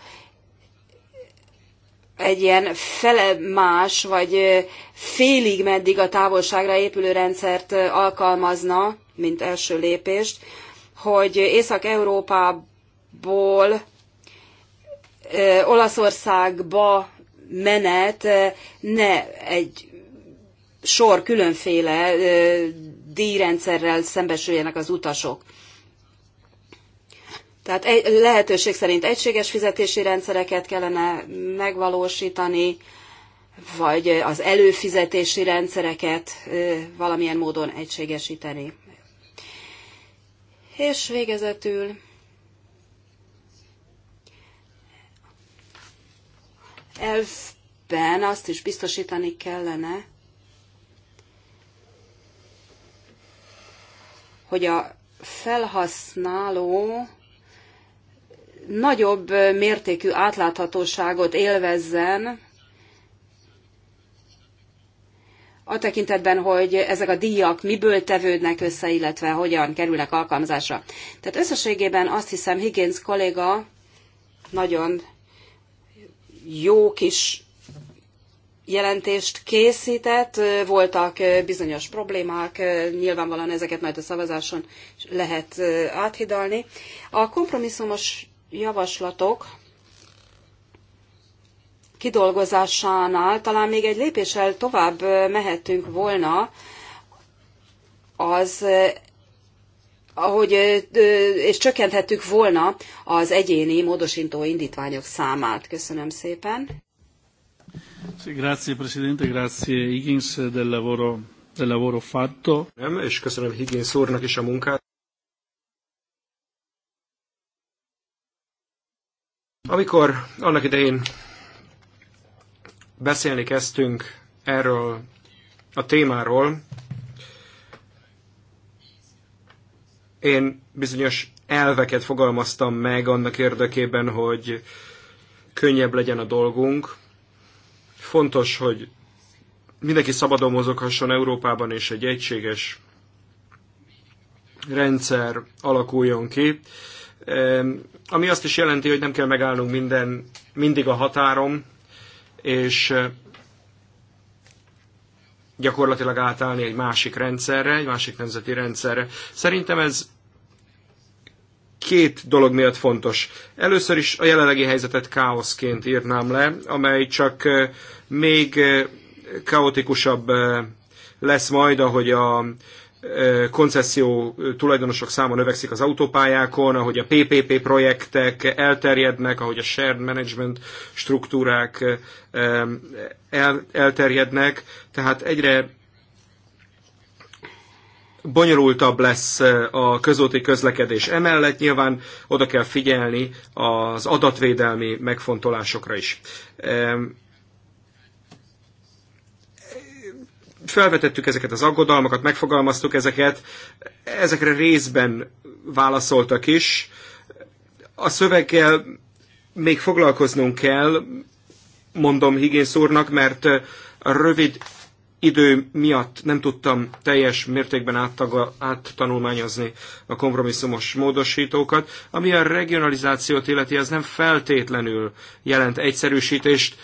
egy ilyen fele más, vagy félig meddig a távolságra épülő rendszert alkalmazna, mint első lépést, hogy Észak-Európából Olaszországba menet ne egy sor különféle díjrendszerrel szembesüljenek az utasok. Tehát egy, lehetőség szerint egységes fizetési rendszereket kellene megvalósítani, vagy az előfizetési rendszereket valamilyen módon egységesíteni. És végezetül elfben azt is biztosítani kellene, hogy a felhasználó nagyobb mértékű átláthatóságot élvezzen a tekintetben, hogy ezek a díjak miből tevődnek össze, illetve hogyan kerülnek alkalmazásra. Tehát összességében azt hiszem Higgins kolléga nagyon jó kis jelentést készített, voltak bizonyos problémák, nyilvánvalóan ezeket majd a szavazáson lehet áthidalni. A kompromisszumos javaslatok kidolgozásánál talán még egy lépéssel tovább mehetünk volna, az ahogy, és csökkenthettük volna az egyéni módosító indítványok számát. Köszönöm szépen. Grazie Presidente, grazie Higgins del lavoro, del lavoro fatto. Nem, és köszönöm Higgins úrnak is a munkát. Amikor annak idején beszélni kezdtünk erről a témáról, én bizonyos elveket fogalmaztam meg annak érdekében, hogy könnyebb legyen a dolgunk. Fontos, hogy mindenki szabadon mozoghasson Európában, és egy egységes rendszer alakuljon ki. Ami azt is jelenti, hogy nem kell megállnunk minden, mindig a határom, és gyakorlatilag átállni egy másik rendszerre, egy másik nemzeti rendszerre. Szerintem ez két dolog miatt fontos. Először is a jelenlegi helyzetet káoszként írnám le, amely csak még kaotikusabb lesz majd, ahogy a koncesszió tulajdonosok száma növekszik az autópályákon, ahogy a PPP projektek elterjednek, ahogy a shared management struktúrák el, elterjednek, tehát egyre bonyolultabb lesz a közúti közlekedés. Emellett nyilván oda kell figyelni az adatvédelmi megfontolásokra is. felvetettük ezeket az aggodalmakat, megfogalmaztuk ezeket, ezekre részben válaszoltak is. A szöveggel még foglalkoznunk kell, mondom Higgins úrnak, mert a rövid idő miatt nem tudtam teljes mértékben áttaga, áttanulmányozni a kompromisszumos módosítókat. Ami a regionalizációt illeti, ez nem feltétlenül jelent egyszerűsítést.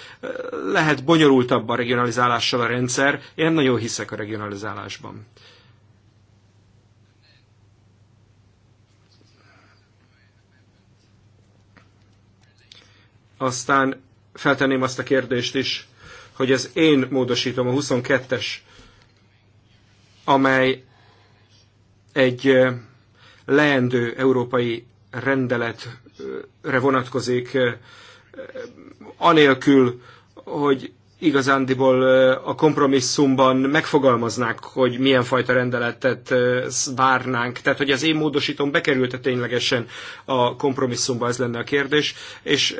Lehet bonyolultabb a regionalizálással a rendszer. Én nagyon hiszek a regionalizálásban. Aztán feltenném azt a kérdést is, hogy az én módosítom a 22-es, amely egy leendő európai rendeletre vonatkozik, anélkül, hogy igazándiból a kompromisszumban megfogalmaznák, hogy milyen fajta rendeletet várnánk. Tehát, hogy az én módosítom bekerült-e ténylegesen a kompromisszumba, ez lenne a kérdés. És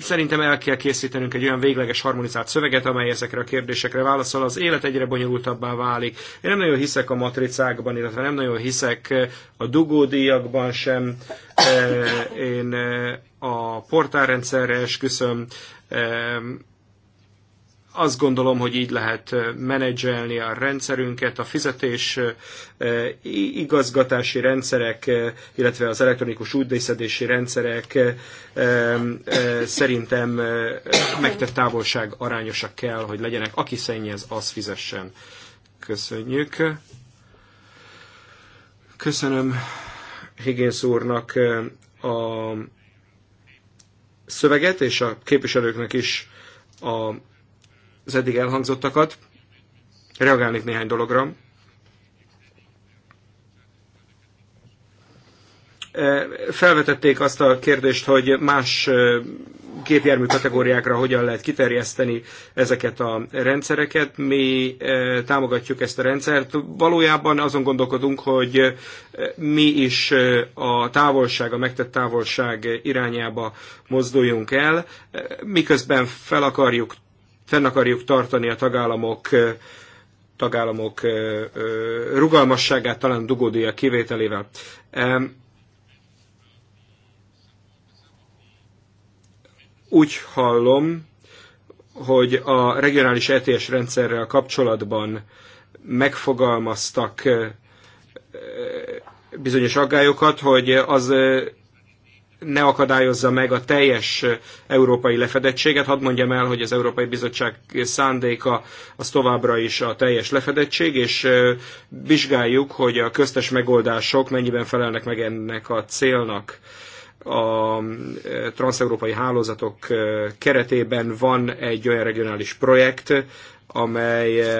szerintem el kell készítenünk egy olyan végleges harmonizált szöveget, amely ezekre a kérdésekre válaszol. Az élet egyre bonyolultabbá válik. Én nem nagyon hiszek a matricákban, illetve nem nagyon hiszek a dugódíjakban sem. Én a portálrendszerre esküszöm azt gondolom, hogy így lehet menedzselni a rendszerünket, a fizetés igazgatási rendszerek, illetve az elektronikus útdészedési rendszerek szerintem megtett távolság arányosak kell, hogy legyenek. Aki szennyez, az fizessen. Köszönjük. Köszönöm Higgins úrnak a szöveget, és a képviselőknek is a az eddig elhangzottakat, reagálnék néhány dologra. E, felvetették azt a kérdést, hogy más e, gépjármű kategóriákra hogyan lehet kiterjeszteni ezeket a rendszereket. Mi e, támogatjuk ezt a rendszert. Valójában azon gondolkodunk, hogy mi is a távolság, a megtett távolság irányába mozduljunk el, miközben fel akarjuk fenn akarjuk tartani a tagállamok tagállamok rugalmasságát, talán dugódia kivételével. Úgy hallom, hogy a regionális ETS rendszerrel kapcsolatban megfogalmaztak bizonyos aggályokat, hogy az ne akadályozza meg a teljes európai lefedettséget. Hadd mondjam el, hogy az Európai Bizottság szándéka az továbbra is a teljes lefedettség, és vizsgáljuk, hogy a köztes megoldások mennyiben felelnek meg ennek a célnak a transeurópai hálózatok keretében van egy olyan regionális projekt, amely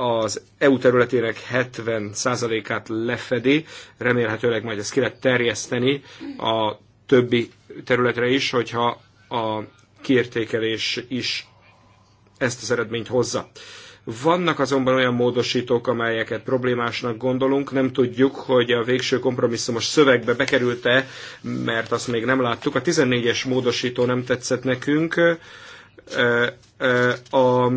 az EU területének 70%-át lefedi, remélhetőleg majd ezt ki lehet terjeszteni a többi területre is, hogyha a kiértékelés is ezt az eredményt hozza. Vannak azonban olyan módosítók, amelyeket problémásnak gondolunk, nem tudjuk, hogy a végső kompromisszumos szövegbe bekerült-e, mert azt még nem láttuk. A 14-es módosító nem tetszett nekünk. A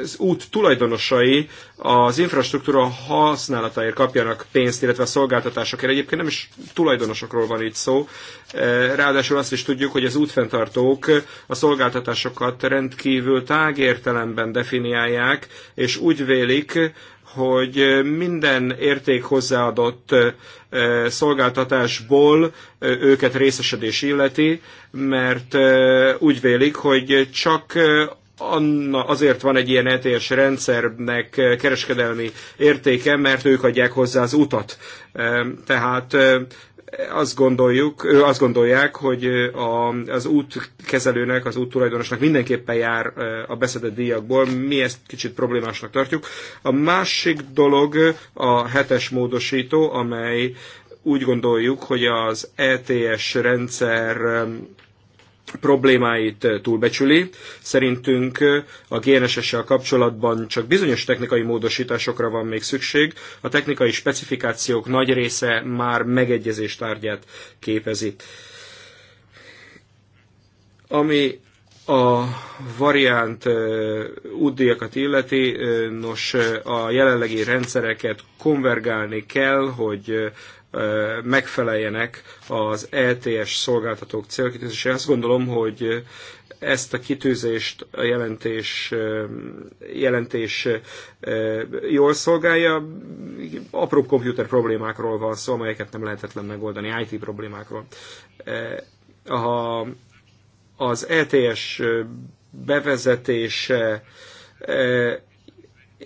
az út tulajdonosai az infrastruktúra használatáért kapjanak pénzt, illetve a szolgáltatásokért. Egyébként nem is tulajdonosokról van itt szó. Eh, ráadásul azt is tudjuk, hogy az útfenntartók a szolgáltatásokat rendkívül tágértelemben definiálják, és úgy vélik, hogy minden érték hozzáadott eh, szolgáltatásból eh, őket részesedés illeti, mert úgy vélik, hogy csak anna, azért van egy ilyen ETS rendszernek eh, kereskedelmi értéke, mert ők adják hozzá az utat. Eh, tehát eh, azt gondoljuk, azt gondolják, hogy a, az útkezelőnek, az úttulajdonosnak mindenképpen jár a beszedett díjakból, mi ezt kicsit problémásnak tartjuk. A másik dolog a hetes módosító, amely úgy gondoljuk, hogy az ETS rendszer problémáit eh, túlbecsüli. Szerintünk eh, a GNSS-sel kapcsolatban csak bizonyos technikai módosításokra van még szükség. A technikai specifikációk nagy része már megegyezés tárgyát képezi. Ami a variánt eh, útdíjakat illeti, nos a jelenlegi rendszereket konvergálni kell, hogy megfeleljenek az ETS szolgáltatók célkitűzése. Azt gondolom, hogy ezt a kitűzést a jelentés, jelentés jól szolgálja. Apró komputer problémákról van szó, amelyeket nem lehetetlen megoldani, IT problémákról. Ha az ETS bevezetése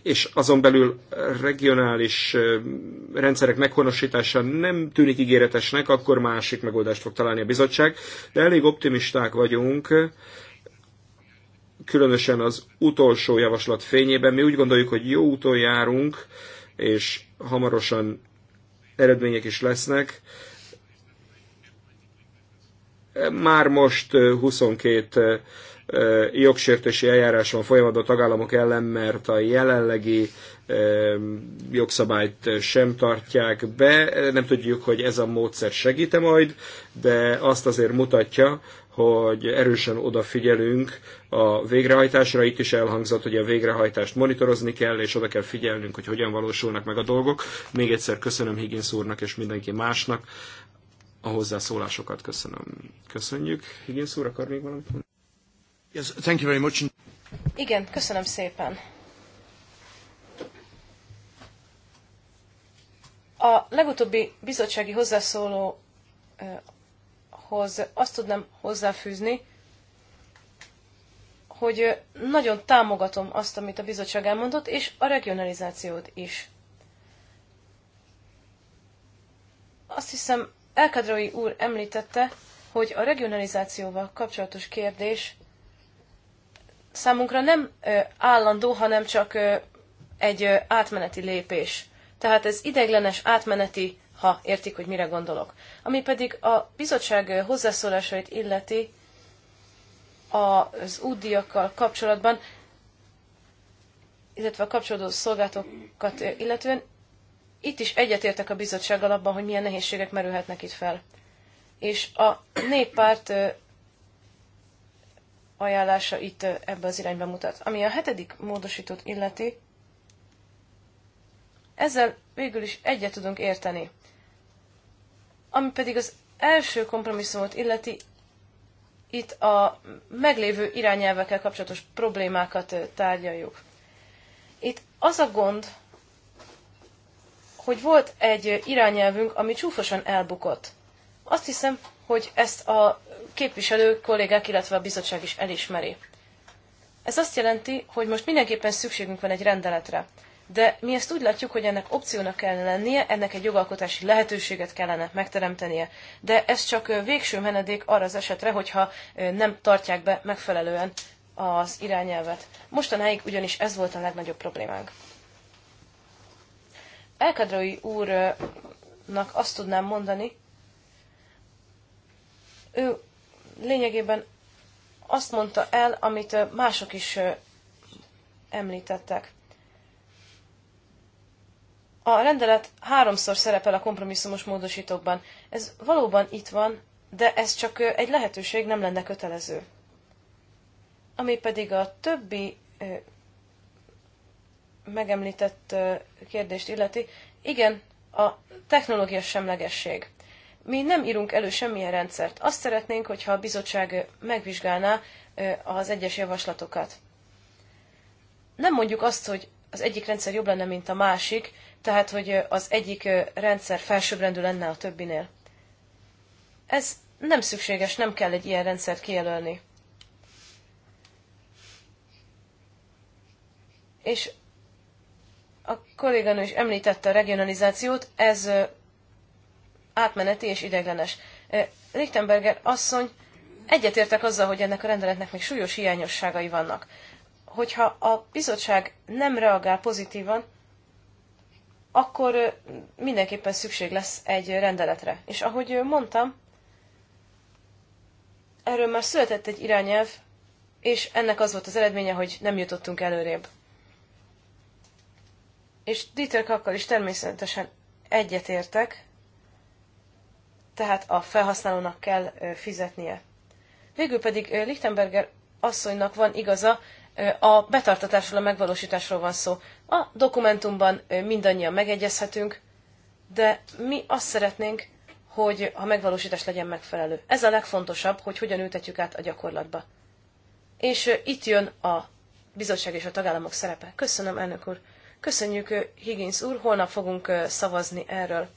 és azon belül regionális rendszerek meghonosítása nem tűnik ígéretesnek, akkor másik megoldást fog találni a bizottság, de elég optimisták vagyunk, különösen az utolsó javaslat fényében. Mi úgy gondoljuk, hogy jó úton járunk, és hamarosan eredmények is lesznek. Már most 22 jogsértési eljárás van folyamatban a tagállamok ellen, mert a jelenlegi jogszabályt sem tartják be. Nem tudjuk, hogy ez a módszer segíte majd, de azt azért mutatja, hogy erősen odafigyelünk a végrehajtásra. Itt is elhangzott, hogy a végrehajtást monitorozni kell, és oda kell figyelnünk, hogy hogyan valósulnak meg a dolgok. Még egyszer köszönöm Higgins úrnak és mindenki másnak a hozzászólásokat. Köszönöm. Köszönjük. Higgins úr, akar még valamit Yes, thank you very much. Igen, köszönöm szépen. A legutóbbi bizottsági hozzászólóhoz azt tudnám hozzáfűzni, hogy nagyon támogatom azt, amit a bizottság elmondott, és a regionalizációt is. Azt hiszem, Elkadrói úr említette, hogy a regionalizációval kapcsolatos kérdés számunkra nem állandó, hanem csak egy átmeneti lépés. Tehát ez ideglenes átmeneti, ha értik, hogy mire gondolok. Ami pedig a bizottság hozzászólásait illeti az útdiakkal kapcsolatban, illetve a kapcsolódó szolgáltatókat illetően, itt is egyetértek a bizottsággal abban, hogy milyen nehézségek merülhetnek itt fel. És a néppárt ajánlása itt ebbe az irányba mutat. Ami a hetedik módosítót illeti, ezzel végül is egyet tudunk érteni. Ami pedig az első kompromisszumot illeti, itt a meglévő irányelvekkel kapcsolatos problémákat tárgyaljuk. Itt az a gond, hogy volt egy irányelvünk, ami csúfosan elbukott. Azt hiszem, hogy ezt a képviselők, kollégák, illetve a bizottság is elismeri. Ez azt jelenti, hogy most mindenképpen szükségünk van egy rendeletre. De mi ezt úgy látjuk, hogy ennek opciónak kellene lennie, ennek egy jogalkotási lehetőséget kellene megteremtenie. De ez csak végső menedék arra az esetre, hogyha nem tartják be megfelelően az irányelvet. Mostanáig ugyanis ez volt a legnagyobb problémánk. Elkadrói úrnak azt tudnám mondani, ő lényegében azt mondta el, amit mások is említettek. A rendelet háromszor szerepel a kompromisszumos módosítókban. Ez valóban itt van, de ez csak egy lehetőség, nem lenne kötelező. Ami pedig a többi megemlített kérdést illeti, igen, a technológia semlegesség. Mi nem írunk elő semmilyen rendszert. Azt szeretnénk, hogyha a bizottság megvizsgálná az egyes javaslatokat. Nem mondjuk azt, hogy az egyik rendszer jobb lenne, mint a másik, tehát hogy az egyik rendszer felsőbbrendű lenne a többinél. Ez nem szükséges, nem kell egy ilyen rendszert kijelölni. És a kolléganő is említette a regionalizációt, ez átmeneti és ideglenes. Lichtenberger asszony egyetértek azzal, hogy ennek a rendeletnek még súlyos hiányosságai vannak. Hogyha a bizottság nem reagál pozitívan, akkor mindenképpen szükség lesz egy rendeletre. És ahogy mondtam, erről már született egy irányelv, és ennek az volt az eredménye, hogy nem jutottunk előrébb. És Dieter Kakkal is természetesen egyetértek, tehát a felhasználónak kell fizetnie. Végül pedig Lichtenberger asszonynak van igaza, a betartatásról, a megvalósításról van szó. A dokumentumban mindannyian megegyezhetünk, de mi azt szeretnénk, hogy a megvalósítás legyen megfelelő. Ez a legfontosabb, hogy hogyan ültetjük át a gyakorlatba. És itt jön a bizottság és a tagállamok szerepe. Köszönöm, elnök úr. Köszönjük, Higgins úr, holnap fogunk szavazni erről.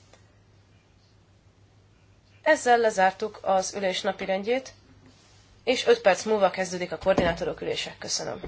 Ezzel lezártuk az ülés napirendjét, és 5 perc múlva kezdődik a koordinátorok ülése. Köszönöm.